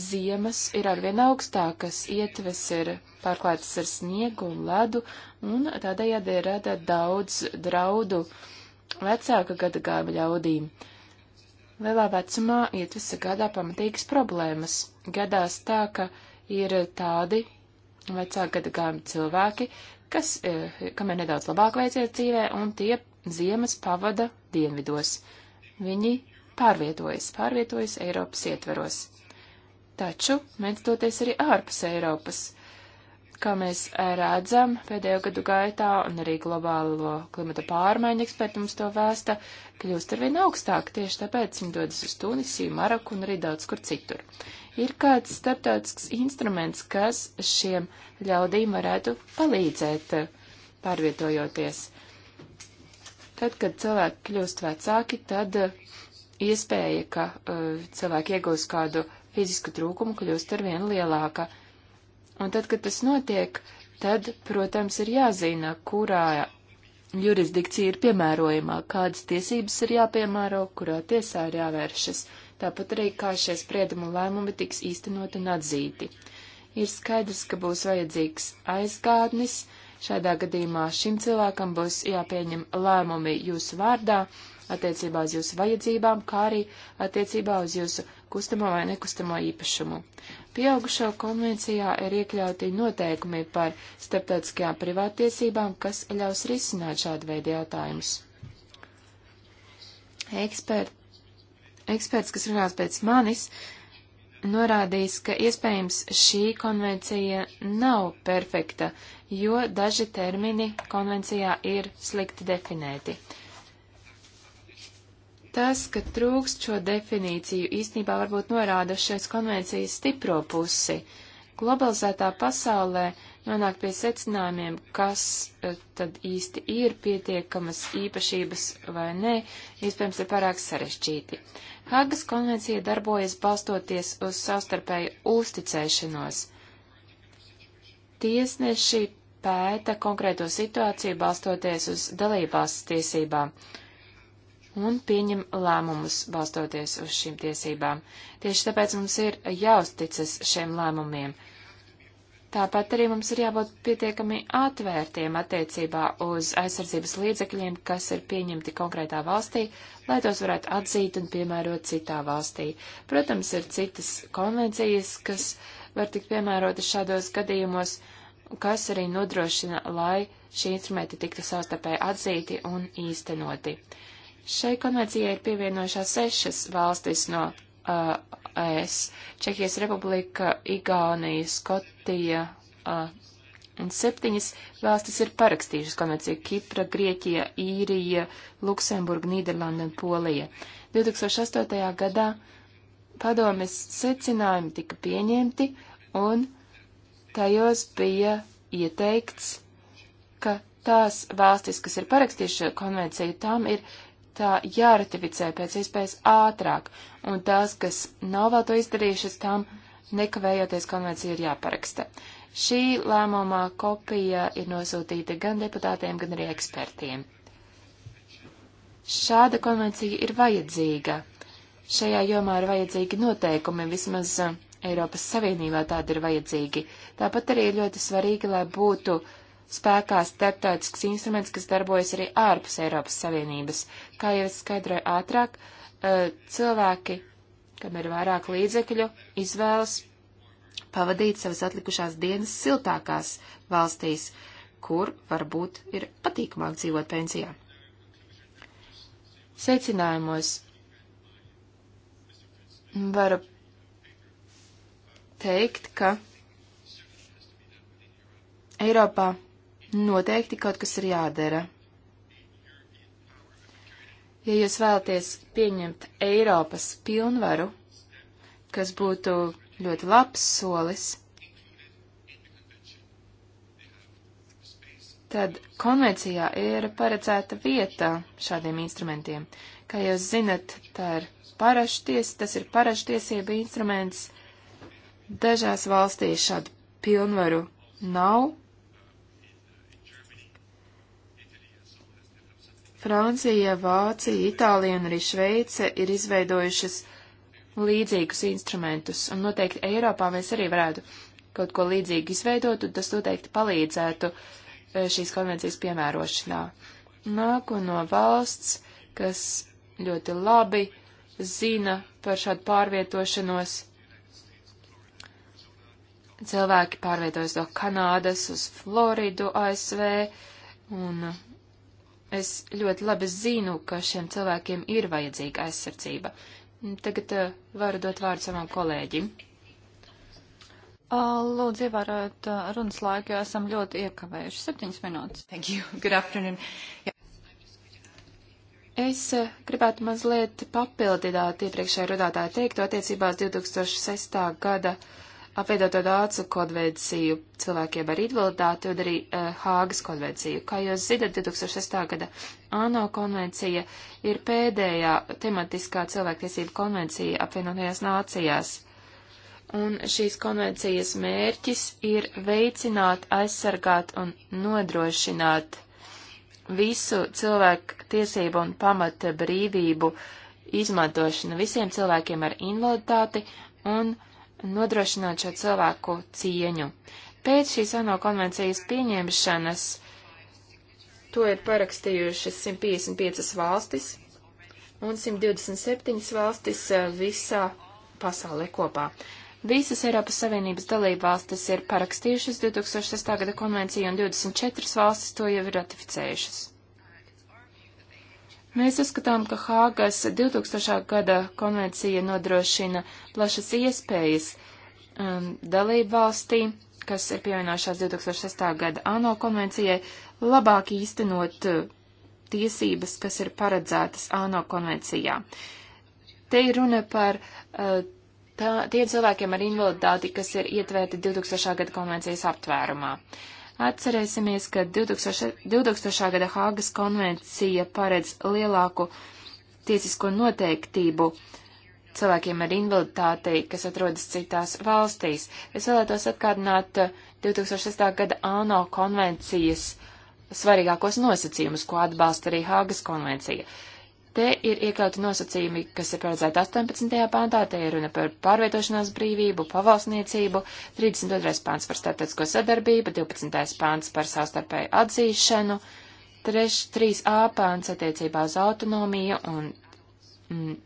Speaker 2: ziemas ir arvien augstākas, ietves ir pārklātas ar sniegu un ledu, un tādējādi rada daudz draudu vecāka gada gājuma ļaudīm. Lielā vecumā ietves sagādā pamatīgas problēmas. Gadās tā, ka ir tādi vecāka gada gājuma cilvēki, kas, eh, kam ir nedaudz labāk veicies dzīvē, un tie ziemas pavada dienvidos. Viņi pārvietojas, pārvietojas Eiropas ietveros. Taču mēdz doties arī ārpus Eiropas. Kā mēs redzam, pēdējo gadu gaitā, un arī globālo klimata pārmaiņu eksperti mums to vēsta, kļūst arvien augstāk, tieši tāpēc viņi dodas uz Tunisiju, Maroku un arī daudz kur citur. Ir kāds starptautisks instruments, kas šiem ļaudīm varētu palīdzēt pārvietojoties. Tad, kad cilvēki kļūst vecāki, tad eh, iespēja, ka uh, cilvēki iegūs kādu fizisku trūkumu, kļūst ar vien lielāka. Un tad, kad tas notiek, tad, protams, ir jāzina, kurā jurisdikcija ir piemērojamā, kādas tiesības ir jāpiemēro, kurā tiesā ir jāvēršas, tāpat arī kā šie spriedumu lēmumi tiks īstenot un atzīti. Ir skaidrs, ka būs vajadzīgs aizgādnis, Šādā gadījumā šim cilvēkam būs jāpieņem lēmumi jūsu vārdā, attiecībā uz jūsu vajadzībām, kā arī attiecībā uz jūsu kustamo vai nekustamo īpašumu. Pieaugušo konvencijā ir iekļauti noteikumi par starptautiskajām privātiesībām, kas ļaus risināt šādu veidu jautājumus. Ekspert, eksperts, kas runās pēc manis, norādījis, ka iespējams šī konvencija nav perfekta, jo daži termini konvencijā ir slikti definēti. Tas, ka trūkst šo definīciju, īstenībā varbūt norāda šais konvencijas stipro pusi. Globalizētā pasaulē uh, nonākt pie secinājumiem, kas eh, tad īsti ir pietiekamas īpašības vai nē, iespējams, ir pārāk sarežģīti. Hagas konvencija darbojas balstoties uz savstarpēju uzticēšanos. Tiesneši pēta konkrēto situāciju balstoties uz dalībās tiesībām un pieņem lēmumus balstoties uz šīm tiesībām. Tieši tāpēc mums ir jāuzticas šiem lēmumiem. Tāpat arī mums ir jābūt pietiekami atvērtiem attiecībā uz aizsardzības līdzekļiem, kas ir pieņemti konkrētā valstī, lai tos varētu atzīt un piemērot citā valstī. Protams, ir citas konvencijas, kas var tikt piemērotas šādos gadījumos, kas arī nodrošina, lai šie instrumenti tiktu savstarpēji atzīti un īstenoti. Šai konvencijai ir pievienojušās sešas valstis no uh, ES. Čehijas republika, Igaunija, Skotija uh, un septiņas valstis ir parakstījušas konvenciju - Kipra, Grieķija, Īrija, Luksemburga, Nīderlanda un Polija. 2008. gadā padomes secinājumi tika pieņemti un tajos bija ieteikts, ka tās valstis, kas ir parakstījušas konvenciju, tām ir tā jāratificē pēc iespējas ātrāk, un tās, kas nav vēl to izdarījušas, tam nekavējoties konvencija ir jāparaksta. Šī lēmumā kopija ir nosūtīta gan deputātiem, gan arī ekspertiem. Šāda konvencija ir vajadzīga. Šajā jomā ir vajadzīgi noteikumi, vismaz eh, Eiropas Savienībā tādi ir vajadzīgi. Tāpat arī ir ļoti svarīgi, lai būtu uh, spēkā starptautisks instruments, kas darbojas arī ārpus Eiropas Savienības. Kā jau es skaidroju ātrāk, eh, cilvēki, kam ir vairāk līdzekļu, izvēlas pavadīt savas atlikušās dienas siltākās valstīs, kur varbūt ir patīkamāk dzīvot pensijā. Secinājumos varu teikt, ka Eiropā Noteikti kaut kas ir jādara. Ja jūs vēlaties pieņemt Eiropas pilnvaru, kas būtu ļoti labs solis, tad konvencijā ir paredzēta vieta šādiem instrumentiem. Kā jūs zinat, tā ir parašties, tas ir paraštiesība instruments. Dažās valstīs šādu pilnvaru nav, Francija, Vācija, Itālija un arī Šveice ir izveidojušas līdzīgus instrumentus, un noteikti Eiropā mēs arī varētu kaut ko līdzīgu izveidot, un tas noteikti palīdzētu e, šīs konvencijas piemērošanā. Nāku no valsts, kas ļoti labi zina par šādu pārvietošanos. Cilvēki pārvietojas no Kanādas uz Floridu, ASV, un Es ļoti labi zinu, ka šiem cilvēkiem ir vajadzīga aizsardzība. Tagad uh, varu dot vārdu savam kolēģim.
Speaker 1: Lūdzu, ievērojot runas laiku, jo esam ļoti iekavējuši. Septiņas minūtes. Thank you. Good afternoon. Yeah.
Speaker 2: Es gribētu mazliet papildināt iepriekšējā runātāja teikto attiecībā uz 2006. gada uh, apvienot to Dācu konvenciju cilvēkiem ar invaliditāti un arī uh, Hāgas konvenciju. Kā jūs zinat, 2006. gada ANO konvencija ir pēdējā tematiskā cilvēktiesība konvencija apvienotajās nācijās. Un šīs konvencijas mērķis ir veicināt, aizsargāt un nodrošināt visu cilvēku tiesību un pamata brīvību izmantošanu visiem cilvēkiem ar invaliditāti un uh, nodrošināt šo cilvēku cieņu. Pēc šīs ANO konvencijas pieņemšanas to ir parakstījušas 155 valstis un 127 valstis eh, visā pasaulē kopā. Visas Eiropas Savienības dalībvalstis ir parakstījušas 2006. gada konvenciju un 24 valstis to jau ir ratificējušas. Mēs uzskatām, ka Hāgas 2000. gada konvencija nodrošina plašas iespējas um, dalību valstī, kas ir pievienojušās 2006. gada ANO konvencijai, labāk īstenot uh, tiesības, kas ir paredzētas ANO konvencijā. Te ir runa par uh, tā, tiem cilvēkiem ar invaliditāti, kas ir ietverti 2000. gada konvencijas aptvērumā. Uh, Atcerēsimies, ka 2000, 2000. gada Hāgas konvencija paredz lielāku tiesisko noteiktību cilvēkiem ar invaliditāti, kas atrodas citās valstīs. Es vēlētos atkārtināt 2006. Eh, gada ANO konvencijas svarīgākos nosacījumus, ko atbalsta arī Hāgas konvencija. Te ir iekļauti nosacījumi, kas ir paredzēti 18. pāntā, te ir runa par pārvietošanās brīvību, pavalsniecību, 32. pāns par starptautisko sadarbību, 12. pāns par savstarpēju atzīšanu, 3, 3a pāns attiecībā uz autonomiju un mm,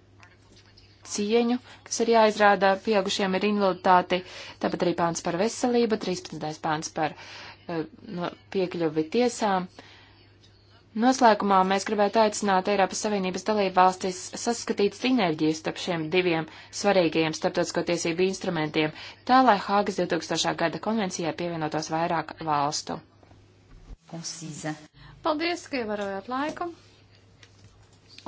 Speaker 2: cieņu, kas ir jāizrāda pieaugušiem ar invaliditāti, tāpat arī pāns par veselību, 13. pāns par eh, no, piekļuvi tiesām. Uh, Noslēgumā mēs gribētu aicināt Eiropas Savienības dalību valstis saskatīt sinerģiju starp šiem diviem svarīgajiem starptautisko tiesību instrumentiem, tā lai Hāgas 2000. gada konvencijai pievienotos vairāk valstu. Koncīze.
Speaker 1: Paldies, ka ievērojāt laiku.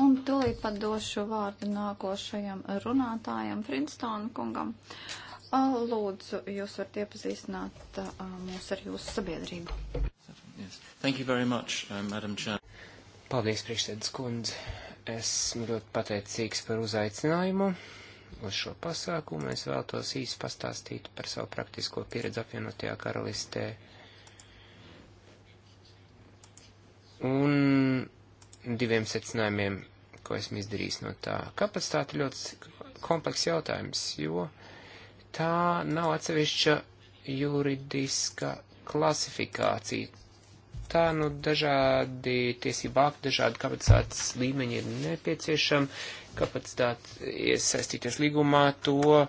Speaker 1: Un tūlīt pat došu vārdu nākošajam runātājam, Princetonu kungam. Lūdzu, jūs varat iepazīstināt mūs ar jūsu sabiedrību.
Speaker 3: Thank you very much, uh, Madam Chair. Paldies, priekšsēdus kundze. Esmu ļoti pateicīgs par uzaicinājumu uz šo pasākumu. Es vēlos īsi pastāstīt par savu praktisko pieredzi apvienotajā karalistē. Un diviem secinājumiem, ko esmu izdarījis no tā. Kapacitāte ļoti komplekss jautājums, jo tā nav atsevišķa juridiska klasifikācija tā, nu, dažādi tiesība akti, dažādi kapacitātes līmeņi ir nepieciešami, kapacitāte iesaistīties līgumā, to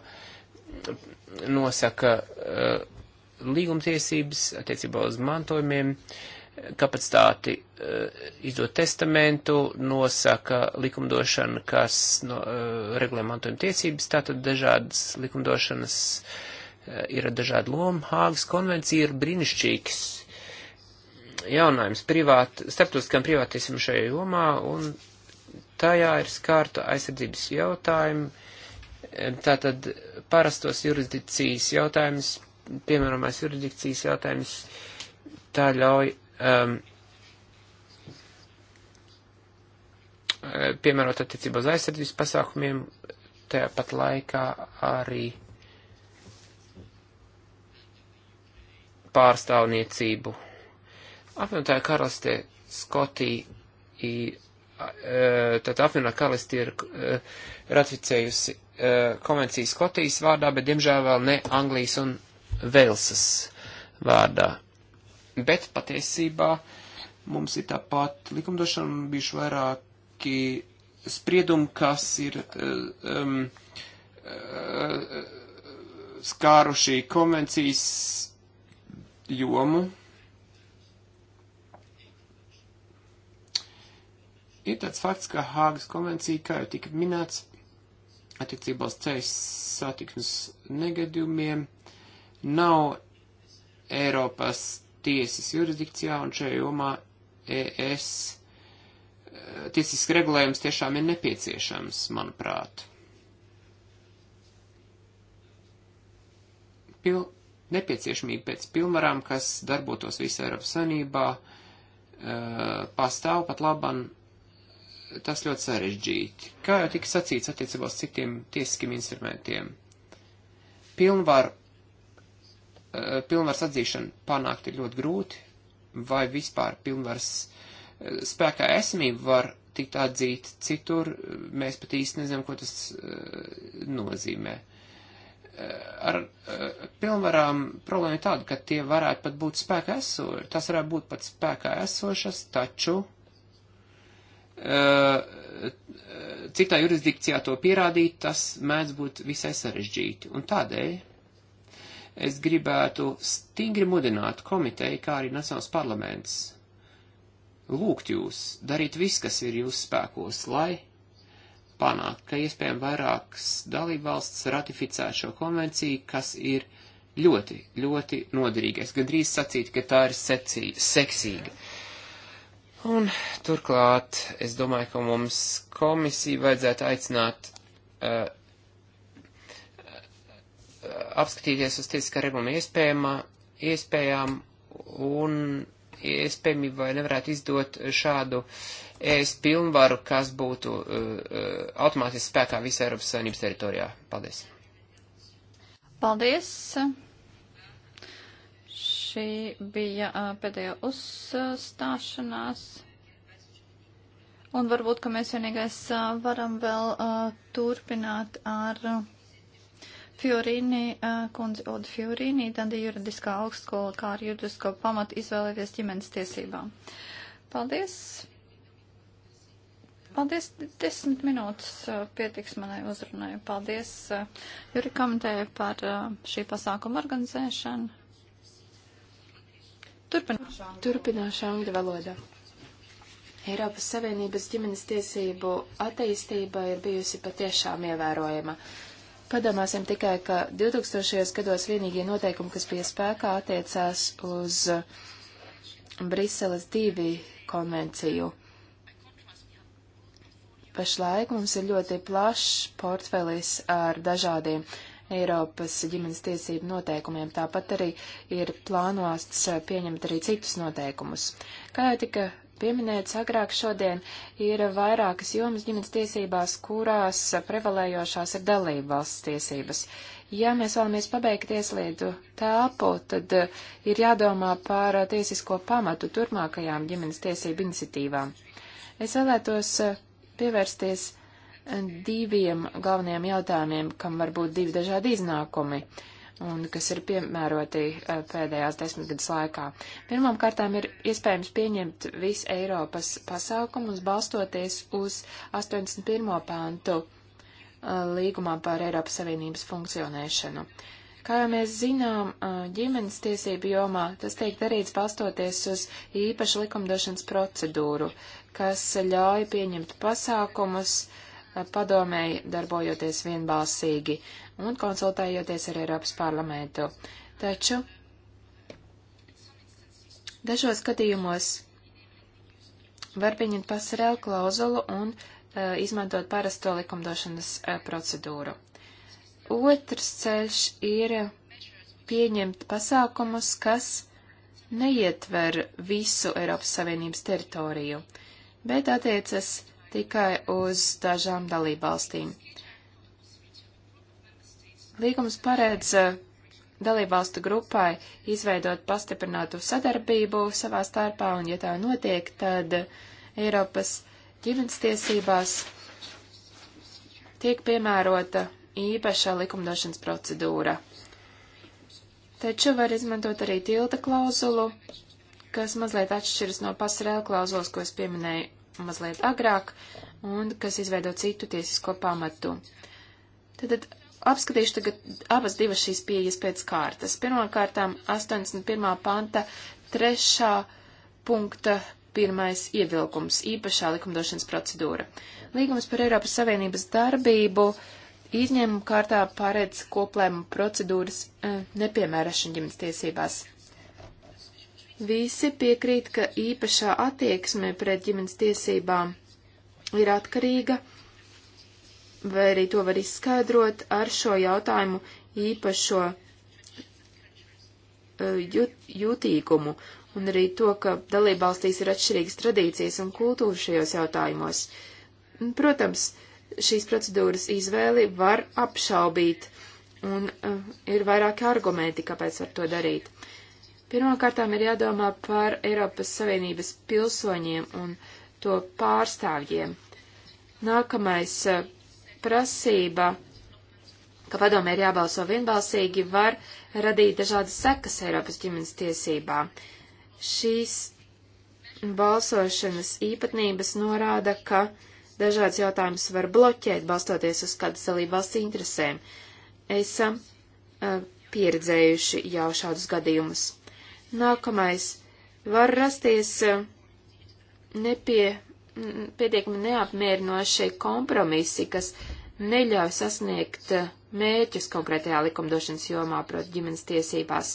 Speaker 3: nosaka uh, līgumtiesības attiecībā uz mantojumiem, kapacitāti uh, izdot testamentu, nosaka likumdošana, kas no, uh, regulē mantojuma tiesības, tātad dažādas likumdošanas uh, ir dažādi loma. Hāgas konvencija ir brīnišķīgs jauninājums privāt, starptautiskam privātismu šajā jomā, un tajā ir skārta aizsardzības jautājumi, tātad parastos jurisdikcijas jautājums, piemēromais jurisdikcijas jautājums, tā ļauj um, piemērot attiecībā uz aizsardzības pasākumiem, tajā pat laikā arī pārstāvniecību Apvienotāja karalistē Skotija, e, tad apvienotā karalistē ir e, ratificējusi e, konvenciju Skotijas vārdā, bet diemžēl vēl ne Anglijas un Velsas vārdā. Bet patiesībā mums ir tāpat likumdošana bijuši vairāki spriedumi, kas ir um, skāruši konvencijas jomu. Ir tāds fakts, ka Hāgas konvencija, kā jau tika minēts, attiecībā uz ceļu satiksmes negadījumiem nav Eiropas tiesas jurisdikcijā un šajā jomā ES eh, tiesisks regulējums tiešām ir nepieciešams, manuprāt. Pil nepieciešamība pēc pilnvarām, kas darbotos visā Eiropas Sanībā, eh, pastāv pat laban tas ļoti sarežģīti. Kā jau tika sacīts attiecībā uz citiem tiesiskiem instrumentiem, pilnvar, eh, pilnvars atzīšana panākt ir ļoti grūti, vai vispār pilnvars eh, spēkā esamība var tikt atzīta citur, mēs pat īsti nezinām, ko tas eh, nozīmē. Ar pilnvarām problēma ir tāda, ka tie varētu pat būt spēkā esoši, tas varētu būt pat spēkā esošas, taču Eh, citā jurisdikcijā to pierādīt, tas mēdz būt visai sarežģīti. Un tādēļ es gribētu stingri mudināt komiteju, kā arī Nacionāls parlaments, lūgt jūs darīt visu, kas ir jūsu spēkos, lai panākt, ka iespējami vairākas dalībvalsts ratificē šo konvenciju, kas ir ļoti, ļoti noderīgais. Gan drīz sacīt, ka tā ir secīga, seksīga. Uh, Un turklāt es domāju, ka mums komisiju vajadzētu aicināt uh, uh apskatīties uz tiesiskā regulējuma iespējama, iespējām un iespējamību vai nevarētu izdot šādu ES pilnvaru, kas būtu uh, uh, automātiski spēkā visā Eiropas Savienības teritorijā. Paldies!
Speaker 1: Paldies! Šī bija pēdējā uzstāšanās. Un varbūt, ka mēs vienīgais varam vēl turpināt ar Fiorini, kundzi Oda Fiorini, tad juridiskā augstskola, kā ar juridisko pamatu izvēlēties ģimenes tiesībām. Paldies! Paldies, desmit minūtes pietiks manai uzrunai. Paldies uh, Jurikamitē par uh, šī pasākuma organizēšanu. Turpināšu, Turpināšu angļu valodā. Eiropas Savienības
Speaker 2: ģimenes tiesību attīstība ir bijusi patiešām ievērojama. Padomāsim tikai, ka 2000. gados vienīgie noteikumi, kas bija spēkā, attiecās uz Briseles divi konvenciju. Pašlaik mums ir ļoti plašs portfelis ar dažādiem Eiropas ģimenes tiesību noteikumiem. Tāpat arī ir plānosts eh, pieņemt arī citus noteikumus. Kā jau tika pieminēts agrāk šodien, ir vairākas jomas ģimenes tiesībās, kurās prevalējošās ir dalība valsts tiesības. Ja mēs vēlamies pabeigt ieslietu telpu, tad eh, ir jādomā par tiesisko pamatu turpmākajām ģimenes tiesību iniciatīvām. Es vēlētos eh, pievērsties diviem galvenajiem jautājumiem, kam var būt divi dažādi iznākumi un kas ir piemēroti eh, pēdējās desmitgades laikā. Pirmām kārtām ir iespējams pieņemt visu Eiropas pasaukumus, balstoties uz 81. pāntu eh, līgumā par Eiropas Savienības funkcionēšanu. Kā jau mēs zinām, eh, ģimenes tiesību jomā tas tiek darīts balstoties uz īpašu likumdošanas procedūru, kas ļauj pieņemt pasākumus, uh, padomēji darbojoties vienbalsīgi un konsultējoties ar Eiropas parlamentu. Taču dažos skatījumos var pieņemt pasarēlu klauzulu un uh, izmantot parasto likumdošanas uh, procedūru. Otrs ceļš ir pieņemt pasākumus, kas neietver visu Eiropas Savienības teritoriju, bet attiecas uh, tikai uz dažām dalībvalstīm. Līgums paredz eh, dalībvalstu grupai izveidot pastiprinātu sadarbību savā starpā, un ja tā notiek, tad Eiropas ģimenes tiesībās tiek piemērota īpašā likumdošanas procedūra. Taču var izmantot arī tilta klauzulu, kas mazliet atšķiras no pasarēla klauzulas, ko es pieminēju mazliet agrāk un kas izveido citu tiesisko pamatu. Tad apskatīšu tagad abas divas šīs pieejas pēc kārtas. Pirmkārtām 81. panta trešā punkta pirmais ievilkums - īpašā likumdošanas procedūra. Līgums par Eiropas Savienības darbību izņēmuma kārtā paredz koplēmu procedūras e, eh, nepiemērašana ģimenes tiesībās. Visi piekrīt, ka īpašā attieksme pret ģimenes tiesībām ir atkarīga, vai arī to var izskaidrot ar šo jautājumu īpašo eh, jūt, jūtīgumu un arī to, ka dalībvalstīs ir atšķirīgas tradīcijas un kultūra šajos jautājumos. Protams, šīs procedūras izvēli var apšaubīt, un uh, ir vairāki argumenti, kāpēc var to darīt. Pirmkārtām ir jādomā par Eiropas Savienības pilsoņiem un to pārstāvjiem. Nākamais eh, prasība, ka padomē ir jābalso vienbalsīgi, var radīt dažādas sekas Eiropas ģimenes tiesībā. Šīs balsošanas īpatnības norāda, ka dažādas jautājumas var bloķēt, balstoties uz kādas dalībvalsts interesēm. Esam uh, pieredzējuši jau šādus gadījumus. Nākamais. Var rasties eh, nepie, pietiekami neapmierinoši kompromisi, kas neļauj sasniegt eh, mērķus konkrētajā likumdošanas jomā, proti ģimenes tiesībās.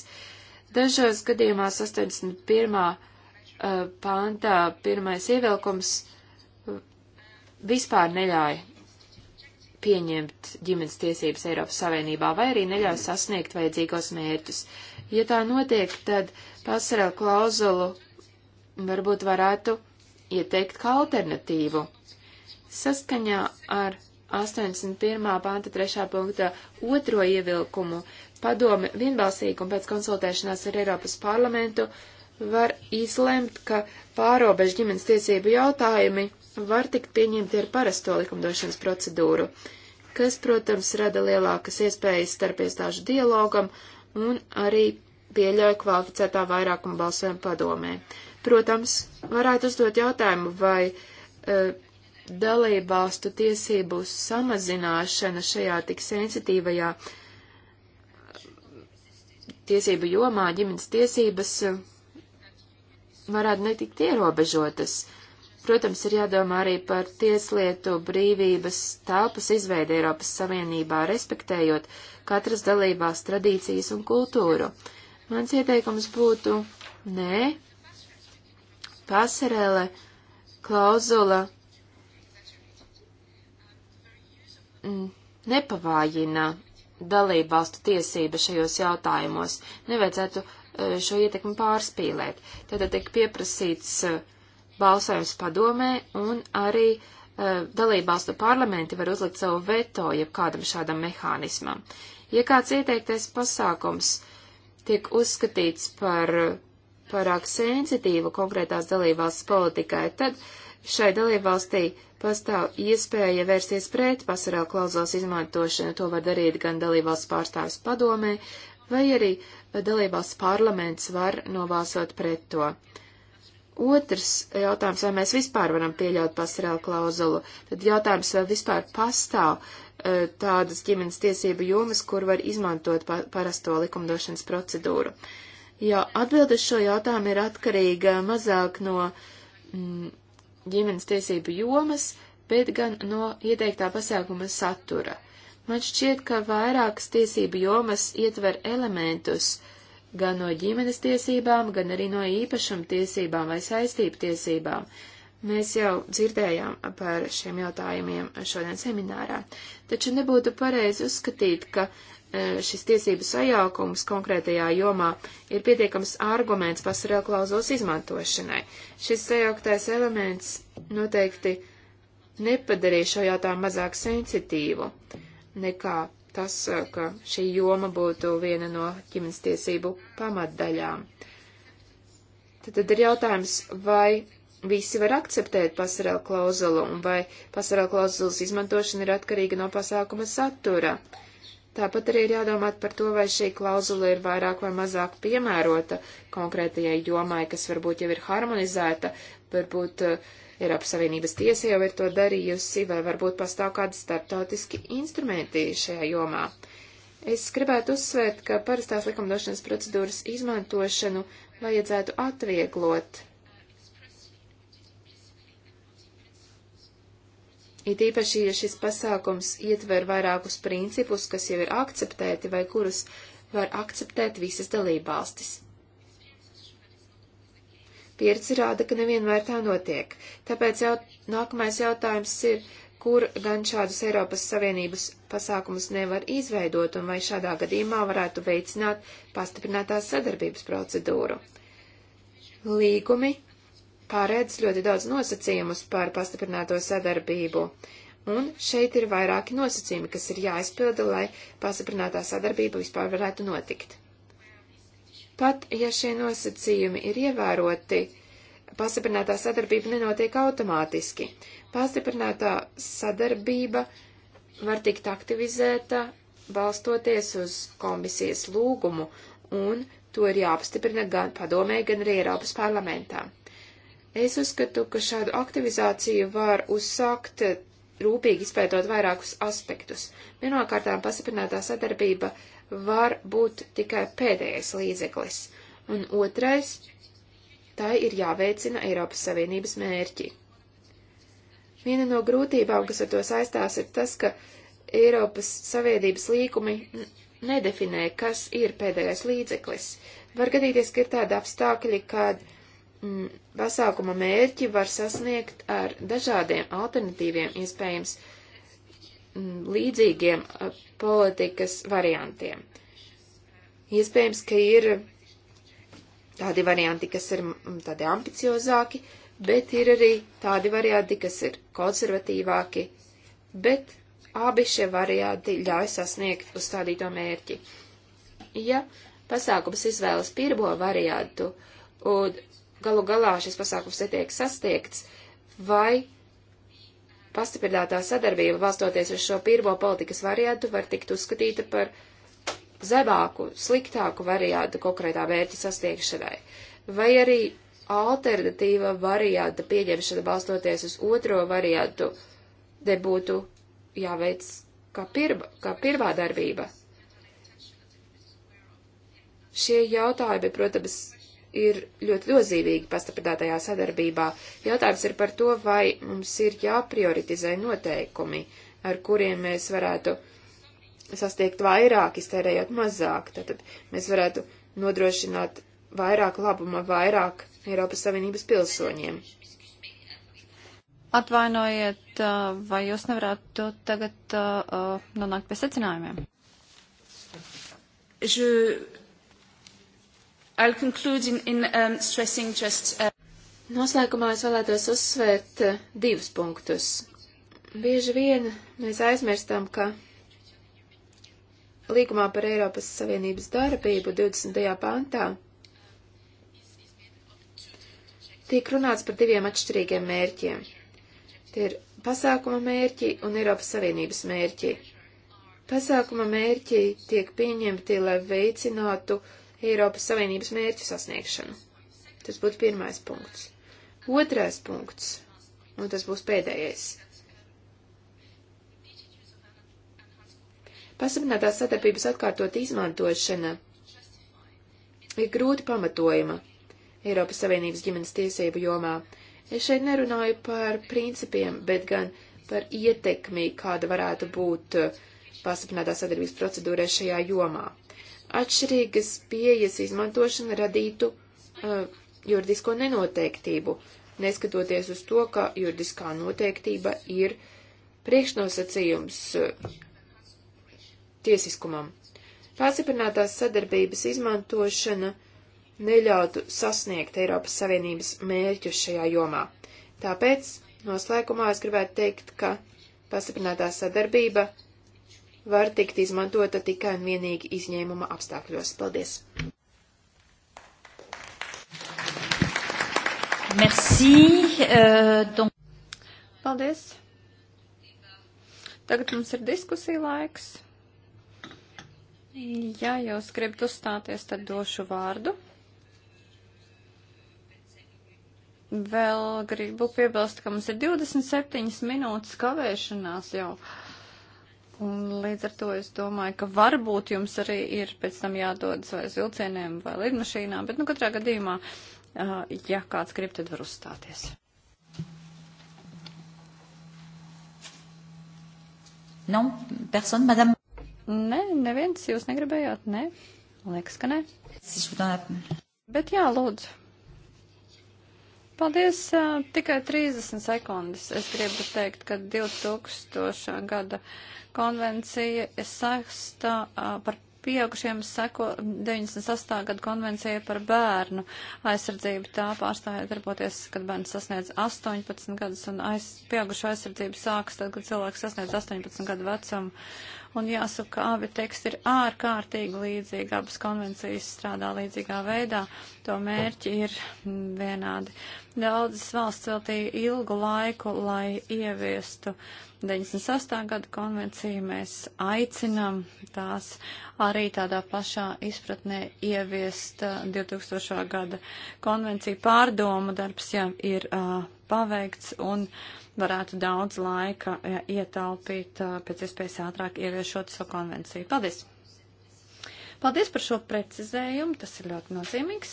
Speaker 2: Dažos gadījumās 81. Eh, pāntā pirmais ievilkums vispār neļauj pieņemt ģimenes tiesības Eiropas Savienībā vai arī neļauj sasniegt vajadzīgos mērķus. Ja tā notiek, tad uh, pasarelu klauzulu varbūt varētu ieteikt kā alternatīvu. Saskaņā ar 81. panta 3. punkta otro ievilkumu padome vienbalsīgi un pēc konsultēšanās ar Eiropas parlamentu var izlemt, ka pārobežu ģimenes tiesību jautājumi var tikt pieņemti ar parasto likumdošanas procedūru, kas, protams, rada lielākas iespējas starp iestāžu dialogam un arī pieļauj kvalificētā vairākuma balsojumu padomē. Protams, varētu uzdot jautājumu, vai e, dalībvalstu tiesību samazināšana šajā tik sensitīvajā e, tiesību jomā ģimenes tiesības e, varētu netikt ierobežotas. Protams, ir jādomā arī par tieslietu brīvības telpas izveidi Eiropas Savienībā, respektējot katras dalībās tradīcijas un kultūru. Uh, Mans ieteikums būtu nē, pasarele, klauzula mm, nepavājina dalībvalstu tiesība šajos jautājumos. Nevajadzētu e, šo ietekmi pārspīlēt. Tad tiek pieprasīts e, balsojums padomē un arī e, dalībvalstu parlamenti var uzlikt savu veto jeb kādam šādam mehānismam. Ja kāds ieteiktais pasākums tiek uzskatīts par pārāk sensitīvu konkrētās dalībvalsts politikai, tad šai dalībvalstī pastāv iespēja vērsties pret pasarēlu klauzulas izmantošanu. To var darīt gan dalībvalsts pārstāvis padomē, vai arī dalībvalsts parlaments var nobalsot pret to. Otrs jautājums, vai mēs vispār varam pieļaut pasarēlu klauzulu, tad jautājums, vai vispār pastāv e, tādas ģimenes tiesību jomas, kur var izmantot pa parasto likumdošanas procedūru. Jā, atbildes šo jautājumu ir atkarīga mazāk no mm, ģimenes tiesību jomas, bet gan no ieteiktā pasākuma satura. Man šķiet, ka vairākas tiesību jomas ietver elementus, uh, gan no ģimenes tiesībām, gan arī no īpašuma tiesībām vai saistību tiesībām. Mēs jau dzirdējām par šiem jautājumiem šodien seminārā, taču nebūtu pareizi uzskatīt, ka e, šis tiesību sajaukums konkrētajā jomā ir pietiekams arguments pasarēl klauzulas izmantošanai. Šis sajauktais elements noteikti nepadarīja šo jautājumu mazāk sensitīvu nekā tas, eh, ka šī joma būtu viena no ģimenes tiesību pamatdaļām. Tad, tad ir jautājums, vai visi var akceptēt pasarelu klauzulu un vai pasarelu klauzulas izmantošana ir atkarīga no pasākuma satura. Tāpat arī ir jādomāt par to, vai šī klauzula ir vairāk vai mazāk piemērota konkrētajai jomai, kas varbūt jau ir harmonizēta, varbūt uh, Eiropas Savienības tiesa jau ir to darījusi, vai varbūt pastāv kādi starptautiski instrumenti šajā jomā. Es gribētu uzsvērt, ka parastās likumdošanas procedūras izmantošanu vajadzētu atvieglot. It īpaši, ja šis pasākums ietver vairākus principus, kas jau ir akceptēti vai kurus var akceptēt visas dalībvalstis. Pieredze rāda, ka nevienmēr tā notiek. Tāpēc jau, nākamais jautājums ir, kur gan šādus Eiropas Savienības pasākumus nevar izveidot un vai šādā gadījumā varētu veicināt pastiprinātās sadarbības procedūru. Līgumi pārēdz ļoti daudz nosacījumus par pastiprināto sadarbību, un šeit ir vairāki nosacījumi, kas ir jāizpilda, lai pastiprinātā sadarbība vispār varētu notikt. Pat ja šie nosacījumi ir ievēroti, pastiprinātā sadarbība nenotiek automātiski. Pastiprinātā sadarbība var tikt aktivizēta balstoties uz komisijas lūgumu, un to ir jāapstiprina gan padomē, gan arī Eiropas parlamentā. Es uzskatu, ka šādu aktivizāciju var uzsākt rūpīgi izpētot vairākus aspektus. Pirmkārtām, pastiprinātā sadarbība var būt tikai pēdējais līdzeklis, un otrais - tai ir jāveicina Eiropas Savienības mērķi. Viena no grūtībām, kas ar to saistās, ir tas, ka Eiropas Savienības līkumi nedefinē, kas ir pēdējais līdzeklis. Var gadīties, ka ir tādi apstākļi, kad mm, pasākuma mērķi var sasniegt ar dažādiem alternatīviem iespējams Mm, līdzīgiem uh, politikas variantiem. Iespējams, ka ir tādi varianti, kas ir mm, tādi ambiciozāki, bet ir arī tādi varianti, kas ir konservatīvāki, bet abi šie varianti ļauj sasniegt uzstādīto mērķi. Ja pasākums izvēlas pirmo variantu un galu galā šis pasākums netiek sastiegts, vai Pastiprinātā sadarbība, balstoties uz šo pirmo politikas variantu, var tikt uzskatīta par zemāku, sliktāku variantu konkrētā mērķa sasniegšanai, vai arī alternatīva varianta pieņemšana balstoties uz otro variantu nebūtu jāveic kā, pirma, kā pirmā darbība. Šie jautājumi, protams, ir ļoti nozīmīgi pastiprinātajā sadarbībā. Jautājums ir par to, vai mums ir jāprioritizē noteikumi, ar kuriem mēs varētu sasniegt vairāk, iztērējot mazāk. Tātad mēs varētu nodrošināt vairāk labuma vairāk Eiropas Savienības pilsoņiem.
Speaker 1: Atvainojiet, vai jūs nevarētu tagad uh, nonākt pie secinājumiem? Je, I'll conclude in, in
Speaker 2: um, stressing just. Uh... Noslēgumā es vēlētos uzsvērt uh, divus punktus. Bieži vien mēs aizmirstam, ka līgumā par Eiropas Savienības darbību 20. pantā tiek runāts par diviem atšķirīgiem mērķiem. Tie ir pasākuma mērķi un Eiropas Savienības mērķi. Pasākuma mērķi tiek pieņemti, lai veicinātu uh, Eiropas Savienības mērķu sasniegšanu. Tas būtu pirmais punkts. Otrais punkts, un tas būs pēdējais. Pastiprinātās sadarbības atkārtot izmantošana ir grūti pamatojama Eiropas Savienības ģimenes tiesību jomā. Es šeit nerunāju par principiem, bet gan par ietekmi, kāda varētu būt uh, pastiprinātā sadarbības procedūrē šajā jomā atšķirīgas pieejas izmantošana radītu uh, juridisko nenoteiktību, neskatoties uz to, ka juridiskā noteiktība ir priekšnosacījums uh, tiesiskumam. Pastiprinātās sadarbības izmantošana neļautu sasniegt Eiropas Savienības mērķus šajā jomā. Tāpēc noslēgumā es gribētu teikt, ka pastiprinātā sadarbība var tikt izmantota tikai un vienīgi izņēmuma apstākļos. Paldies!
Speaker 1: Merci. Euh, donc... Paldies. Tagad mums ir diskusija laiks. Ja jūs gribat uzstāties, tad došu vārdu. Vēl gribu piebilst, ka mums ir 27 minūtes kavēšanās jau. Uh, Un līdz ar to es domāju, ka varbūt jums arī ir pēc tam jādodas vai uz vilcieniem vai lidmašīnām, bet nu katrā gadījumā, uh, ja kāds grib, tad var uzstāties. Non, personne, madame. Nē, ne, neviens jūs negribējāt, nē. Ne? Liekas, ka nē. Bet jā, lūdzu. Paldies, tikai 30 sekundes. Es gribu teikt, ka 2000. gada konvencija saistā par pieaugušiem seko 98. gada konvencija par bērnu aizsardzību. Tā pārstāja darboties, kad bērns sasniedz 18 gadus un aiz, pieaugušo aizsardzību sākas tad, kad cilvēks sasniedz 18 gadu vecumu. Un jāsaka, ka abi teksti ir ārkārtīgi līdzīgi, abas konvencijas strādā līdzīgā veidā, to mērķi ir vienādi. Daudzas valsts veltīja ilgu laiku, lai ieviestu 98. gada konvenciju. Mēs aicinām tās arī tādā pašā izpratnē ieviest 2000. Uh, gada konvenciju. Pārdomu darbs jau ir. Uh, paveikts un varētu daudz laika ietaupīt pēc iespējas ātrāk ieviešot šo konvenciju. Paldies! Paldies par šo precizējumu, tas ir ļoti nozīmīgs.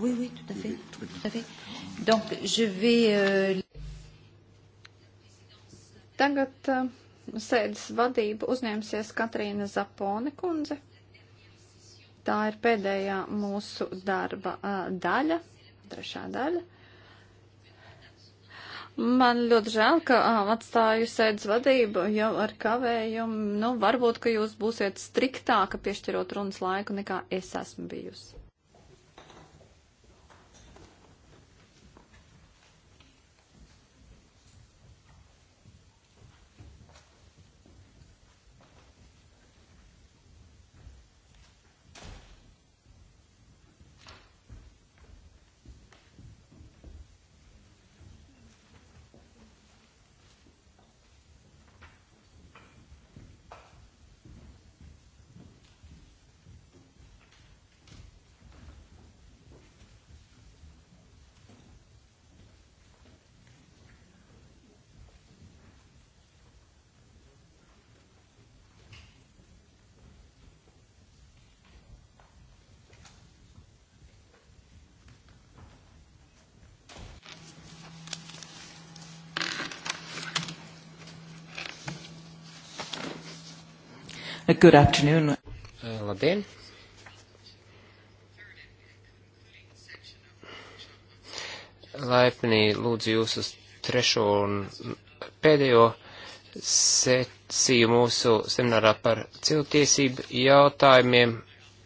Speaker 1: Oui, oui, tout à fait. Tout à fait. Donc, je vais. Euh... Tagad uh, sēdes vadību uzņemsies Katrīna Zapone kundze. Tā ir pēdējā mūsu darba uh, daļa, trešā daļa. Man ļoti žēl, ka uh, atstāju sēdz vadību jau ar kavējumu. Nu, varbūt, ka jūs būsiet striktāka piešķirot runas laiku, nekā es esmu bijusi.
Speaker 3: Good afternoon. Labdien! Laipni lūdzu jūs uz trešo un pēdējo seciju mūsu seminārā par cilvēktiesību jautājumiem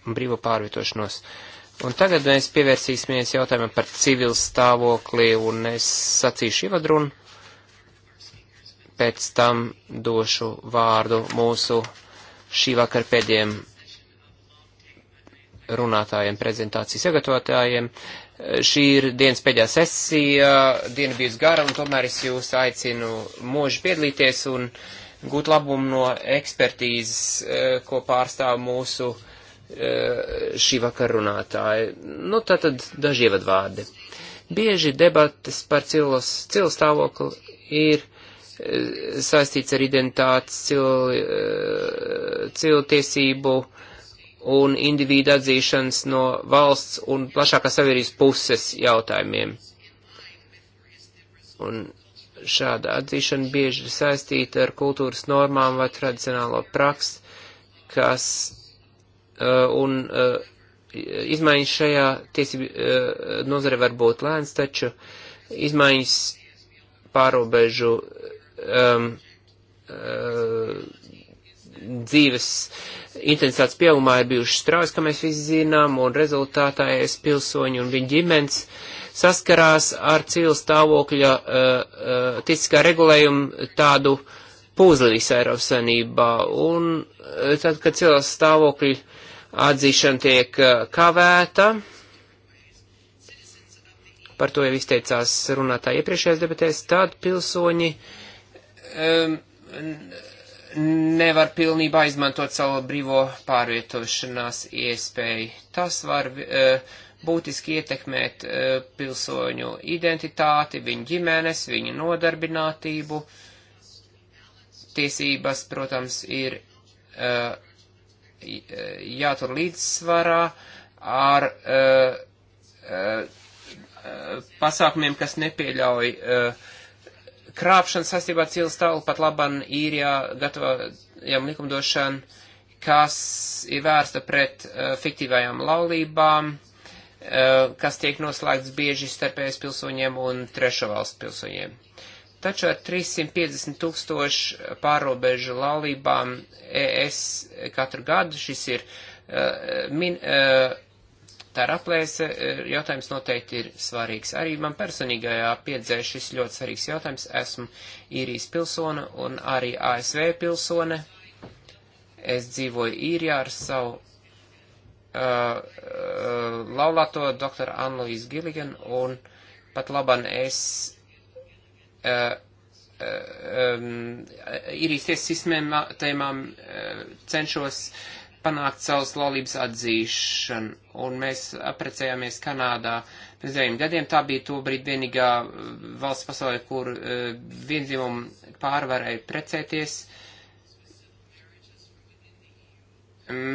Speaker 3: un brīvo pārvietošanos. Un tagad mēs pievērsīsimies jautājumam par civil stāvokli, un es sacīšu ievadrunu, pēc tam došu vārdu mūsu šī vakar pēdējiem runātājiem, prezentācijas sagatavotājiem. Šī ir dienas pēdējā sesija, diena bijusi gara, un tomēr es jūs aicinu mūži piedalīties un gūt labumu no ekspertīzes, eh, ko pārstāv mūsu eh, šī vakar runātāji. Nu, tātad daži ievadvārdi. Bieži debates par cilvēku stāvokli ir saistīts ar identitātes eh, cilvēcību un individu atzīšanas no valsts un plašākā sabiedrības puses jautājumiem. Un šāda atzīšana bieži ir saistīta ar kultūras normām vai tradicionālo praksu, kas uh, un uh, izmaiņas šajā tiesību uh, nozare var būt lēns, taču izmaiņas pārobežu um, uh, dzīves intensitātes pieaugumā ir bijušas straujas, kā mēs visi zinām, un rezultātā es pilsoņi un viņa ģimenes saskarās ar cīlu stāvokļa uh, uh, tiesiskā regulējumu tādu puzlīs Eiropas Savienībā. Un uh, tad, kad cilvēks stāvokļa atzīšana tiek uh, kavēta, par to jau izteicās runātāji iepriekšējās debatēs, tad pilsoņi uh, Ehm, nevar pilnībā izmantot savu brīvo pārvietošanās iespēju. Tas var e, būtiski ietekmēt e, pilsoņu identitāti, viņu ģimenes, viņu nodarbinātību. Tiesības, protams, ir e, jātur līdzsvarā ar pasākumiem, kas nepieļauj uh, krāpšana saistībā ar cilvēku stāvu pat labam īrijā gatavojam likumdošanu, kas ir vērsta pret uh, fiktīvajām laulībām, uh, kas tiek noslēgts bieži starp ES pilsoņiem un trešo valstu pilsoņiem. Taču ar 350 tūkstošu pārobežu laulībām ES katru gadu šis ir uh, min, uh, Tā ir aplēse, eh, jautājums noteikti ir svarīgs. Arī man personīgajā pieredzē šis ļoti svarīgs jautājums. Esmu īrijas pilsona un arī ASV pilsone. Es dzīvoju īrijā ar savu uh, uh, laulāto doktoru Anluīsu Gilligan un pat laban es uh, um, īrijas tiesas sistēmām cenšos uh, panākt savas laulības atzīšanu, un mēs aprecējāmies Kanādā pirms deviem gadiem. Tā bija to brīdi vienīgā uh, valsts pasaulē, kur uh, viendzimumu pāri varēja precēties.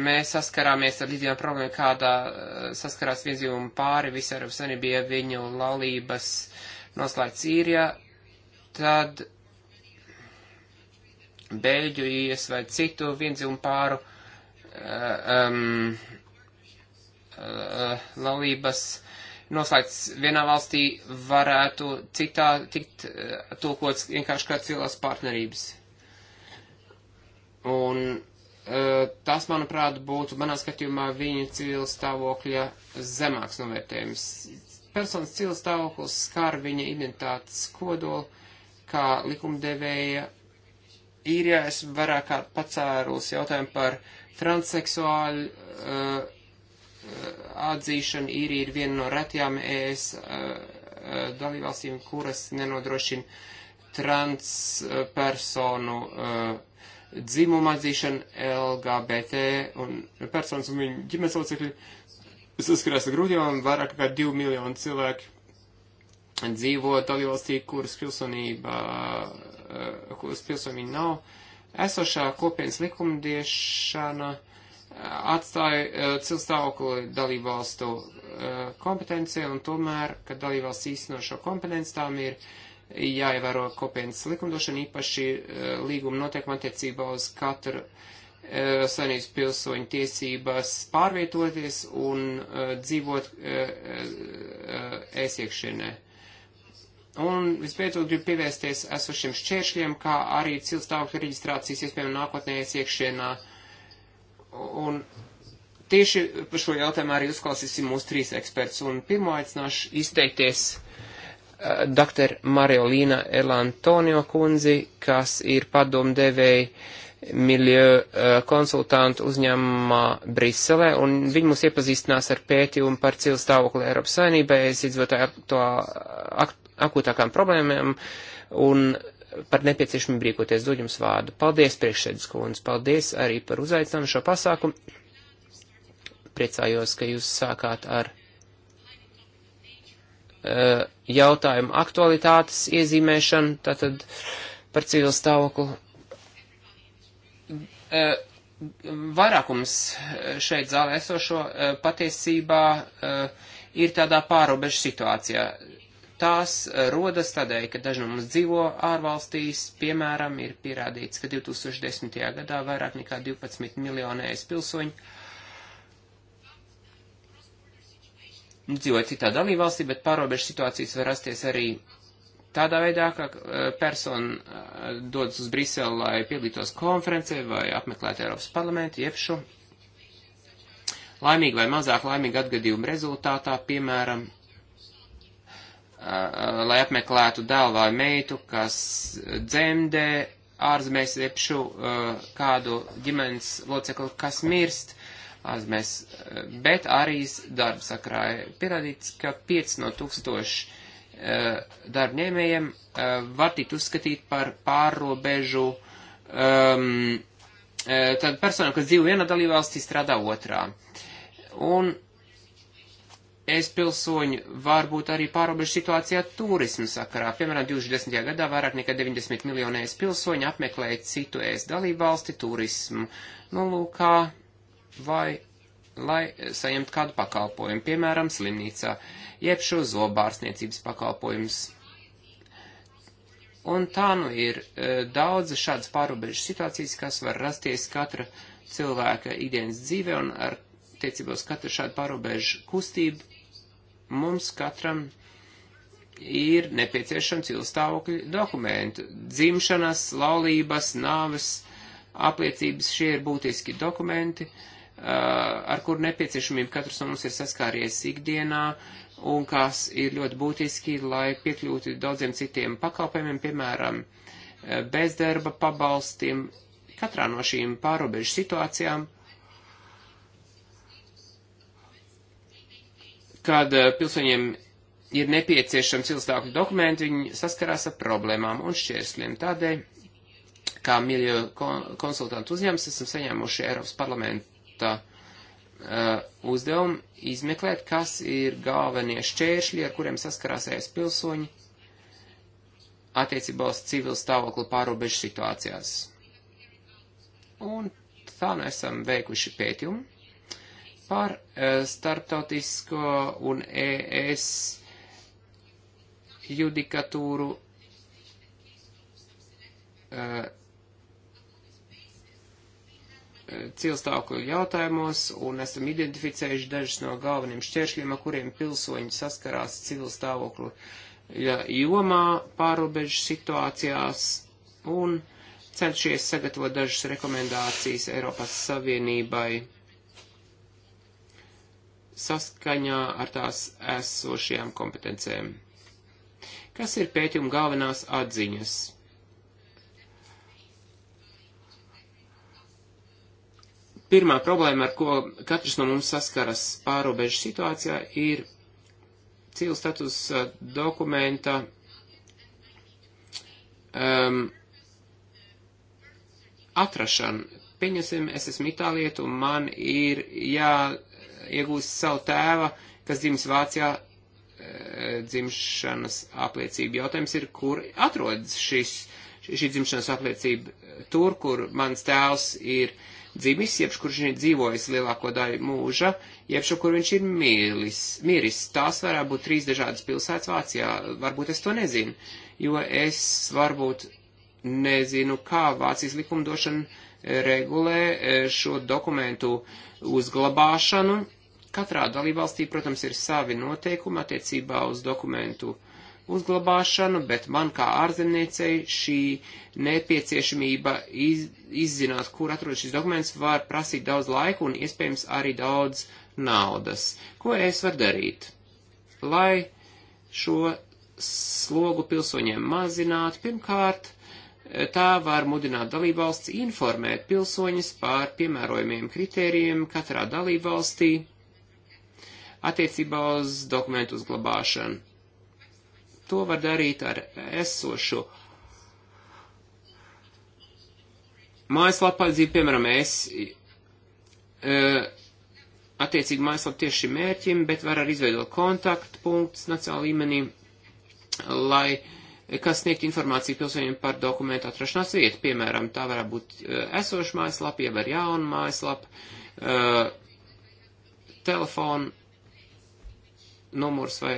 Speaker 3: Mēs saskarāmies ar līdzīgām problēmām, kādā uh, saskarās viendzimumu pāri visā Eiropas Savienībā, ja viņu laulības noslēgts īrijā, tad Beļģijas vai citu viendzimumu pāru uh, um, uh, laulības noslēgts vienā valstī varētu citā tikt uh, tulkots vienkārši kā cilvēks partnerības. Un uh, tas, manuprāt, būtu manā skatījumā viņa civila stāvokļa zemāks novērtējums. Personas civila stāvoklis skar viņa identitātes kodolu, kā likumdevēja īrijā esmu vairāk kārt pacērusi jautājumu par uh, Transseksuāļu uh, atzīšana īrija ir viena no retajām ES uh, eh, dalībvalstīm, kuras nenodrošina transpersonu uh, eh, dzimuma atzīšanu, LGBT un personas un viņu ģimenes locekļi saskarās ar grūtībām, vairāk kā 2 miljoni cilvēki dzīvo dalībvalstī, kuras pilsonība, kuras pilsonība nav, Esošā kopienas likumdiešana eh, atstāja eh, cilstāvokli dalībvalstu eh, kompetencija, un tomēr, kad dalībvalsts īsteno šo kompetenci, tām ir jāievēro kopienas likumdošana, īpaši līguma noteikuma attiecībā uz katru savienības pilsoņu tiesības pārvietoties un dzīvot ēsiekšienē. E, e, e, Un visbeidzot gribu pievērsties esošiem šķēršļiem, kā arī cilstāvokļu reģistrācijas iespējām nākotnējais iekšienā. Un tieši par šo jautājumu arī uzklausīsim mūsu trīs eksperts. Un pirmo aicināšu izteikties uh, eh, dr. Mariolīna Elantonio kundzi, kas ir padomdevēja miljö uh, eh, konsultantu uzņēmumā Briselē, un viņi mūs iepazīstinās ar pētījumu par cilvēku stāvokli Eiropas Savienībai, es izdzotāju to akt, akūtākām problēmām un par nepieciešamību rīkoties dod jums vārdu. Paldies, priekšsēdus kundze, paldies arī par uzaicinājumu šo pasākumu. Priecājos, ka jūs sākāt ar uh, jautājumu aktualitātes iezīmēšanu, tātad par civil stāvoklu. Uh, eh, vairākums eh, šeit zālē esošo uh, patiesībā uh, ir tādā pārobežu situācijā. Tās eh, rodas tādēļ, ka daži no mums dzīvo ārvalstīs, piemēram, ir pierādīts, ka 2010. gadā vairāk nekā 12 miljonējas pilsoņu dzīvo citā dalībvalstī, bet pārobežu situācijas var rasties arī tādā veidā, ka eh, persona eh, dodas uz Briselu, lai piedalītos konferencē vai apmeklētu Eiropas parlamentu, jeb šo laimīgu vai mazāk laimīgu atgadījumu rezultātā, piemēram, Uh, lai apmeklētu dēlu vai meitu, kas dzemdē ārzemēs iepšu uh, kādu ģimenes locekli, kas mirst ārzemēs, uh, bet arī darba sakrā ir pierādīts, ka 5 no 1000 darbņēmējiem var tikt uzskatīt par pārrobežu um, tad personām, kas dzīvo vienā dalībvalstī, strādā otrā. Un es pilsoņi varbūt arī pārobežu situācijā turismu sakarā. Piemēram, 2010. gadā vairāk nekā 90 miljonu es pilsoņu apmeklēja citu es dalību valsti turismu nolūkā nu, vai lai saņemtu kādu pakalpojumu, piemēram, slimnīcā, jeb šo zobārstniecības pakalpojumus. Un tā nu ir e, daudz šādas pārobežu situācijas, kas var rasties katra cilvēka ikdienas dzīvē un ar tiecībos katru šādu pārobežu kustību mums katram ir nepieciešams ilgstāvokļu dokumentu. Dzimšanas, laulības, nāves apliecības šie ir būtiski dokumenti, ar kur nepieciešamību katrs no mums ir saskāries ikdienā un kas ir ļoti būtiski, lai piekļūtu daudziem citiem pakalpojumiem, piemēram, bezdarba pabalstiem. Katrā no šīm pārobežu situācijām kad eh, pilsoņiem ir nepieciešams ilgstākļu dokumenti, viņi saskarās ar problēmām un šķērsliem. Tādēļ, kā mīļo konsultantu uzņēmums, esam saņēmuši Eiropas parlamenta uh, uzdevumu izmeklēt, kas ir galvenie šķēršļi, ar kuriem saskarās ES pilsoņi attiecībā uz civilu stāvokli pārobežu situācijās. Un tā mēs nu esam veikuši pētījumu par eh, starptautisko un ES judikatūru eh, cilstāku jautājumos, un esam identificējuši dažus no galveniem šķēršļiem, ar kuriem pilsoņi saskarās cilstāvoklu jomā, pārobežu situācijās, un cenšies sagatavot dažas rekomendācijas Eiropas Savienībai saskaņā ar tās esošajām kompetencēm. Kas ir pētījuma galvenās atziņas? Pirmā problēma, ar ko katrs no mums saskaras pārobežu situācijā, ir civil status eh, dokumenta um, atrašana. Pieņemsim, es esmu itālieta un man ir jā iegūst savu tēva, kas dzimis Vācijā, e, dzimšanas apliecību. Jautājums ir, kur atrodas šis, šī dzimšanas apliecība? Tur, kur mans tēvs ir dzimis, jebš kurš viņš ir dzīvojis lielāko daļu mūža, jebš kur viņš ir mīlis, miris. Tās varētu būt trīs dažādas pilsētas Vācijā. Varbūt es to nezinu, jo es varbūt nezinu, kā Vācijas likumdošana regulē e, šo dokumentu uzglabāšanu. Katrā dalībvalstī, protams, ir savi noteikumi attiecībā uz dokumentu uzglabāšanu, bet man kā ārzemniecei šī nepieciešamība iz, izzināt, kur atrodas šis dokuments, var prasīt daudz laika un iespējams arī daudz naudas. Ko es varu darīt? Lai šo slogu pilsoņiem mazinātu, pirmkārt, Tā var mudināt dalībvalsts informēt pilsoņus par piemērojumiem kritērijiem katrā dalībvalstī attiecībā uz dokumentu uzglabāšanu. To var darīt ar esošu mājaslapā, dzīvi, piemēram, es e, attiecīgi mājaslapa tieši šim mērķim, bet var arī izveidot kontaktpunktus nacionāla līmenī, lai uh, kas sniegt informāciju pilsoņiem par dokumentu atrašanās vietu. Piemēram, tā varētu būt e, esoša mājaslapa, jeb ar jaunu mājaslapu, e, telefonu numurs vai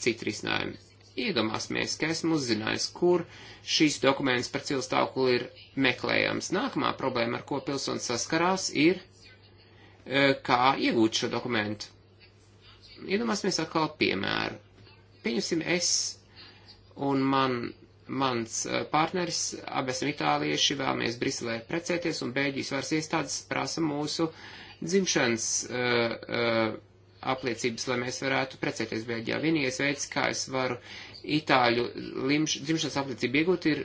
Speaker 3: citu risinājumu. Iedomāsimies, ka esmu uzzinājis, kur šīs dokuments par cilvēku ir meklējams. Nākamā problēma, ar ko pilsonis saskarās, ir, e, kā iegūt šo dokumentu. Iedomāsimies atkal piemēru. Pieņemsim, es un man, mans eh, partneris, abi esam itālieši, vēlamies Briselē precēties, un Bēļģijas varas iestādes prasa mūsu dzimšanas uh, uh, apliecības, lai mēs varētu precēties Bēļģijā. Vienīgais veids, kā es varu itāļu limš, dzimšanas apliecību iegūt, ir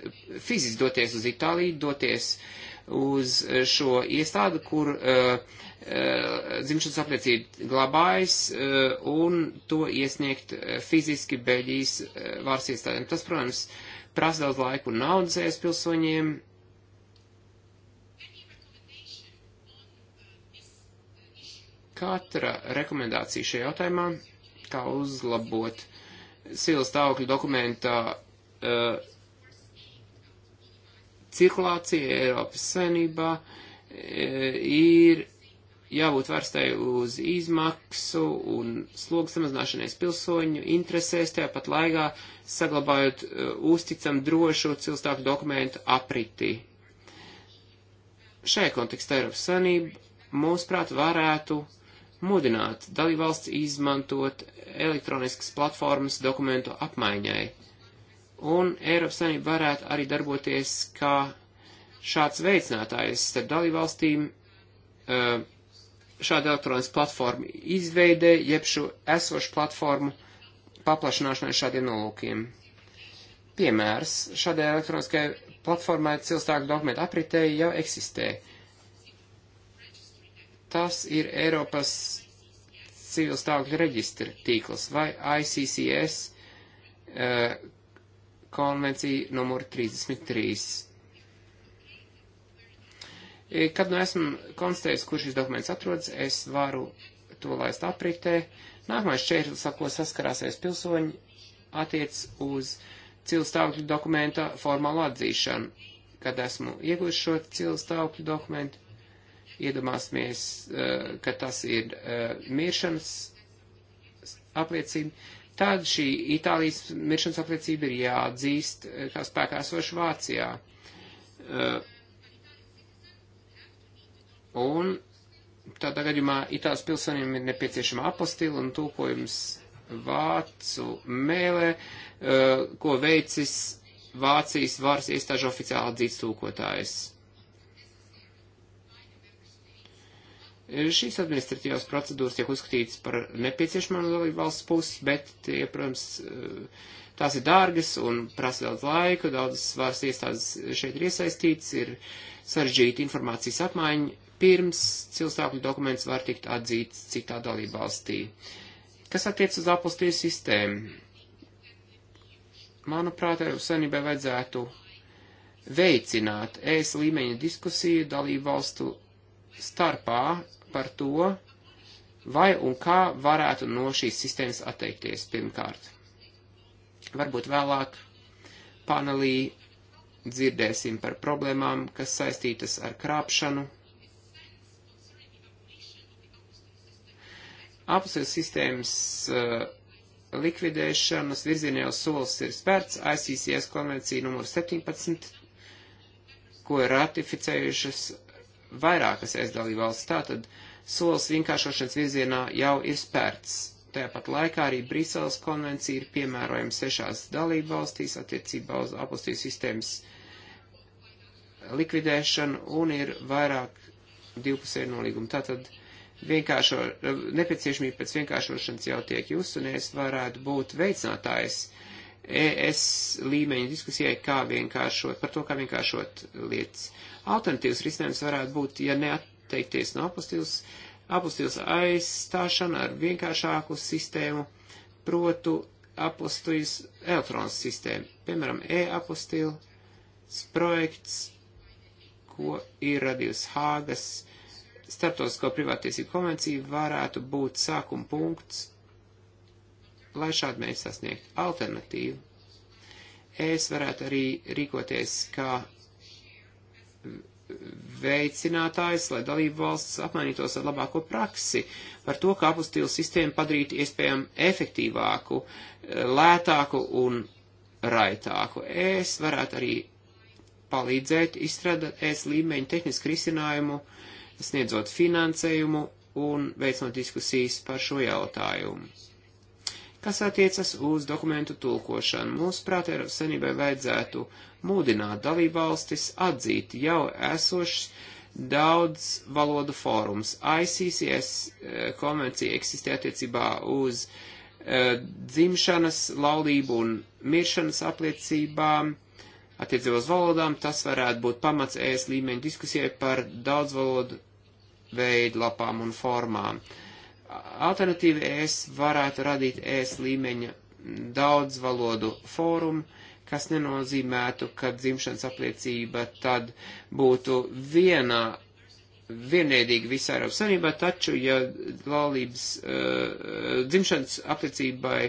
Speaker 3: fiziski doties uz Itāliju, doties uh, uz eh, šo iestādi, kur uh, uh, dzimšanas apliecība glabājas uh, un to iesniegt fiziski Beļģijas varas iestādēm. Tas, protams, prasa daudz laiku un naudas ēs pilsoņiem. Katra rekomendācija šajā jautājumā, kā uzlabot silas stāvokļu dokumentā uh, cirkulācija Eiropas saimnībā e, ir jābūt vērstai uz izmaksu un slogu samazināšanais pilsoņu interesēs, tāpat laikā saglabājot e, uzticam drošu cilvēku dokumentu apritī. Šajā kontekstā Eiropas Sanība mūsuprāt varētu mudināt dalībvalsts izmantot elektroniskas platformas dokumentu apmaiņai un Eiropas Savienība varētu arī darboties kā šāds veicinātājs starp dalībvalstīm eh, šāda elektronas platforma izveidē, jeb šo esošu platformu paplašināšanai šādiem nolūkiem. Piemērs šādai elektroniskai platformai cilvēku dokumentu apritēji jau eksistē. Tas ir Eiropas civilstāvokļa reģistra tīkls vai ICCS, eh, konvenciju numur 33. E, kad nu esmu konstatējis, kur šis dokuments atrodas, es varu to laist aprītē. Nākamais šķērslis, ar ko saskarāsies pilsoņi, attiec uz cilstāvkļu dokumenta formālu atzīšanu. Kad esmu ieguvis šo cilstāvkļu dokumentu, iedomāsimies, e, ka tas ir e, miršanas apliecība, tad šī Itālijas miršanas apliecība ir jāatzīst, eh, kā spēkā esoša Vācijā. Eh, un tādā gadījumā Itālijas pilsoniem ir nepieciešama apostila un tūkojums vācu mēlē, eh, ko veicis Vācijas varas iestāžu oficiāli dzīves tūkotājs. Šīs administratīvās procedūras tiek uzskatītas par nepieciešamām dalību valsts puses, bet, tie, protams, eh, tās ir dārgas un prasa daudz laika, daudzas valsts iestādes šeit ir iesaistītas, ir sarežģīta informācijas apmaiņa, pirms cilvēku dokuments var tikt atzīts citā dalību valstī. Kas attiec uz apustīju sistēmu? Manuprāt, Eiropas Savienībai vajadzētu veicināt ēs e līmeņa diskusiju dalību valstu starpā par to, vai un kā varētu no šīs sistēmas atteikties pirmkārt. Varbūt vēlāk panelī dzirdēsim par problēmām, kas saistītas ar krāpšanu. Apsveicu sistēmas uh, likvidēšanas virzienā jau solis ir spērts ICCS konvencija numur 17, ko ir ratificējušas vairākas es dalību valsts. Tātad solis vienkāršošanas virzienā jau ir spērts. Tāpat laikā arī Briseles konvencija ir piemērojama sešās dalību valstīs attiecībā uz apustīju sistēmas likvidēšanu un ir vairāk divpusēju nolīgumu. Tātad vienkāršo, nepieciešamība pēc vienkāršošanas jau tiek jūs un es varētu būt veicinātājs ES līmeņa diskusijai, kā vienkāršot, par to, kā vienkāršot lietas. Uh, Alternatīvs risinājums varētu būt, ja neatteikties no apostīvas, apostīvas aizstāšana ar vienkāršāku sistēmu, protu apostīvas elektronas sistēmu, piemēram, e-apostīvas projekts, ko ir radījusi Hāgas starptautisko privātiesību konvencija, varētu būt sākuma punkts, lai šādi mēs sasniegtu alternatīvu. Es varētu arī rīkoties kā veicinājs, lai dalību valsts apmainītos ar labāko praksi par to, kā apostīlu sistēmu padarīt iespējami efektīvāku, lētāku un raitāku. Es varētu arī palīdzēt izstrādāt es līmeņu tehnisku risinājumu, sniedzot finansējumu un veicot diskusijas par šo jautājumu. Kas attiecas uz dokumentu tulkošanu? Mūsuprāt, Eiropas Sanībai vajadzētu uh, mudināt dalībvalstis atzīt jau esošas daudz valodu fórums. ICCS eh, konvencija eksistē attiecībā uz uh, dzimšanas, laulību un miršanas apliecībām. Attiecībā uz valodām tas varētu būt pamats ES līmeņa diskusijai par daudzvalodu veidlapām un formām. Alternatīvi ES varētu radīt ES līmeņa daudzvalodu fórumu, kas nenozīmētu, ka dzimšanas apliecība tad būtu vienā, vienveidīga visā Eiropas Savienībā, taču, ja laulības uh, dzimšanas apliecībai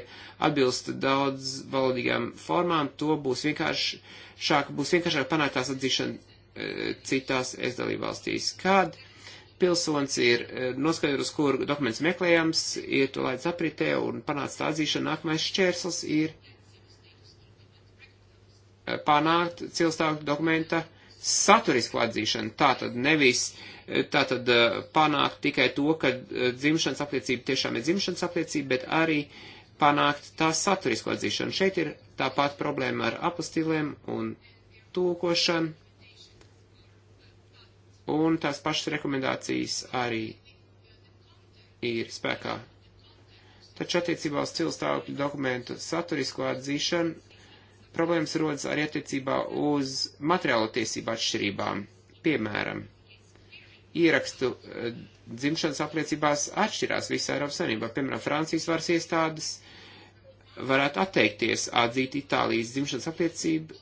Speaker 3: atbilst daudz valodīgām formām, to būs vienkārši šāk, būs vienkāršāk panākt tās atzīšana uh, citās es dalībvalstīs. Kad pilsonis ir uh, eh, noskaidros, kur dokuments meklējams, ir to laids apritē un panāca tā atzīšana, nākamais šķērslis ir panākt cilvēku dokumenta saturisku atzīšanu. Tātad nevis tātad eh, panākt tikai to, ka eh, dzimšanas apliecība tiešām ir dzimšanas apliecība, bet arī panākt tā saturisko atzīšanu. Šeit ir tāpat problēma ar apostilēm un tūkošanu. Un tās pašas rekomendācijas arī ir spēkā. Taču attiecībā uz cilvēku dokumentu saturisko atzīšanu problēmas rodas arī attiecībā uz materiālo tiesību atšķirībām. Piemēram, ierakstu eh, dzimšanas apliecībās atšķirās visā Eiropas Savienībā. Piemēram, Francijas varas iestādes varētu atteikties atzīt Itālijas dzimšanas apliecību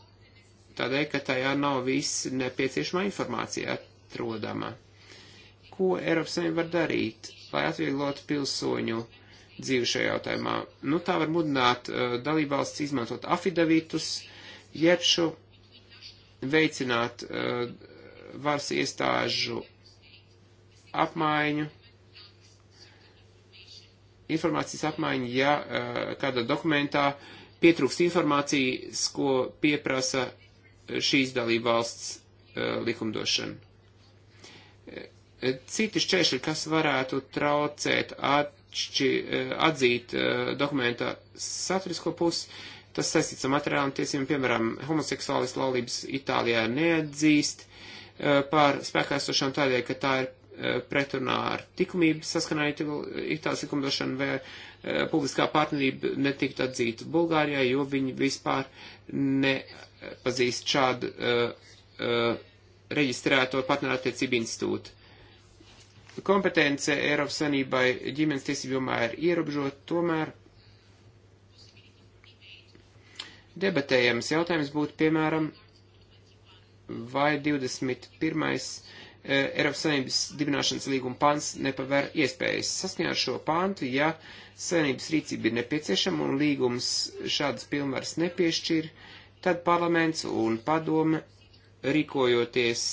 Speaker 3: tādēļ, ka tajā nav viss nepieciešamā informācija atrodama. Ko Eiropas Savienība var darīt, lai atvieglotu pilsoņu uh, dzīvi šajā jautājumā. Nu, tā var mudināt uh, dalībvalsts izmantot afidavītus, jeb šo veicināt uh, varas iestāžu apmaiņu, informācijas apmaiņu, ja uh, kādā dokumentā pietrūkst informācijas, ko pieprasa šīs dalībvalsts likumdošana. Citi šķēršļi, kas varētu traucēt at atsevišķi e, atzīt e, dokumenta saturisko pusi. Tas saistīts ar materiālām tiesībām, piemēram, homoseksuālis laulības Itālijā neatzīst e, par spēkā esošām tādēļ, ka tā ir pretrunā ar likumību saskanā Itālijas likumdošanu vai publiskā partnerība netiktu atzīta Bulgārijā, jo viņi vispār nepazīst šādu uh, uh, reģistrēto partnerattiecību institūtu. Kompetence Eiropas Sanībai ģimenes tiesību jomā ir ierobežota, tomēr debatējams jautājums būtu, piemēram, vai 21. Eh, Eiropas Savienības dibināšanas līguma pants nepaver iespējas saskaņā ar šo pantu, ja Savienības rīcība ir nepieciešama un līgums šādas pilnvaras nepiešķir, tad parlaments un padome rīkojoties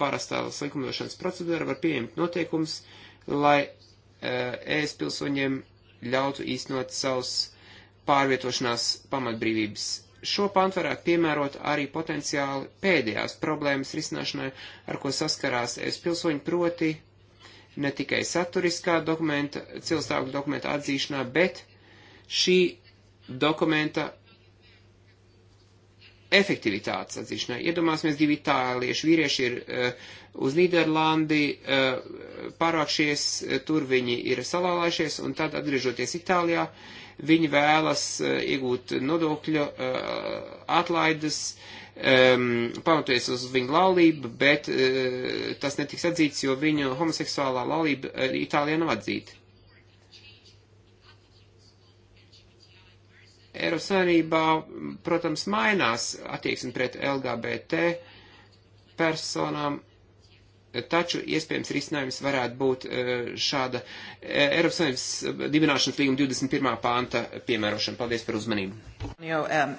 Speaker 3: parastā likumdošanas procedūra var pieņemt noteikums, lai ES pilsoņiem ļautu īstenot savus pārvietošanās pamatbrīvības. Šo pantu varētu piemērot arī potenciāli pēdējās problēmas risināšanai, ar ko saskarās ES pilsoņi, proti ne tikai saturiskā dokumenta, cilvēku dokumenta atzīšanā, bet šī dokumenta efektivitātes atzīšanai. Iedomāsimies, divi itālieši vīrieši ir uh, uz Nīderlandi uh, eh, pārākšies, uh, eh, tur viņi ir salālājušies, un tad atgriežoties Itālijā, viņi vēlas uh, iegūt nodokļu uh, atlaides, um, pamatoties uz viņu laulību, bet uh, tas netiks atzīts, jo viņu homoseksuālā laulība uh, Itālijā nav atzīta. Eiropas Savienībā, protams, mainās attieksme pret LGBT personām, taču iespējams risinājums varētu būt e, šāda e, Eiropas Savienības e, dibināšanas līguma 21. pānta piemērošana. Paldies par uzmanību.
Speaker 1: Um,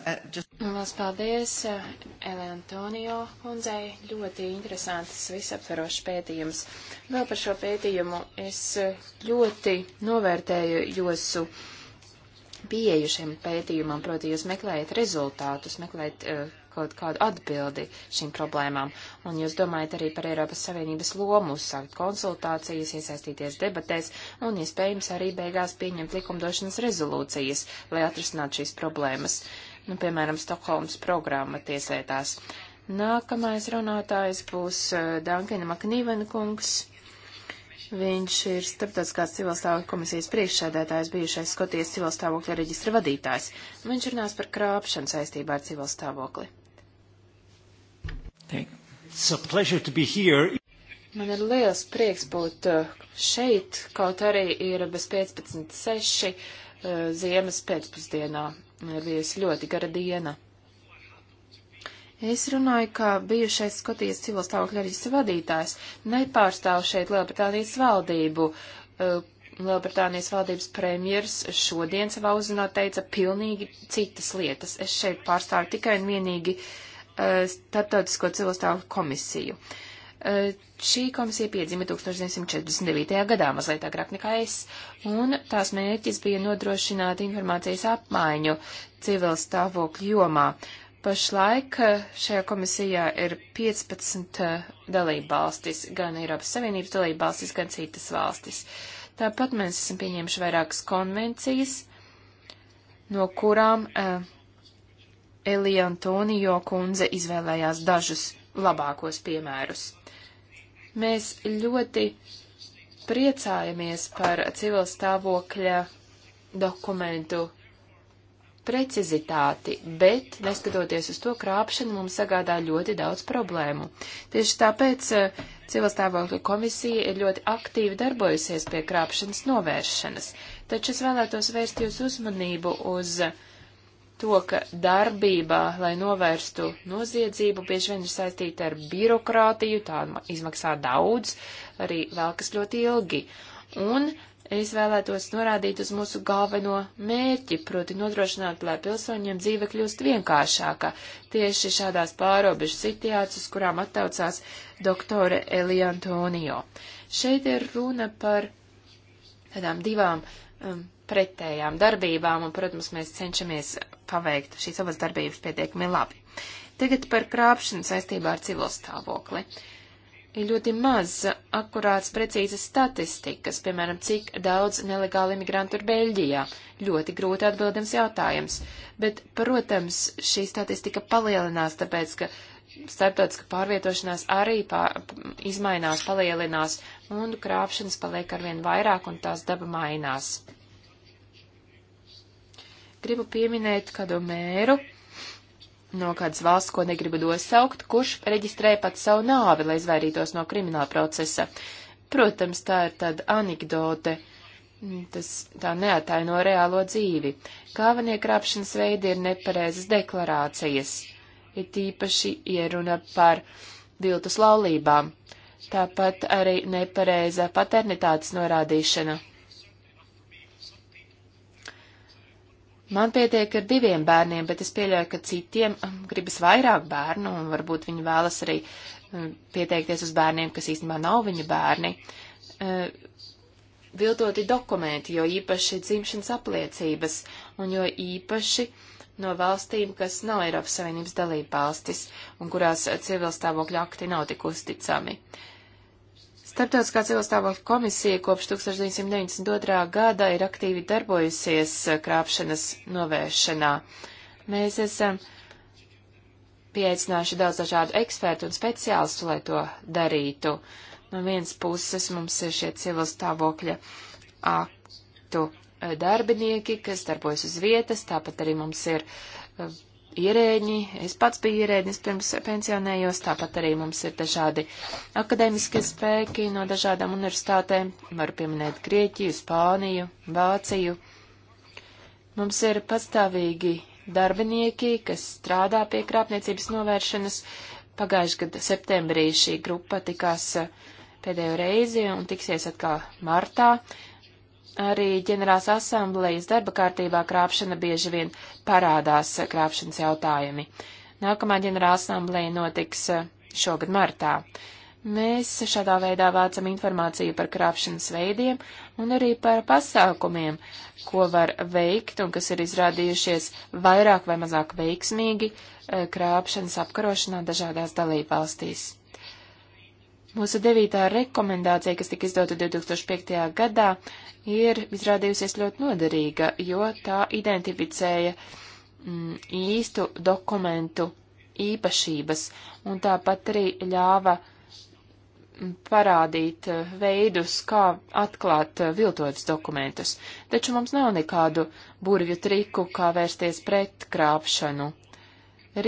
Speaker 1: Lielas
Speaker 2: paldies, Ele Antonio kundzei. Ļoti interesants visaptvarošs pētījums. Vēl par šo pētījumu es ļoti novērtēju jūsu. Josu pieeju šiem pētījumam, proti jūs meklējat rezultātus, meklējat uh, kaut kādu atbildi šīm problēmām, un jūs domājat arī par Eiropas Savienības lomu, uzsākt konsultācijas, iesaistīties debatēs, un iespējams arī beigās pieņemt likumdošanas rezolūcijas, lai atrisinātu šīs problēmas, nu, piemēram, Stokholmas programma tieslietās. Nākamais runātājs būs eh, Dankina Maknīvena kungs. Viņš ir starptautiskās civilstāvokļa komisijas priekšsēdētājs, bijušais Skotijas civilstāvokļa reģistra vadītājs. Viņš runās par krāpšanu saistībā ar civilstāvokli. Man ir liels prieks būt uh, šeit, kaut arī ir bez 15.6 uh, ziemas pēcpusdienā. Man ir bijusi ļoti gara diena. Es runāju, kā bijušais Skotijas civil stāvokļa reģistra vadītājs. Nepārstāvu šeit Lielbritānijas valdību. Uh, Lielbritānijas valdības premjers šodien savā uzrunā teica pilnīgi citas lietas. Es šeit pārstāvu tikai un vienīgi uh, Startautisko civil stāvokļu komisiju. Uh, šī komisija piedzima 1949. gadā, mazliet agrāk nekā es, un tās mērķis bija nodrošināt informācijas apmaiņu civil stāvokļu jomā. Uh, Pašlaik eh, šajā komisijā ir 15 eh, dalībvalstis, gan Eiropas Savienības dalībvalstis, gan citas valstis. Tāpat mēs esam pieņēmuši vairākas konvencijas, no kurām uh, eh, Elija Antonijo kundze izvēlējās dažus labākos piemērus. Mēs ļoti priecājamies par civil stāvokļa dokumentu precizitāti, bet, neskatoties uz to, krāpšana mums sagādā ļoti daudz problēmu. Tieši tāpēc eh, civilstāvokļu komisija ir ļoti aktīvi darbojusies pie krāpšanas novēršanas, taču es vēlētos vērst jūs uzmanību uz to, ka darbībā, lai novērstu noziedzību, bieži vien ir saistīta ar birokrātiju, tā izmaksā daudz, arī vēl kas ļoti ilgi. Un uh, es vēlētos norādīt uz mūsu galveno mērķi, proti nodrošināt, lai pilsoņiem dzīve kļūst vienkāršāka tieši šādās pārobežu situācijas, kurām attaucās doktore Elija Antonio. Šeit ir runa par tādām divām um, pretējām darbībām, un, protams, mēs cenšamies paveikt šīs abas darbības pietiekami labi. Tagad par krāpšanu saistībā ar civilstāvokli. Uh, ir ļoti maz akurāts precīzas statistikas, piemēram, cik daudz nelegāli imigrantu ir Beļģijā. Ļoti grūti atbildams jautājums. Bet, protams, šī statistika palielinās, tāpēc, ka starptautiska pārvietošanās arī pār, izmainās, palielinās, un krāpšanas paliek arvien vairāk, un tās daba mainās. Gribu pieminēt kādu mēru, no kādas valsts, ko negribu dosaukt, kurš reģistrē pat savu nāvi, lai izvairītos no krimināla procesa. Protams, tā ir tāda anekdote, tas tā neataino reālo dzīvi. Kāvanie krāpšanas veidi ir nepareizas deklarācijas, ir tīpaši ieruna par viltus laulībām, tāpat arī nepareiza paternitātes norādīšana. Man pietiek ar diviem bērniem, bet es pieļauju, ka citiem um, gribas vairāk bērnu, un varbūt viņi vēlas arī um, pieteikties uz bērniem, kas īstenībā nav viņa bērni. Uh, viltoti dokumenti, jo īpaši dzimšanas apliecības, un jo īpaši no valstīm, kas nav Eiropas Savienības dalība valstis, un kurās civilstāvokļa akti nav tik uzticami. Uh, Startautiskā civil stāvokļa komisija kopš 1992. gada ir aktīvi darbojusies eh, krāpšanas novēršanā. Mēs esam pieaicinājuši daudz dažādu ekspertu un speciālistu, lai to darītu. No vienas puses mums ir šie civil stāvokļa aktu eh, darbinieki, kas darbojas uz vietas, tāpat arī mums ir eh, ierēģi, es pats biju ierēģis pirms pensionējos, tāpat arī mums ir dažādi akadēmiskie spēki no dažādām universitātēm, varu pieminēt Grieķiju, Spāniju, Vāciju. Mums ir pastāvīgi darbinieki, kas strādā pie krāpniecības novēršanas. Pagājuši gada septembrī šī grupa tikās eh, pēdējo reizi un tiksies atkal martā. Uh, Arī ģenerāls asamblejas darba kārtībā krāpšana bieži vien parādās eh, krāpšanas jautājumi. Nākamā ģenerāla asambleja notiks eh, šogad martā. Mēs šādā veidā vācam informāciju par krāpšanas veidiem un arī par pasākumiem, ko var veikt un kas ir izrādījušies vairāk vai mazāk veiksmīgi eh, krāpšanas apkarošanā dažādās dalībvalstīs. Mūsu devītā rekomendācija, kas tika izdota 2005. gadā, ir izrādījusies ļoti noderīga, jo tā identificēja mm, īstu dokumentu īpašības un tāpat arī ļāva mm, parādīt eh, veidus, kā atklāt eh, viltotus dokumentus. Taču mums nav nekādu burvju triku, kā vērsties pret krāpšanu.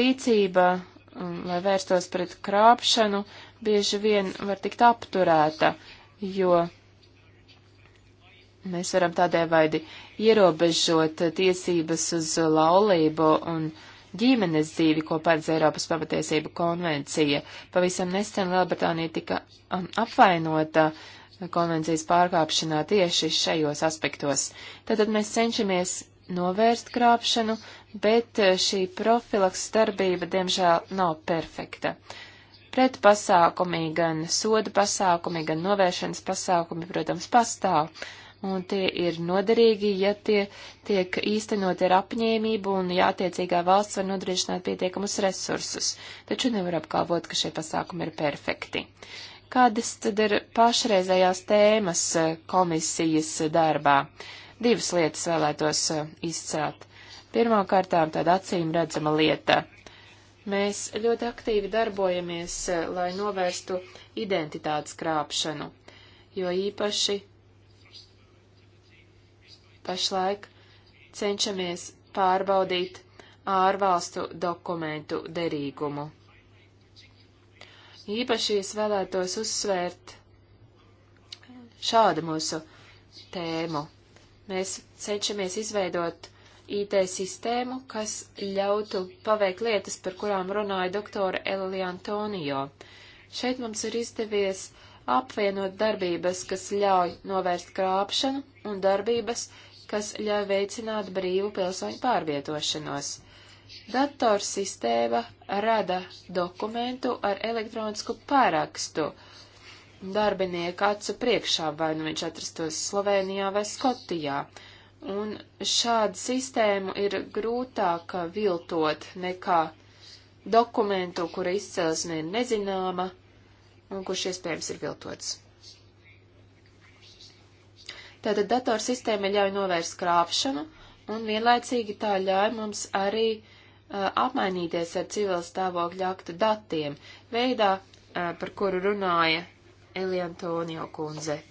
Speaker 2: Rīcība, mm, lai vērstos pret krāpšanu, bieži vien var tikt apturēta, jo mēs varam tādējādi ierobežot tiesības uz laulību un ģimenes dzīvi, ko paredz Eiropas pamatiesību konvencija. Pavisam nesen Lielbritānija tika um, apvainota konvencijas pārkāpšanā tieši šajos aspektos. Tātad mēs cenšamies novērst krāpšanu, bet šī profilaks darbība, diemžēl, nav perfekta. Uh, Pretpasākumi, gan soda pasākumi, gan novēršanas pasākumi, protams, pastāv. Un tie ir noderīgi, ja tie tiek īstenoti ar apņēmību un ja attiecīgā valsts var nodrošināt pietiekamus resursus. Taču nevar apgalvot, ka šie pasākumi ir perfekti. Kādas tad ir pašreizējās tēmas eh, komisijas darbā? Divas lietas vēlētos eh, izcelt. Pirmkārtām tāda acīm redzama lieta. Mēs ļoti aktīvi darbojamies, eh, lai novērstu identitātes krāpšanu, jo īpaši pašlaik cenšamies pārbaudīt ārvalstu dokumentu derīgumu. Īpaši es vēlētos uzsvērt šādu mūsu tēmu. Mēs cenšamies izveidot IT sistēmu, kas ļautu paveikt lietas, par kurām runāja doktora Elija Antonio. Šeit mums ir izdevies apvienot darbības, kas ļauj novērst krāpšanu, un darbības, kas ļauj veicināt brīvu pilsoņu pārvietošanos. Datorsistēma rada dokumentu ar elektronisku parakstu darbinieku acu priekšā, vai nu viņš atrastos Slovenijā vai Skotijā. Un šādu sistēmu ir grūtāk viltot nekā dokumentu, kura izcelsme ir nezināma un kurš iespējams ir viltots. Tātad datorsistēma ļauj novērst krāpšanu un vienlaicīgi tā ļauj mums arī uh, apmainīties ar civil stāvokļa aktu datiem, veidā, uh, par kuru runāja Eliantonio kundze.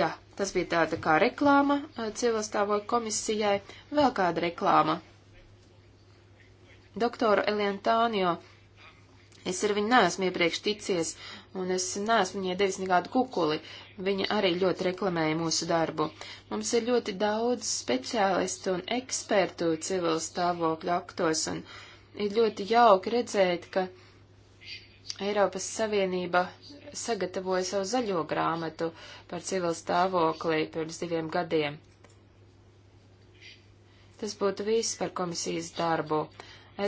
Speaker 2: Jā, Tas bija tāda kā reklāma eh, civilstāvoja komisijai, vēl kāda reklāma. Doktoru Eliantānio, es ar viņu neesmu iepriekš ticies, un es neesmu viņai devis nekādu kukuli. Viņa arī ļoti reklamēja mūsu darbu. Mums ir ļoti daudz speciālistu un ekspertu civil stāvokļu aktos, un ir ļoti jauki redzēt, ka Eiropas Savienība sagatavoja savu zaļo grāmatu par civilu stāvokli pirms diviem gadiem. Tas būtu viss par komisijas darbu.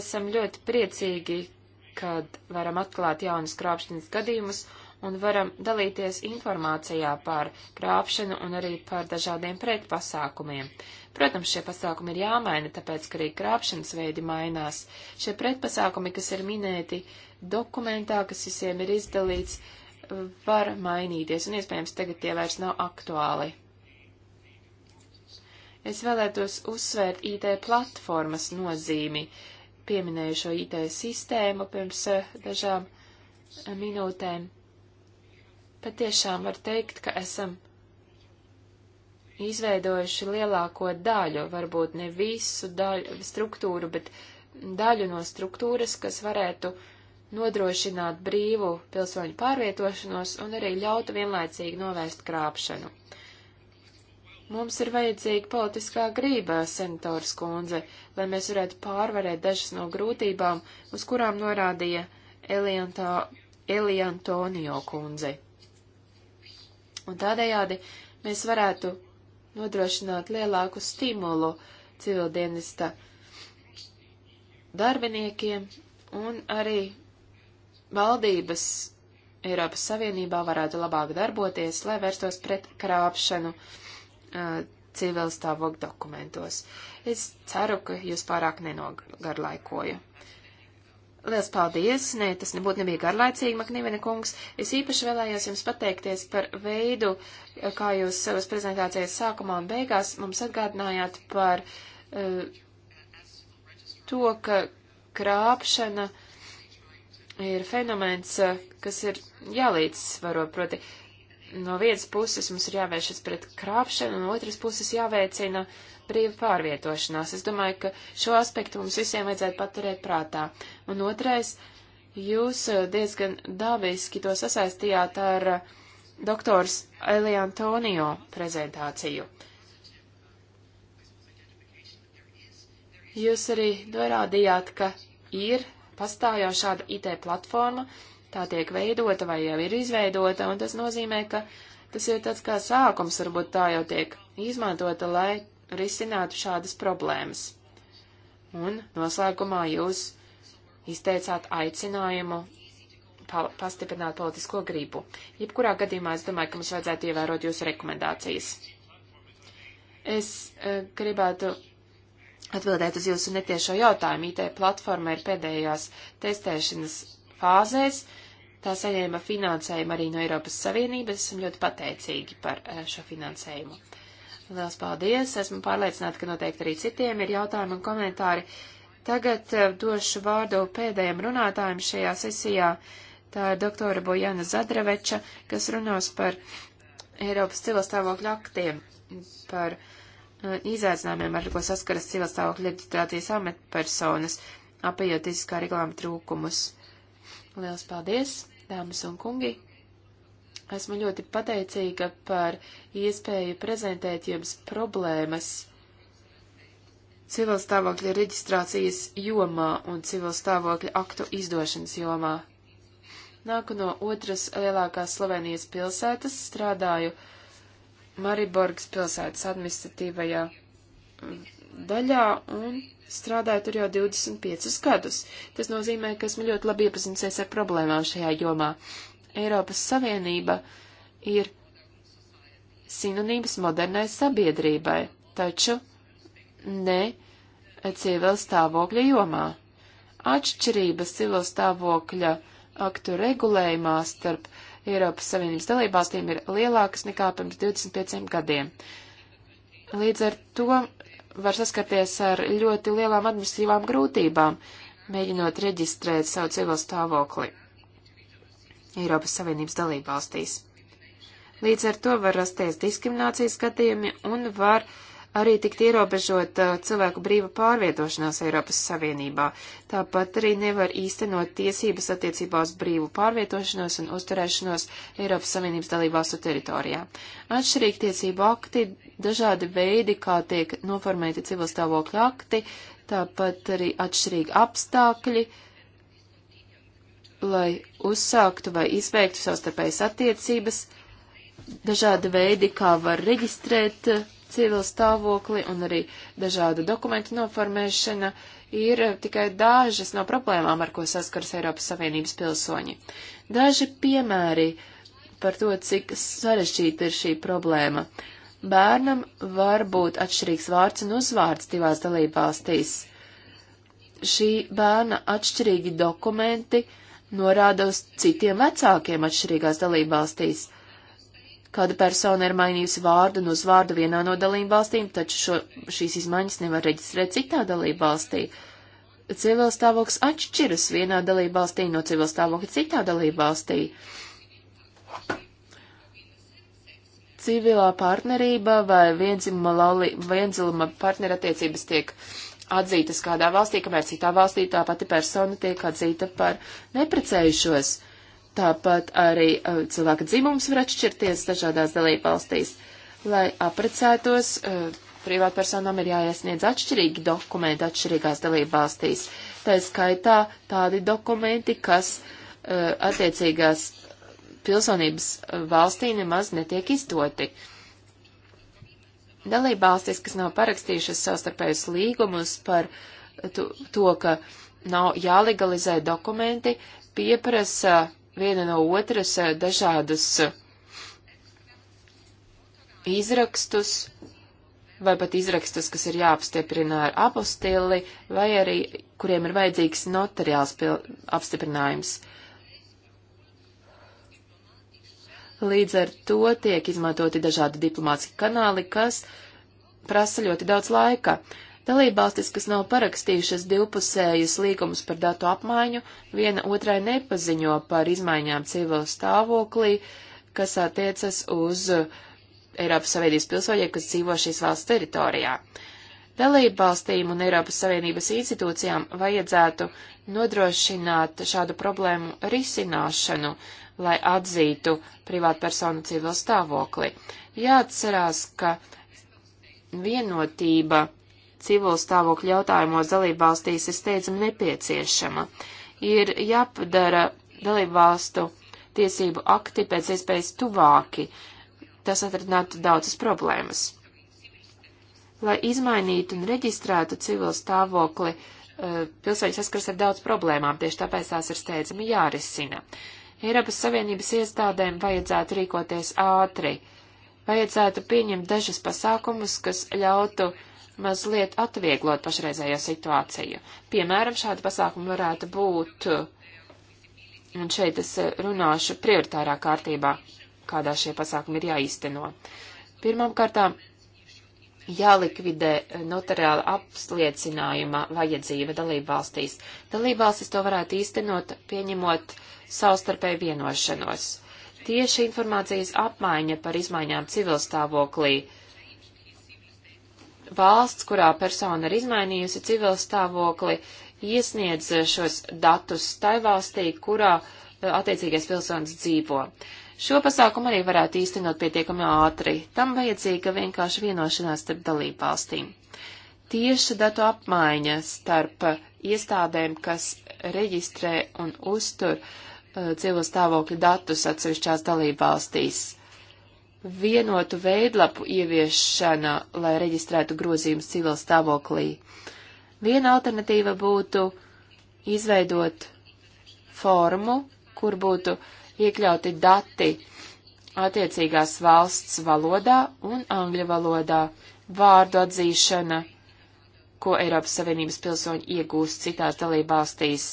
Speaker 2: Esam ļoti priecīgi, kad varam atklāt jaunus krāpšanas gadījumus un varam dalīties informācijā par krāpšanu un arī par dažādiem pretpasākumiem. Protams, šie pasākumi ir jāmaina, tāpēc, ka arī krāpšanas veidi mainās. Šie pretpasākumi, kas ir minēti, uh, dokumentā, kas visiem ir izdalīts, var mainīties, un iespējams tagad tie vairs nav aktuāli. Es vēlētos uzsvērt IT platformas nozīmi, pieminēju šo IT sistēmu pirms eh, dažām eh, minūtēm. Patiešām var teikt, ka esam izveidojuši lielāko daļu, varbūt ne visu daļu, struktūru, bet daļu no struktūras, kas varētu uh, nodrošināt brīvu pilsoņu pārvietošanos un arī ļautu vienlaicīgi novērst krāpšanu. Mums ir vajadzīga politiskā grība, senators kundze, lai mēs varētu pārvarēt dažas no grūtībām, uz kurām norādīja Elianto, Eliantonio kundze. Un tādējādi mēs varētu nodrošināt lielāku stimulu civildienista darbiniekiem un arī valdības Eiropas Savienībā varētu labāk darboties, lai vērstos pret krāpšanu uh, civilstāvokļu dokumentos. Es ceru, ka jūs pārāk nenogarlaikoju. Liels paldies! Nē, tas nebūtu nebija garlaicīgi, Maknīvena kungs. Es īpaši vēlējos jums pateikties par veidu, kā jūs savas prezentācijas sākumā un beigās mums atgādinājāt par uh, to, ka krāpšana uh, ir fenomens, eh, kas ir jālīdzsvaro, proti no vienas puses mums ir jāvēršas pret krāpšanu, no otras puses jāveicina brīva pārvietošanās. Es domāju, ka šo aspektu mums visiem vajadzētu paturēt prātā. Un otrais, jūs eh, diezgan dabiski to sasaistījāt ar eh, doktors Elija Antonio prezentāciju. Jūs arī norādījāt, ka ir pastāv jau šāda IT platforma, tā tiek veidota vai jau ir izveidota, un tas nozīmē, ka tas ir tāds kā sākums, varbūt tā jau tiek izmantota, lai risinātu šādas problēmas. Un noslēgumā jūs izteicāt aicinājumu pastiprināt politisko gribu. Jebkurā gadījumā es domāju, ka mums vajadzētu ievērot jūsu rekomendācijas. Es e, gribētu Atbildēt uz jūsu netiešo jautājumu, IT platforma ir pēdējās testēšanas fāzēs. Tā saņēma finansējumu arī no Eiropas Savienības. Esam ļoti pateicīgi par eh, šo finansējumu. Lielas paldies! Esmu pārliecināta, ka noteikti arī citiem ir jautājumi un komentāri. Tagad eh, došu vārdu pēdējiem runātājiem šajā sesijā. Tā ir doktora Bojana Zadraveča, kas runās par Eiropas civilstāvokļu aktiem, par uh, Eh, izaicinājumiem, ar ko saskaras civil stāvokļa reģistrācijas amatpersonas, apējot tiesiskā reglāma trūkumus. Liels paldies, dāmas un kungi! Esmu ļoti pateicīga par iespēju prezentēt jums problēmas civil stāvokļa reģistrācijas jomā un civil stāvokļa aktu izdošanas jomā. Nāku no otras lielākās Slovenijas pilsētas, strādāju uh, Mariborgas pilsētas administratīvajā mm, daļā un strādāju tur jau 25 gadus. Tas nozīmē, ka esmu ļoti labi iepazinusies ar problēmām šajā jomā. Eiropas Savienība ir sinonīms modernai sabiedrībai, taču ne civil stāvokļa jomā. Atšķirības civil stāvokļa aktu regulējumā starp Eiropas Savienības dalībvalstīm ir lielākas nekā pirms 25 gadiem. Līdz ar to var saskarties ar ļoti lielām administratīvām grūtībām, mēģinot reģistrēt savu civil stāvokli Eiropas Savienības dalībvalstīs. Līdz ar to var rasties diskriminācijas gadījumi un var uh, arī tikt ierobežot uh, cilvēku brīva pārvietošanās Eiropas Savienībā. Tāpat arī nevar īstenot tiesības attiecībā uz brīvu pārvietošanos un uzturēšanos Eiropas Savienības dalībvalstu teritorijā. Atšķirīgi tiesību akti, dažādi veidi, kā tiek noformēti civilstāvokļa akti, tāpat arī atšķirīgi apstākļi, lai uzsāktu vai izbeigtu savstarpējas attiecības, dažādi veidi, kā var reģistrēt civila stāvokli un arī dažādu dokumentu noformēšana ir eh, tikai dažas no problēmām, ar ko saskaras Eiropas Savienības pilsoņi. Daži piemēri par to, cik sarežģīta ir šī problēma. Bērnam var būt atšķirīgs vārds un uzvārds divās dalībvalstīs. Šī bērna atšķirīgi dokumenti norāda uz citiem vecākiem atšķirīgās dalībvalstīs kāda persona ir mainījusi vārdu un uzvārdu vienā no dalību valstīm, taču šo, šīs izmaiņas nevar reģistrēt citā dalību valstī. Civilstāvoklis atšķiras vienā dalību valstī no civilstāvokļa citā dalību valstī. Civilā partnerība vai vienzimuma, lauli, vienzimuma partnerattiecības tiek atzītas kādā valstī, kamēr citā valstī tā pati persona tiek atzīta par neprecējušos. Uh, Tāpat arī cilvēka dzimums var atšķirties dažādās dalībvalstīs. Lai aprecētos, privātpersonām ir jāiesniedz atšķirīgi dokumenti atšķirīgās dalībvalstīs. Tā skaitā tādi dokumenti, kas attiecīgās pilsonības valstī nemaz netiek izdoti. Dalībvalstis, kas nav parakstījušas savstarpējus līgumus par to, to ka nav jālegalizē dokumenti, pieprasa viena no otras eh, dažādus eh, izrakstus, vai pat izrakstus, kas ir jāapstiprina ar apostili, vai arī kuriem ir vajadzīgs notariāls apstiprinājums. Līdz ar to tiek izmantoti dažādi diplomātski kanāli, kas prasa ļoti daudz laika. Dalībvalstis, kas nav parakstījušas divpusējas līgumus par datu apmaiņu, viena otrai nepaziņo par izmaiņām civil stāvoklī, kas attiecas uz Eiropas Savienības pilsoņiem, kas dzīvo šīs valsts teritorijā. Dalībvalstīm un Eiropas Savienības institūcijām vajadzētu nodrošināt šādu problēmu risināšanu, lai atzītu privātpersonu civil stāvokli. Jāatcerās, ka vienotība civil stāvokļu jautājumos dalībvalstīs ir steidzami nepieciešama. Ir jāpadara dalībvalstu tiesību akti pēc iespējas tuvāki, tas atradinātu daudzas problēmas. Lai izmainītu un reģistrētu civil stāvokli, eh, pilsēņi saskars ar daudz problēmām, tieši tāpēc tās ir steidzami jārisina. Eiropas Savienības iestādēm vajadzētu rīkoties ātri, vajadzētu pieņemt dažas pasākumus, kas ļautu uh, mazliet atvieglot pašreizējo situāciju. Piemēram, šādi pasākumi varētu būt, un šeit es runāšu prioritārā kārtībā, kādā šie pasākumi ir jāizteno. Pirmām kārtām jālikvidē notariāla apliecinājuma vajadzība dalību valstīs. Dalību valstis to varētu īstenot, pieņemot savstarpēju vienošanos. Tieši informācijas apmaiņa par izmaiņām civilstāvoklī valsts, kurā persona ir izmainījusi civilu stāvokli, iesniedz šos datus tai valstī, kurā eh, attiecīgais pilsonis dzīvo. Šo pasākumu arī varētu īstenot pietiekami ātri. Tam vajadzīga vienkārši vienošanās starp dalību valstīm. Tieša datu apmaiņa starp iestādēm, kas reģistrē un uztur uh, eh, cilvēku stāvokļu datus atsevišķās dalību valstīs vienotu veidlapu ieviešana, lai reģistrētu grozījumus civil stāvoklī. Viena alternatīva būtu izveidot formu, kur būtu iekļauti dati attiecīgās valsts valodā un angļu valodā, vārdu atzīšana, ko Eiropas Savienības pilsoņi iegūst citās dalībvalstīs,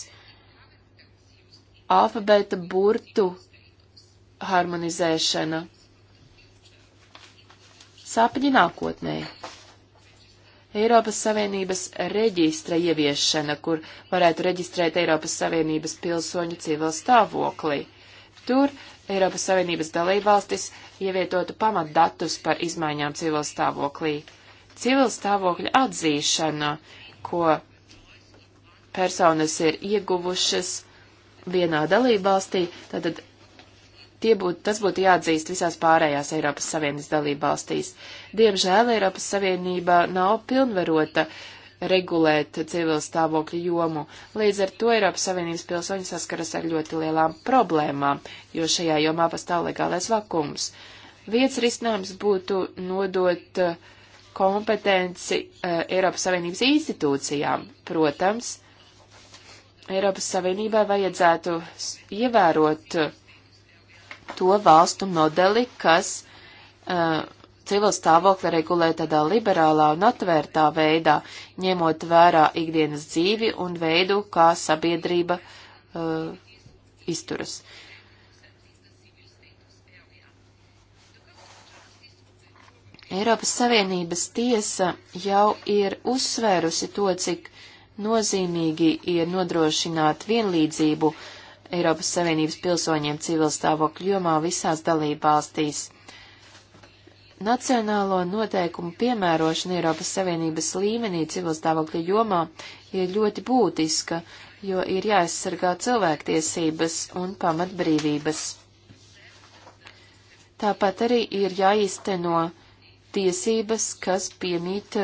Speaker 2: alfabēta burtu harmonizēšana Sāpņi nākotnē. Eiropas Savienības reģistra ieviešana, kur varētu reģistrēt Eiropas Savienības pilsoņu civil stāvokli. Tur Eiropas Savienības dalībvalstis ievietotu pamatdatus par izmaiņām civil stāvoklī. Civil stāvokļa atzīšana, ko personas ir ieguvušas vienā dalībvalstī, tad tie būtu, tas būtu jāatzīst visās pārējās Eiropas Savienības dalībvalstīs. Diemžēl Eiropas Savienība nav pilnvarota regulēt civil stāvokļu jomu, līdz ar to Eiropas Savienības pilsoņi saskaras ar ļoti lielām problēmām, jo šajā jomā pastāv legālais vakums. Viens risinājums būtu nodot eh, kompetenci eh, Eiropas Savienības institūcijām. Protams, Eiropas Savienībai vajadzētu ievērot uh, to valstu modeli, kas uh, civil stāvokli regulē tādā liberālā un atvērtā veidā, ņemot vērā ikdienas dzīvi un veidu, kā sabiedrība uh, izturas. Eiropas Savienības tiesa jau ir uzsvērusi to, cik nozīmīgi ir nodrošināt vienlīdzību uh, Eiropas Savienības pilsoņiem civilstāvokļu jomā visās dalībvalstīs. Nacionālo noteikumu piemērošana Eiropas Savienības līmenī civilstāvokļu jomā ir ļoti būtiska, jo ir jāaizsargā cilvēktiesības un pamatbrīvības. Tāpat arī ir jāizteno tiesības, kas piemīt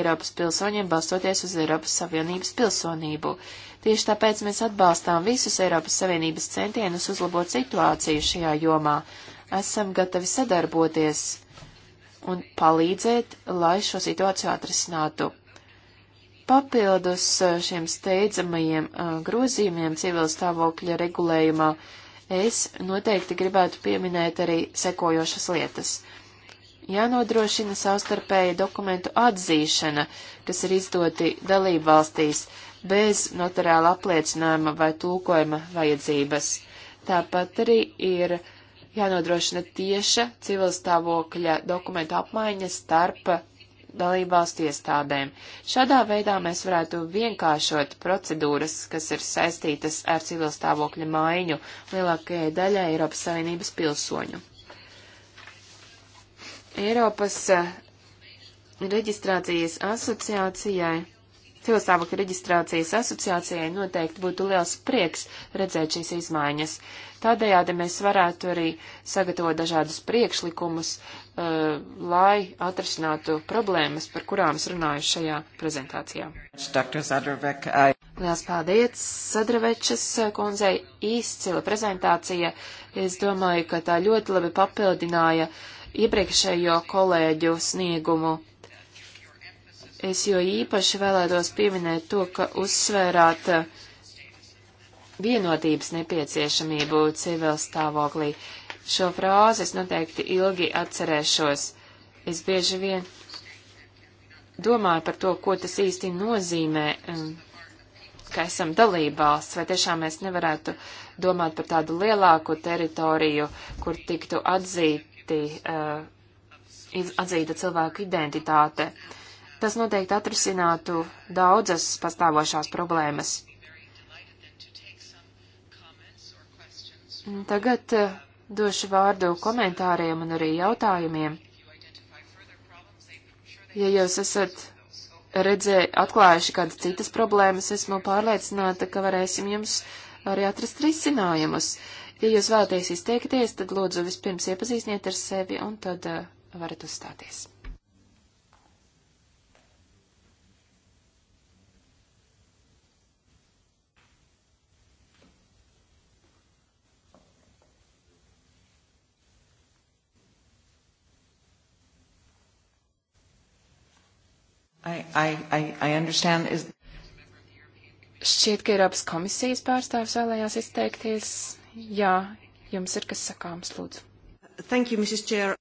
Speaker 2: Eiropas pilsoņiem balstoties uz Eiropas Savienības pilsonību. Uh, Tieši tāpēc mēs atbalstām visus Eiropas Savienības centienus uzlabot situāciju šajā jomā. Esam gatavi sadarboties un palīdzēt, lai šo situāciju atrisinātu. Papildus eh, šiem steidzamajiem eh, grozījumiem civil stāvokļa regulējumā es noteikti gribētu pieminēt arī sekojošas lietas. Jānodrošina savstarpēja dokumentu atzīšana, kas ir izdoti dalību valstīs, bez notarāla apliecinājuma vai tulkojuma vajadzības. Tāpat arī ir jānodrošina tieša civilstāvokļa dokumentu apmaiņa starp dalībvalstu iestādēm. Šādā veidā mēs varētu vienkāršot procedūras, kas ir saistītas ar civilstāvokļa maiņu lielākajai daļai Eiropas Savienības pilsoņu. Eiropas eh, reģistrācijas asociācijai Cilvēkstāvokļa reģistrācijas asociācijai noteikti būtu liels prieks redzēt šīs izmaiņas. Tādējādi mēs varētu arī sagatavot dažādus priekšlikumus, uh, lai atrasinātu problēmas, par kurām es runāju šajā prezentācijā. Liels paldies Sadravečas kundzei izcila prezentācija. Es domāju, ka tā ļoti labi papildināja iepriekšējo kolēģu sniegumu Es jo īpaši vēlētos pieminēt to, ka uzsvērāt eh, vienotības nepieciešamību civil stāvoklī. Šo frāzi es noteikti ilgi atcerēšos. Es bieži vien domāju par to, ko tas īsti nozīmē, eh, ka esam dalībvalsts, vai tiešām mēs nevarētu domāt par tādu lielāku teritoriju, kur tiktu atzīti, uh, atzīta cilvēku identitāte. Uh, Tas noteikti atrisinātu daudzas pastāvošās problēmas. Tagad eh, došu vārdu komentāriem un arī jautājumiem. Ja jūs esat redzēju, atklājuši kādas citas problēmas, esmu pārliecināta, ka varēsim jums arī atrast risinājumus. Ja jūs vēlaties izteikties, tad lūdzu vispirms iepazīstiniet ar sevi un tad uh, varat uzstāties.
Speaker 1: I, I, I understand is.
Speaker 2: Šķiet, ka Eiropas komisijas pārstāvis vēlējās izteikties. Jā, jums ir kas sakāms, lūdzu. Thank you, Mrs. Chair.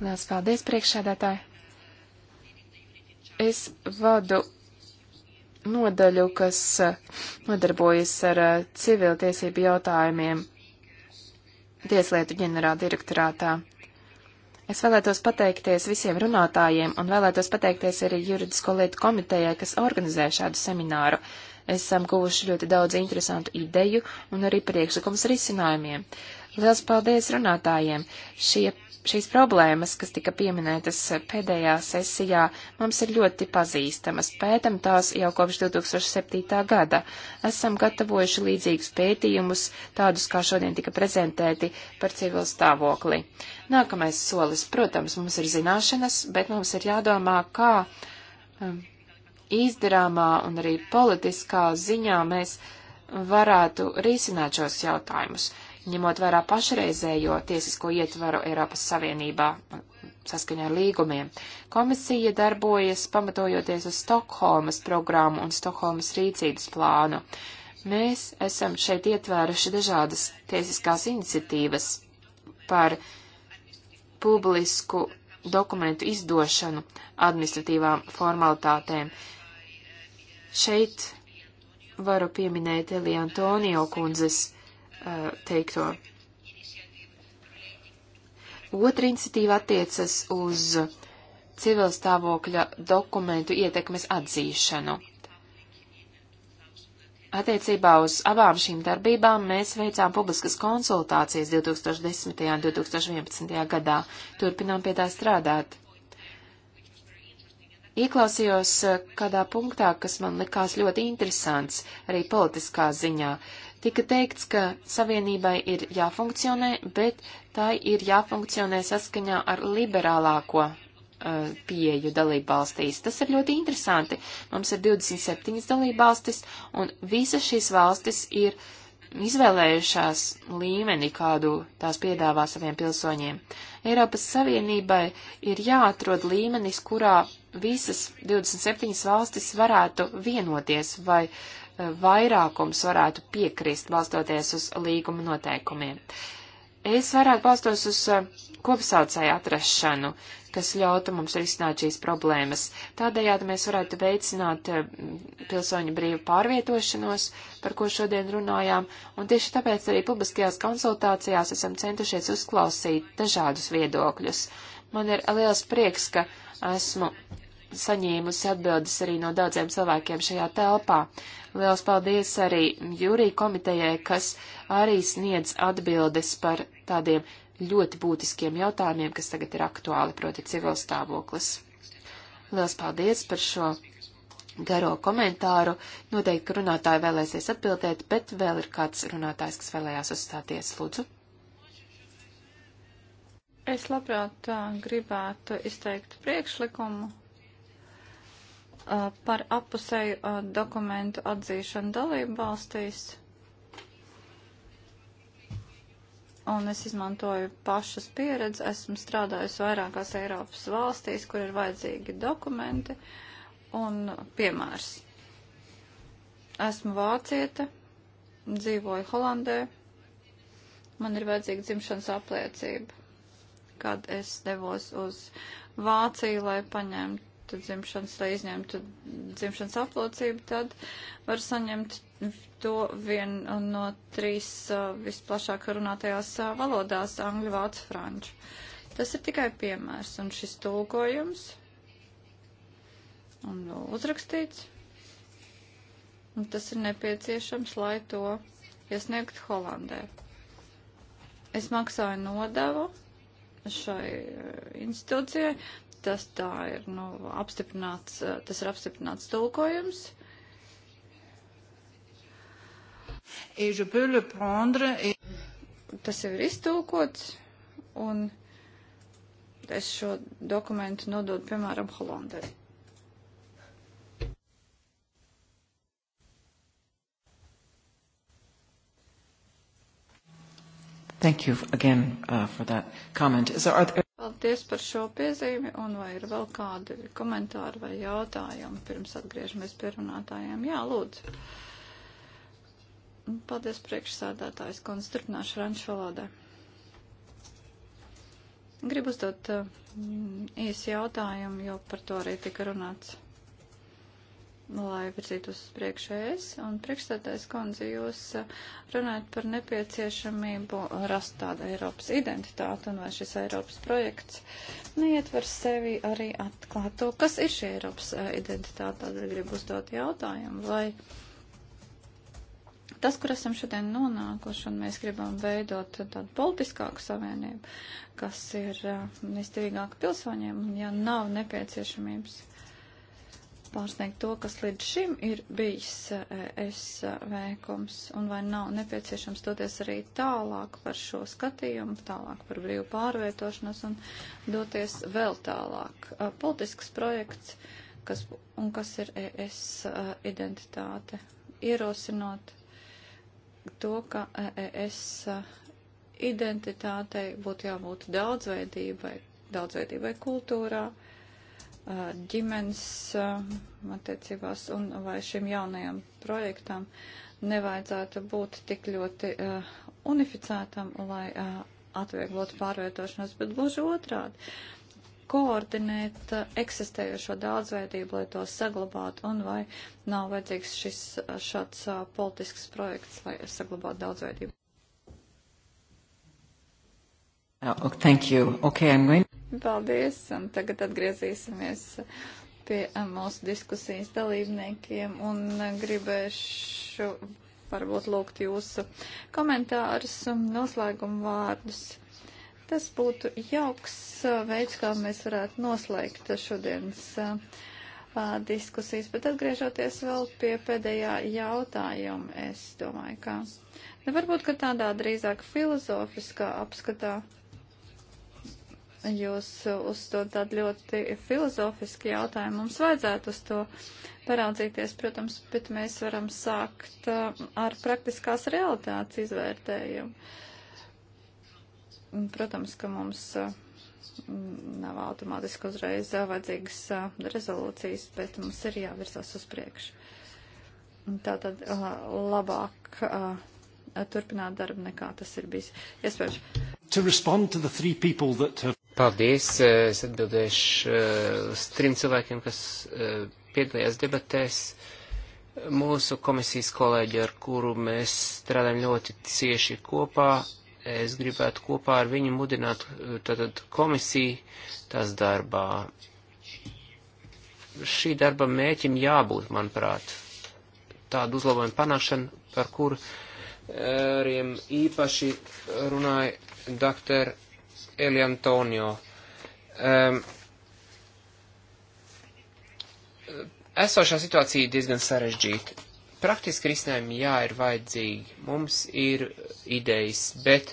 Speaker 2: Lielas paldies, priekšsēdētāji. Es vadu nodaļu, kas eh, nodarbojas ar eh, civiltiesību jautājumiem Tieslietu ģenerāla direktorātā. Es vēlētos pateikties visiem runātājiem un vēlētos pateikties arī juridisko lietu komitejai, kas organizē šādu semināru. Esam guvuši ļoti daudz interesantu ideju un arī priekšlikums risinājumiem. Liels paldies runātājiem! Šie šīs problēmas, kas tika pieminētas pēdējā sesijā, mums ir ļoti pazīstamas. Pētam tās jau kopš 2007. gada. Esam gatavojuši līdzīgus pētījumus, tādus kā šodien tika prezentēti par civilu stāvokli. Nākamais solis, protams, mums ir zināšanas, bet mums ir jādomā, kā um, izdarāmā un arī politiskā ziņā mēs varētu risināt šos jautājumus ņemot vērā pašreizējo tiesisko ietvaru Eiropas Savienībā saskaņā ar līgumiem. Komisija darbojas pamatojoties uz Stokholmas programmu un Stokholmas rīcības plānu. Mēs esam šeit ietvēruši dažādas tiesiskās iniciatīvas par publisku dokumentu izdošanu administratīvām formalitātēm. Šeit varu pieminēt Eli Antonio kundzes Uh, teikto. Otra iniciatīva attiecas uz civil stāvokļa dokumentu ietekmes atzīšanu. Attiecībā uz abām šīm darbībām mēs veicām publiskas konsultācijas 2010. un 2011. gadā. Turpinām pie tā strādāt. Ieklausījos uh, kādā punktā, kas man likās ļoti interesants, arī politiskā ziņā. Tika teikts, ka savienībai ir jāfunkcionē, bet tai ir jāfunkcionē saskaņā ar liberālāko uh, eh, pieju dalībvalstīs. Tas ir ļoti interesanti. Mums ir 27 dalībvalstis, un visas šīs valstis ir izvēlējušās līmeni, kādu tās piedāvā saviem pilsoņiem. Eiropas Savienībai ir jāatrod līmenis, kurā visas 27 valstis varētu vienoties vai uh, vairākums varētu piekrist balstoties uz līguma noteikumiem. Es vairāk balstos uz eh, kopsaucēju atrašanu, kas ļautu mums risināt šīs problēmas. Tādējādi mēs varētu veicināt eh, pilsoņu brīvu pārvietošanos, par ko šodien runājām, un tieši tāpēc arī publiskajās konsultācijās esam centušies uzklausīt dažādus viedokļus. Man ir liels prieks, ka esmu saņēmusi atbildes arī no daudziem cilvēkiem šajā telpā. Liels paldies arī jūrī komitejai, kas arī sniedz atbildes par tādiem ļoti būtiskiem jautājumiem, kas tagad ir aktuāli, proti civil stāvoklis. Liels paldies par šo garo komentāru. Noteikti runātāji vēlēsies atbildēt, bet vēl ir kāds runātājs, kas vēlējās uzstāties. Lūdzu.
Speaker 1: Es labprāt gribētu izteikt priekšlikumu par apusēju dokumentu atzīšanu dalību valstīs. Un es izmantoju pašas pieredzi, esmu strādājusi vairākās Eiropas valstīs, kur ir vajadzīgi dokumenti un piemērs. Esmu vāciete, dzīvoju Holandē, man ir vajadzīga dzimšanas apliecība, kad es devos uz Vāciju, lai paņemtu izņemtu dzimšanas, lai izņemtu dzimšanas aplūcību, tad var saņemt to vien no trīs uh, visplašāk runātajās uh, valodās - angļu, vācu, franču. Tas ir tikai piemērs, un šis tulkojums un uzrakstīts, un tas ir nepieciešams, lai to iesniegtu Holandē. Es maksāju nodevu šai uh, institūcijai, tas tā ir, nu, apstiprināts, tas ir apstiprināts tulkojums. Tas jau ir iztulkots, un es šo dokumentu nododu, piemēram, Holandai.
Speaker 3: Thank you again uh, for that comment. So are there
Speaker 1: Paldies par šo piezīmi, un vai ir vēl kādi komentāri vai jautājumi pirms atgriežamies pie runātājiem? Jā, lūdzu. Paldies priekšsādātājs, konstruināšu ranču valodē. Gribu uzdot mm, īsi jautājumu, jo par to arī tika runāts lai virzītos uz priekšu es. Un priekšstādājs kundze, jūs eh, runājat par nepieciešamību rast tādu Eiropas identitāti un vai šis Eiropas projekts neietver sevi arī atklāt to, kas ir šī Eiropas eh, identitāte. Tādēļ gribu uzdot jautājumu, vai tas, kur esam šodien nonākuši un mēs gribam veidot tādu politiskāku savienību, kas ir eh, izdevīgāka pilsoņiem un ja nav nepieciešamības pārsniegt to, kas līdz šim ir bijis eh, es eh, veikums, un vai nav nepieciešams doties arī tālāk par šo skatījumu, tālāk par brīvu pārvietošanos un doties vēl tālāk. Eh, politisks projekts, kas, un kas ir es identitāte, ierosinot to, ka es e identitātei būtu jābūt daudzveidībai, daudzveidībai kultūrā ģimenes attiecībās un vai šim jaunajam projektam nevajadzētu būt tik ļoti uh, unificētam, lai uh, atvieglotu pārvietošanos, bet gluži otrādi koordinēt uh, eksistējošo daudzveidību, lai to saglabātu, un vai nav vajadzīgs šis šāds politisks projekts, lai saglabātu daudzveidību.
Speaker 3: Oh, oh, thank you. Okay, I'm going.
Speaker 1: Paldies, un tagad atgriezīsimies pie eh, mūsu diskusijas dalībniekiem un eh, gribēšu varbūt lūgt jūsu komentārus un noslēgumu vārdus. Tas būtu jauks eh, veids, kā mēs varētu noslēgt šodienas diskusijas, bet atgriežoties vēl pie pēdējā jautājuma, es domāju, ka nu, varbūt, ka tādā drīzāk filozofiskā apskatā jūs uzdod tādu ļoti filozofisku jautājumu. Mums vajadzētu uz to paraudzīties, protams, bet mēs varam sākt uh, ar praktiskās realitātes izvērtējumu. Protams, ka mums uh, nav automātiski uzreiz uh, vajadzīgas rezolūcijas, bet mums ir jāvirzās uz priekšu. Tātad labāk turpināt darbu nekā tas ir bijis iespējams.
Speaker 3: To respond to the three people that have Paldies. Es atbildēšu eh, uz trim cilvēkiem, kas eh, piedalījās debatēs. Mūsu komisijas kolēģi, ar kuru mēs strādājam ļoti cieši kopā, es gribētu kopā ar viņu mudināt eh, tātad komisiju tās darbā. Šī darba mēķim jābūt, manuprāt, tādu uzlabojumu panākšanu, par kuriem īpaši runāja dr. Eliantonio. Um, esošā situācija diezgan sarežģīta. Praktiski risinājumi jā ir vajadzīgi, mums ir idejas, bet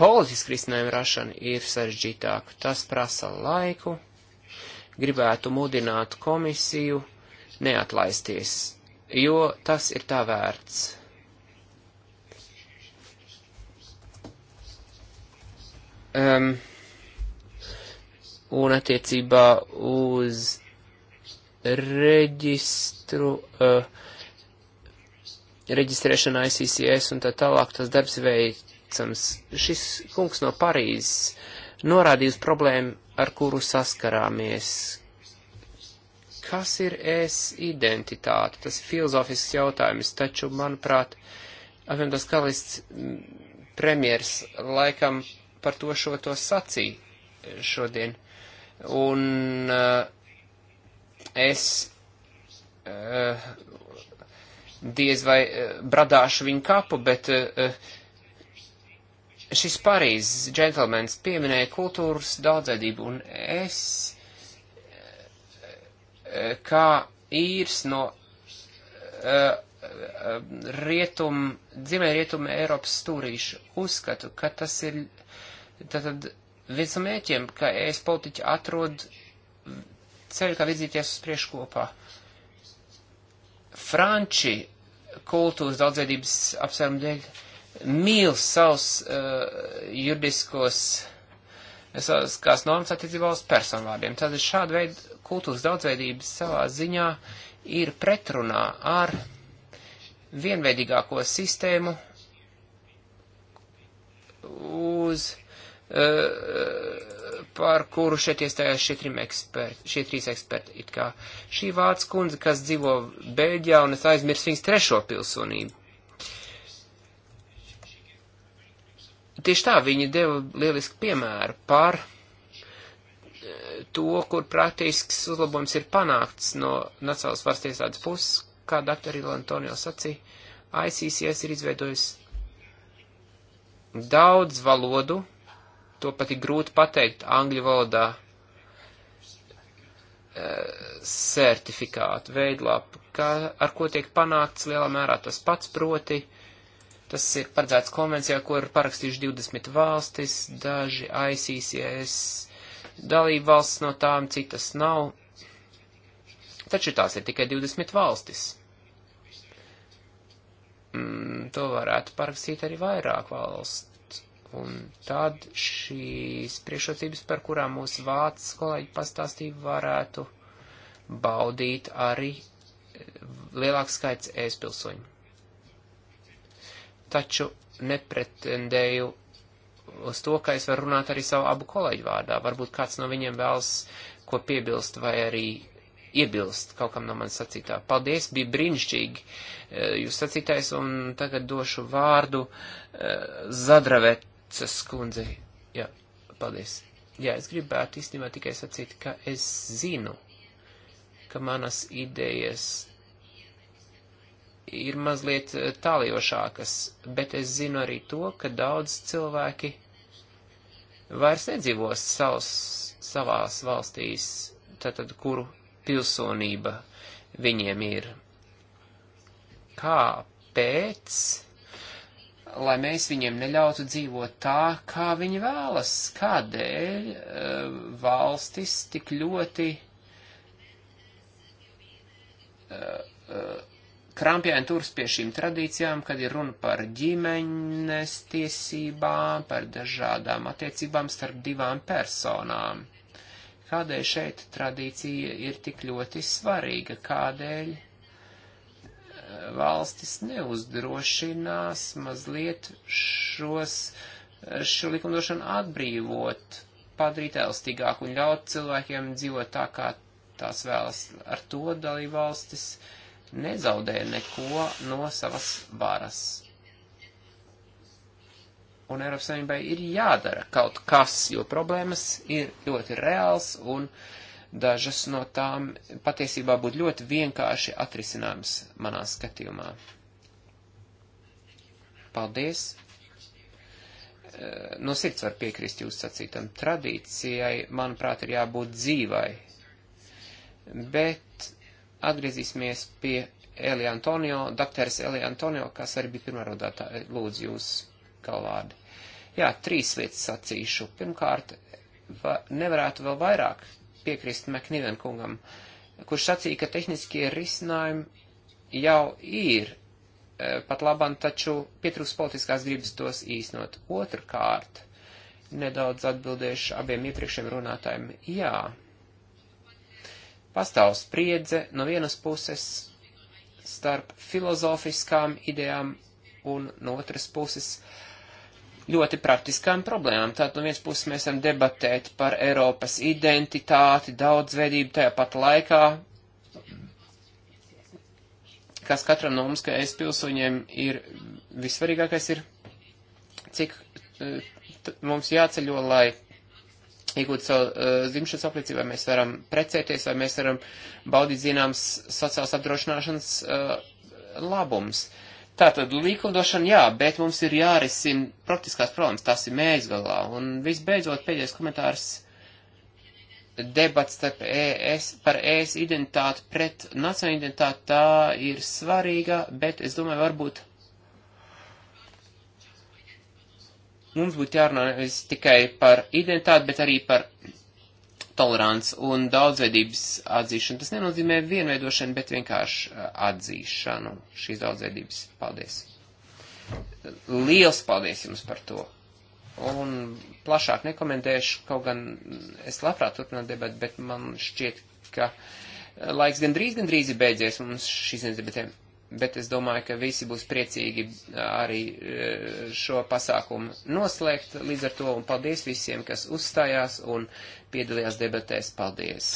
Speaker 3: politiski risinājumu rašana ir sarežģītāk. Tas prasa laiku, gribētu mudināt komisiju neatlaisties, jo tas ir tā vērts. Um, un attiecībā uz reģistru, uh, reģistrēšana ICCS un tā tālāk tas darbs veicams. Šis kungs no Parīzes norādīja uz problēmu, ar kuru saskarāmies. Kas ir es identitāte? Tas ir filozofisks jautājums, taču, manuprāt, apvienotās kalists premjers laikam uh, par to šo to sacīju eh, šodien. Un uh, es uh, diez vai uh, bradāšu viņu kapu, bet uh, šis Parīzes džentlmenis pieminēja kultūras daudzveidību, un es uh, kā īrs no. Uh, rietum, dzimē rietum Eiropas stūrīšu uzskatu, ka tas ir uh, Tātad viens no mēķiem, ka es politiķi atrod ceļu, kā virzīties uz priekšu kopā. Franči kultūras daudzveidības apsvērumu dēļ mīl savus uh, juridiskos, savas kās normas attiecībā uz personvārdiem. Tātad šāda veida kultūras daudzveidības savā ziņā ir pretrunā ar vienveidīgāko sistēmu uz Eh, par kuru šeit iestājās šie, eksperti, šie trīs eksperti. It kā šī vārds kundze, kas dzīvo Beļģijā, un es aizmirsu viņas trešo pilsonību. Tieši tā, viņi deva lielisku piemēru par eh, to, kur praktisks uzlabojums ir panākts no Nacionālas varas tiesādas puses, kā dr. Ila Antonio sacīja, ICCS ir izveidojis daudz valodu to pat ir grūti pateikt angļu valodā eh, certifikātu veidlapu, kā, ar ko tiek panākts lielā mērā tas pats proti. Tas ir paredzēts konvencijā, ko ir parakstījuši 20 valstis, daži ICCS dalību valsts no tām, citas nav. Taču tās ir tikai 20 valstis. Mm, to varētu parakstīt arī vairāk valsts Un tad šīs priekšrocības, par kurām mūsu vācu kolēģi pastāstīja, varētu baudīt arī eh, lielāks skaits ēspilsoņu. Taču nepretendēju uz to, ka es varu runāt arī savu abu kolēģu vārdā. Varbūt kāds no viņiem vēlas ko piebilst vai arī iebilst kaut kam no manas sacītā. Paldies, bija brīnišķīgi eh, jūs sacītais, un tagad došu vārdu eh, Zadravet Kratsas kundzei. Jā, paldies. Jā, es gribētu īstenībā tikai sacīt, ka es zinu, ka manas idejas ir mazliet eh, tālījošākas, bet es zinu arī to, ka daudz cilvēki vairs nedzīvos savs, savās valstīs, tātad kuru pilsonība viņiem ir. Kāpēc? lai mēs viņiem neļautu dzīvot tā, kā viņi vēlas, kādēļ eh, valstis tik ļoti eh, eh, krampjēni turas pie šīm tradīcijām, kad ir runa par ģimenes tiesībām, par dažādām attiecībām starp divām personām. Kādēļ šeit tradīcija ir tik ļoti svarīga? Kādēļ? valstis neuzdrošinās mazliet šos, šo likumdošanu atbrīvot, padarīt elastīgāku un ļaut cilvēkiem dzīvot tā, kā tās vēlas. Ar to dalību valstis nezaudē neko no savas varas. Un Eiropas Savienībai ir jādara kaut kas, jo problēmas ir ļoti reāls un uh, Dažas no tām patiesībā būtu ļoti vienkārši atrisināmas manā skatījumā. Paldies! Eh, no sirds var piekrist jūs sacītam. Tradīcijai, manuprāt, ir jābūt dzīvai. Bet atgriezīsimies pie Elija Antonio, dakteris Elija Antonio, kas arī bija pirmā rodātāja. Lūdzu, jūs galvādi. Jā, trīs lietas sacīšu. Pirmkārt, va, nevarētu vēl vairāk piekrist Makniven kungam, kurš sacīja, ka tehniskie risinājumi jau ir e, pat labam, taču pietrūks politiskās gribas tos īstenot. Otrkārt, nedaudz atbildēšu abiem iepriekšējiem runātājiem. Jā, pastāv spriedze no vienas puses starp filozofiskām idejām un no otras puses uh, ļoti praktiskām problēmām. Tātad no vienas puses mēs varam debatēt par Eiropas identitāti, daudzveidību tajā pat laikā, kas katram no mums, kā es pilsoņiem, ir visvarīgākais ir, cik eh, mums jāceļo, lai iegūtu savu uh, dzimšanas apliecību, vai mēs varam precēties, vai mēs varam baudīt zināms sociāls apdrošināšanas uh, labums. Uh, Tātad likumdošana jā, bet mums ir jārisina praktiskās problēmas, tas ir mēs galā. Un visbeidzot, pēdējais komentārs debats ES, par ES identitāti pret nacionālu identitāti, tā ir svarīga, bet es domāju, varbūt mums būtu jārunā nevis tikai par identitāti, bet arī par tolerants un daudzveidības atzīšana. Tas nenozīmē vienveidošanu, bet vienkārši uh, atzīšanu šīs daudzveidības. Paldies! Liels paldies jums par to! Un plašāk nekomentēšu, kaut gan es labprāt turpināt debatu, bet man šķiet, ka uh, laiks gandrīz, gandrīz ir beidzies mums šīs dienas debatēm bet es domāju, ka visi būs priecīgi uh, arī uh, šo pasākumu noslēgt līdz ar to, un paldies visiem, kas uzstājās un piedalījās debatēs. Paldies!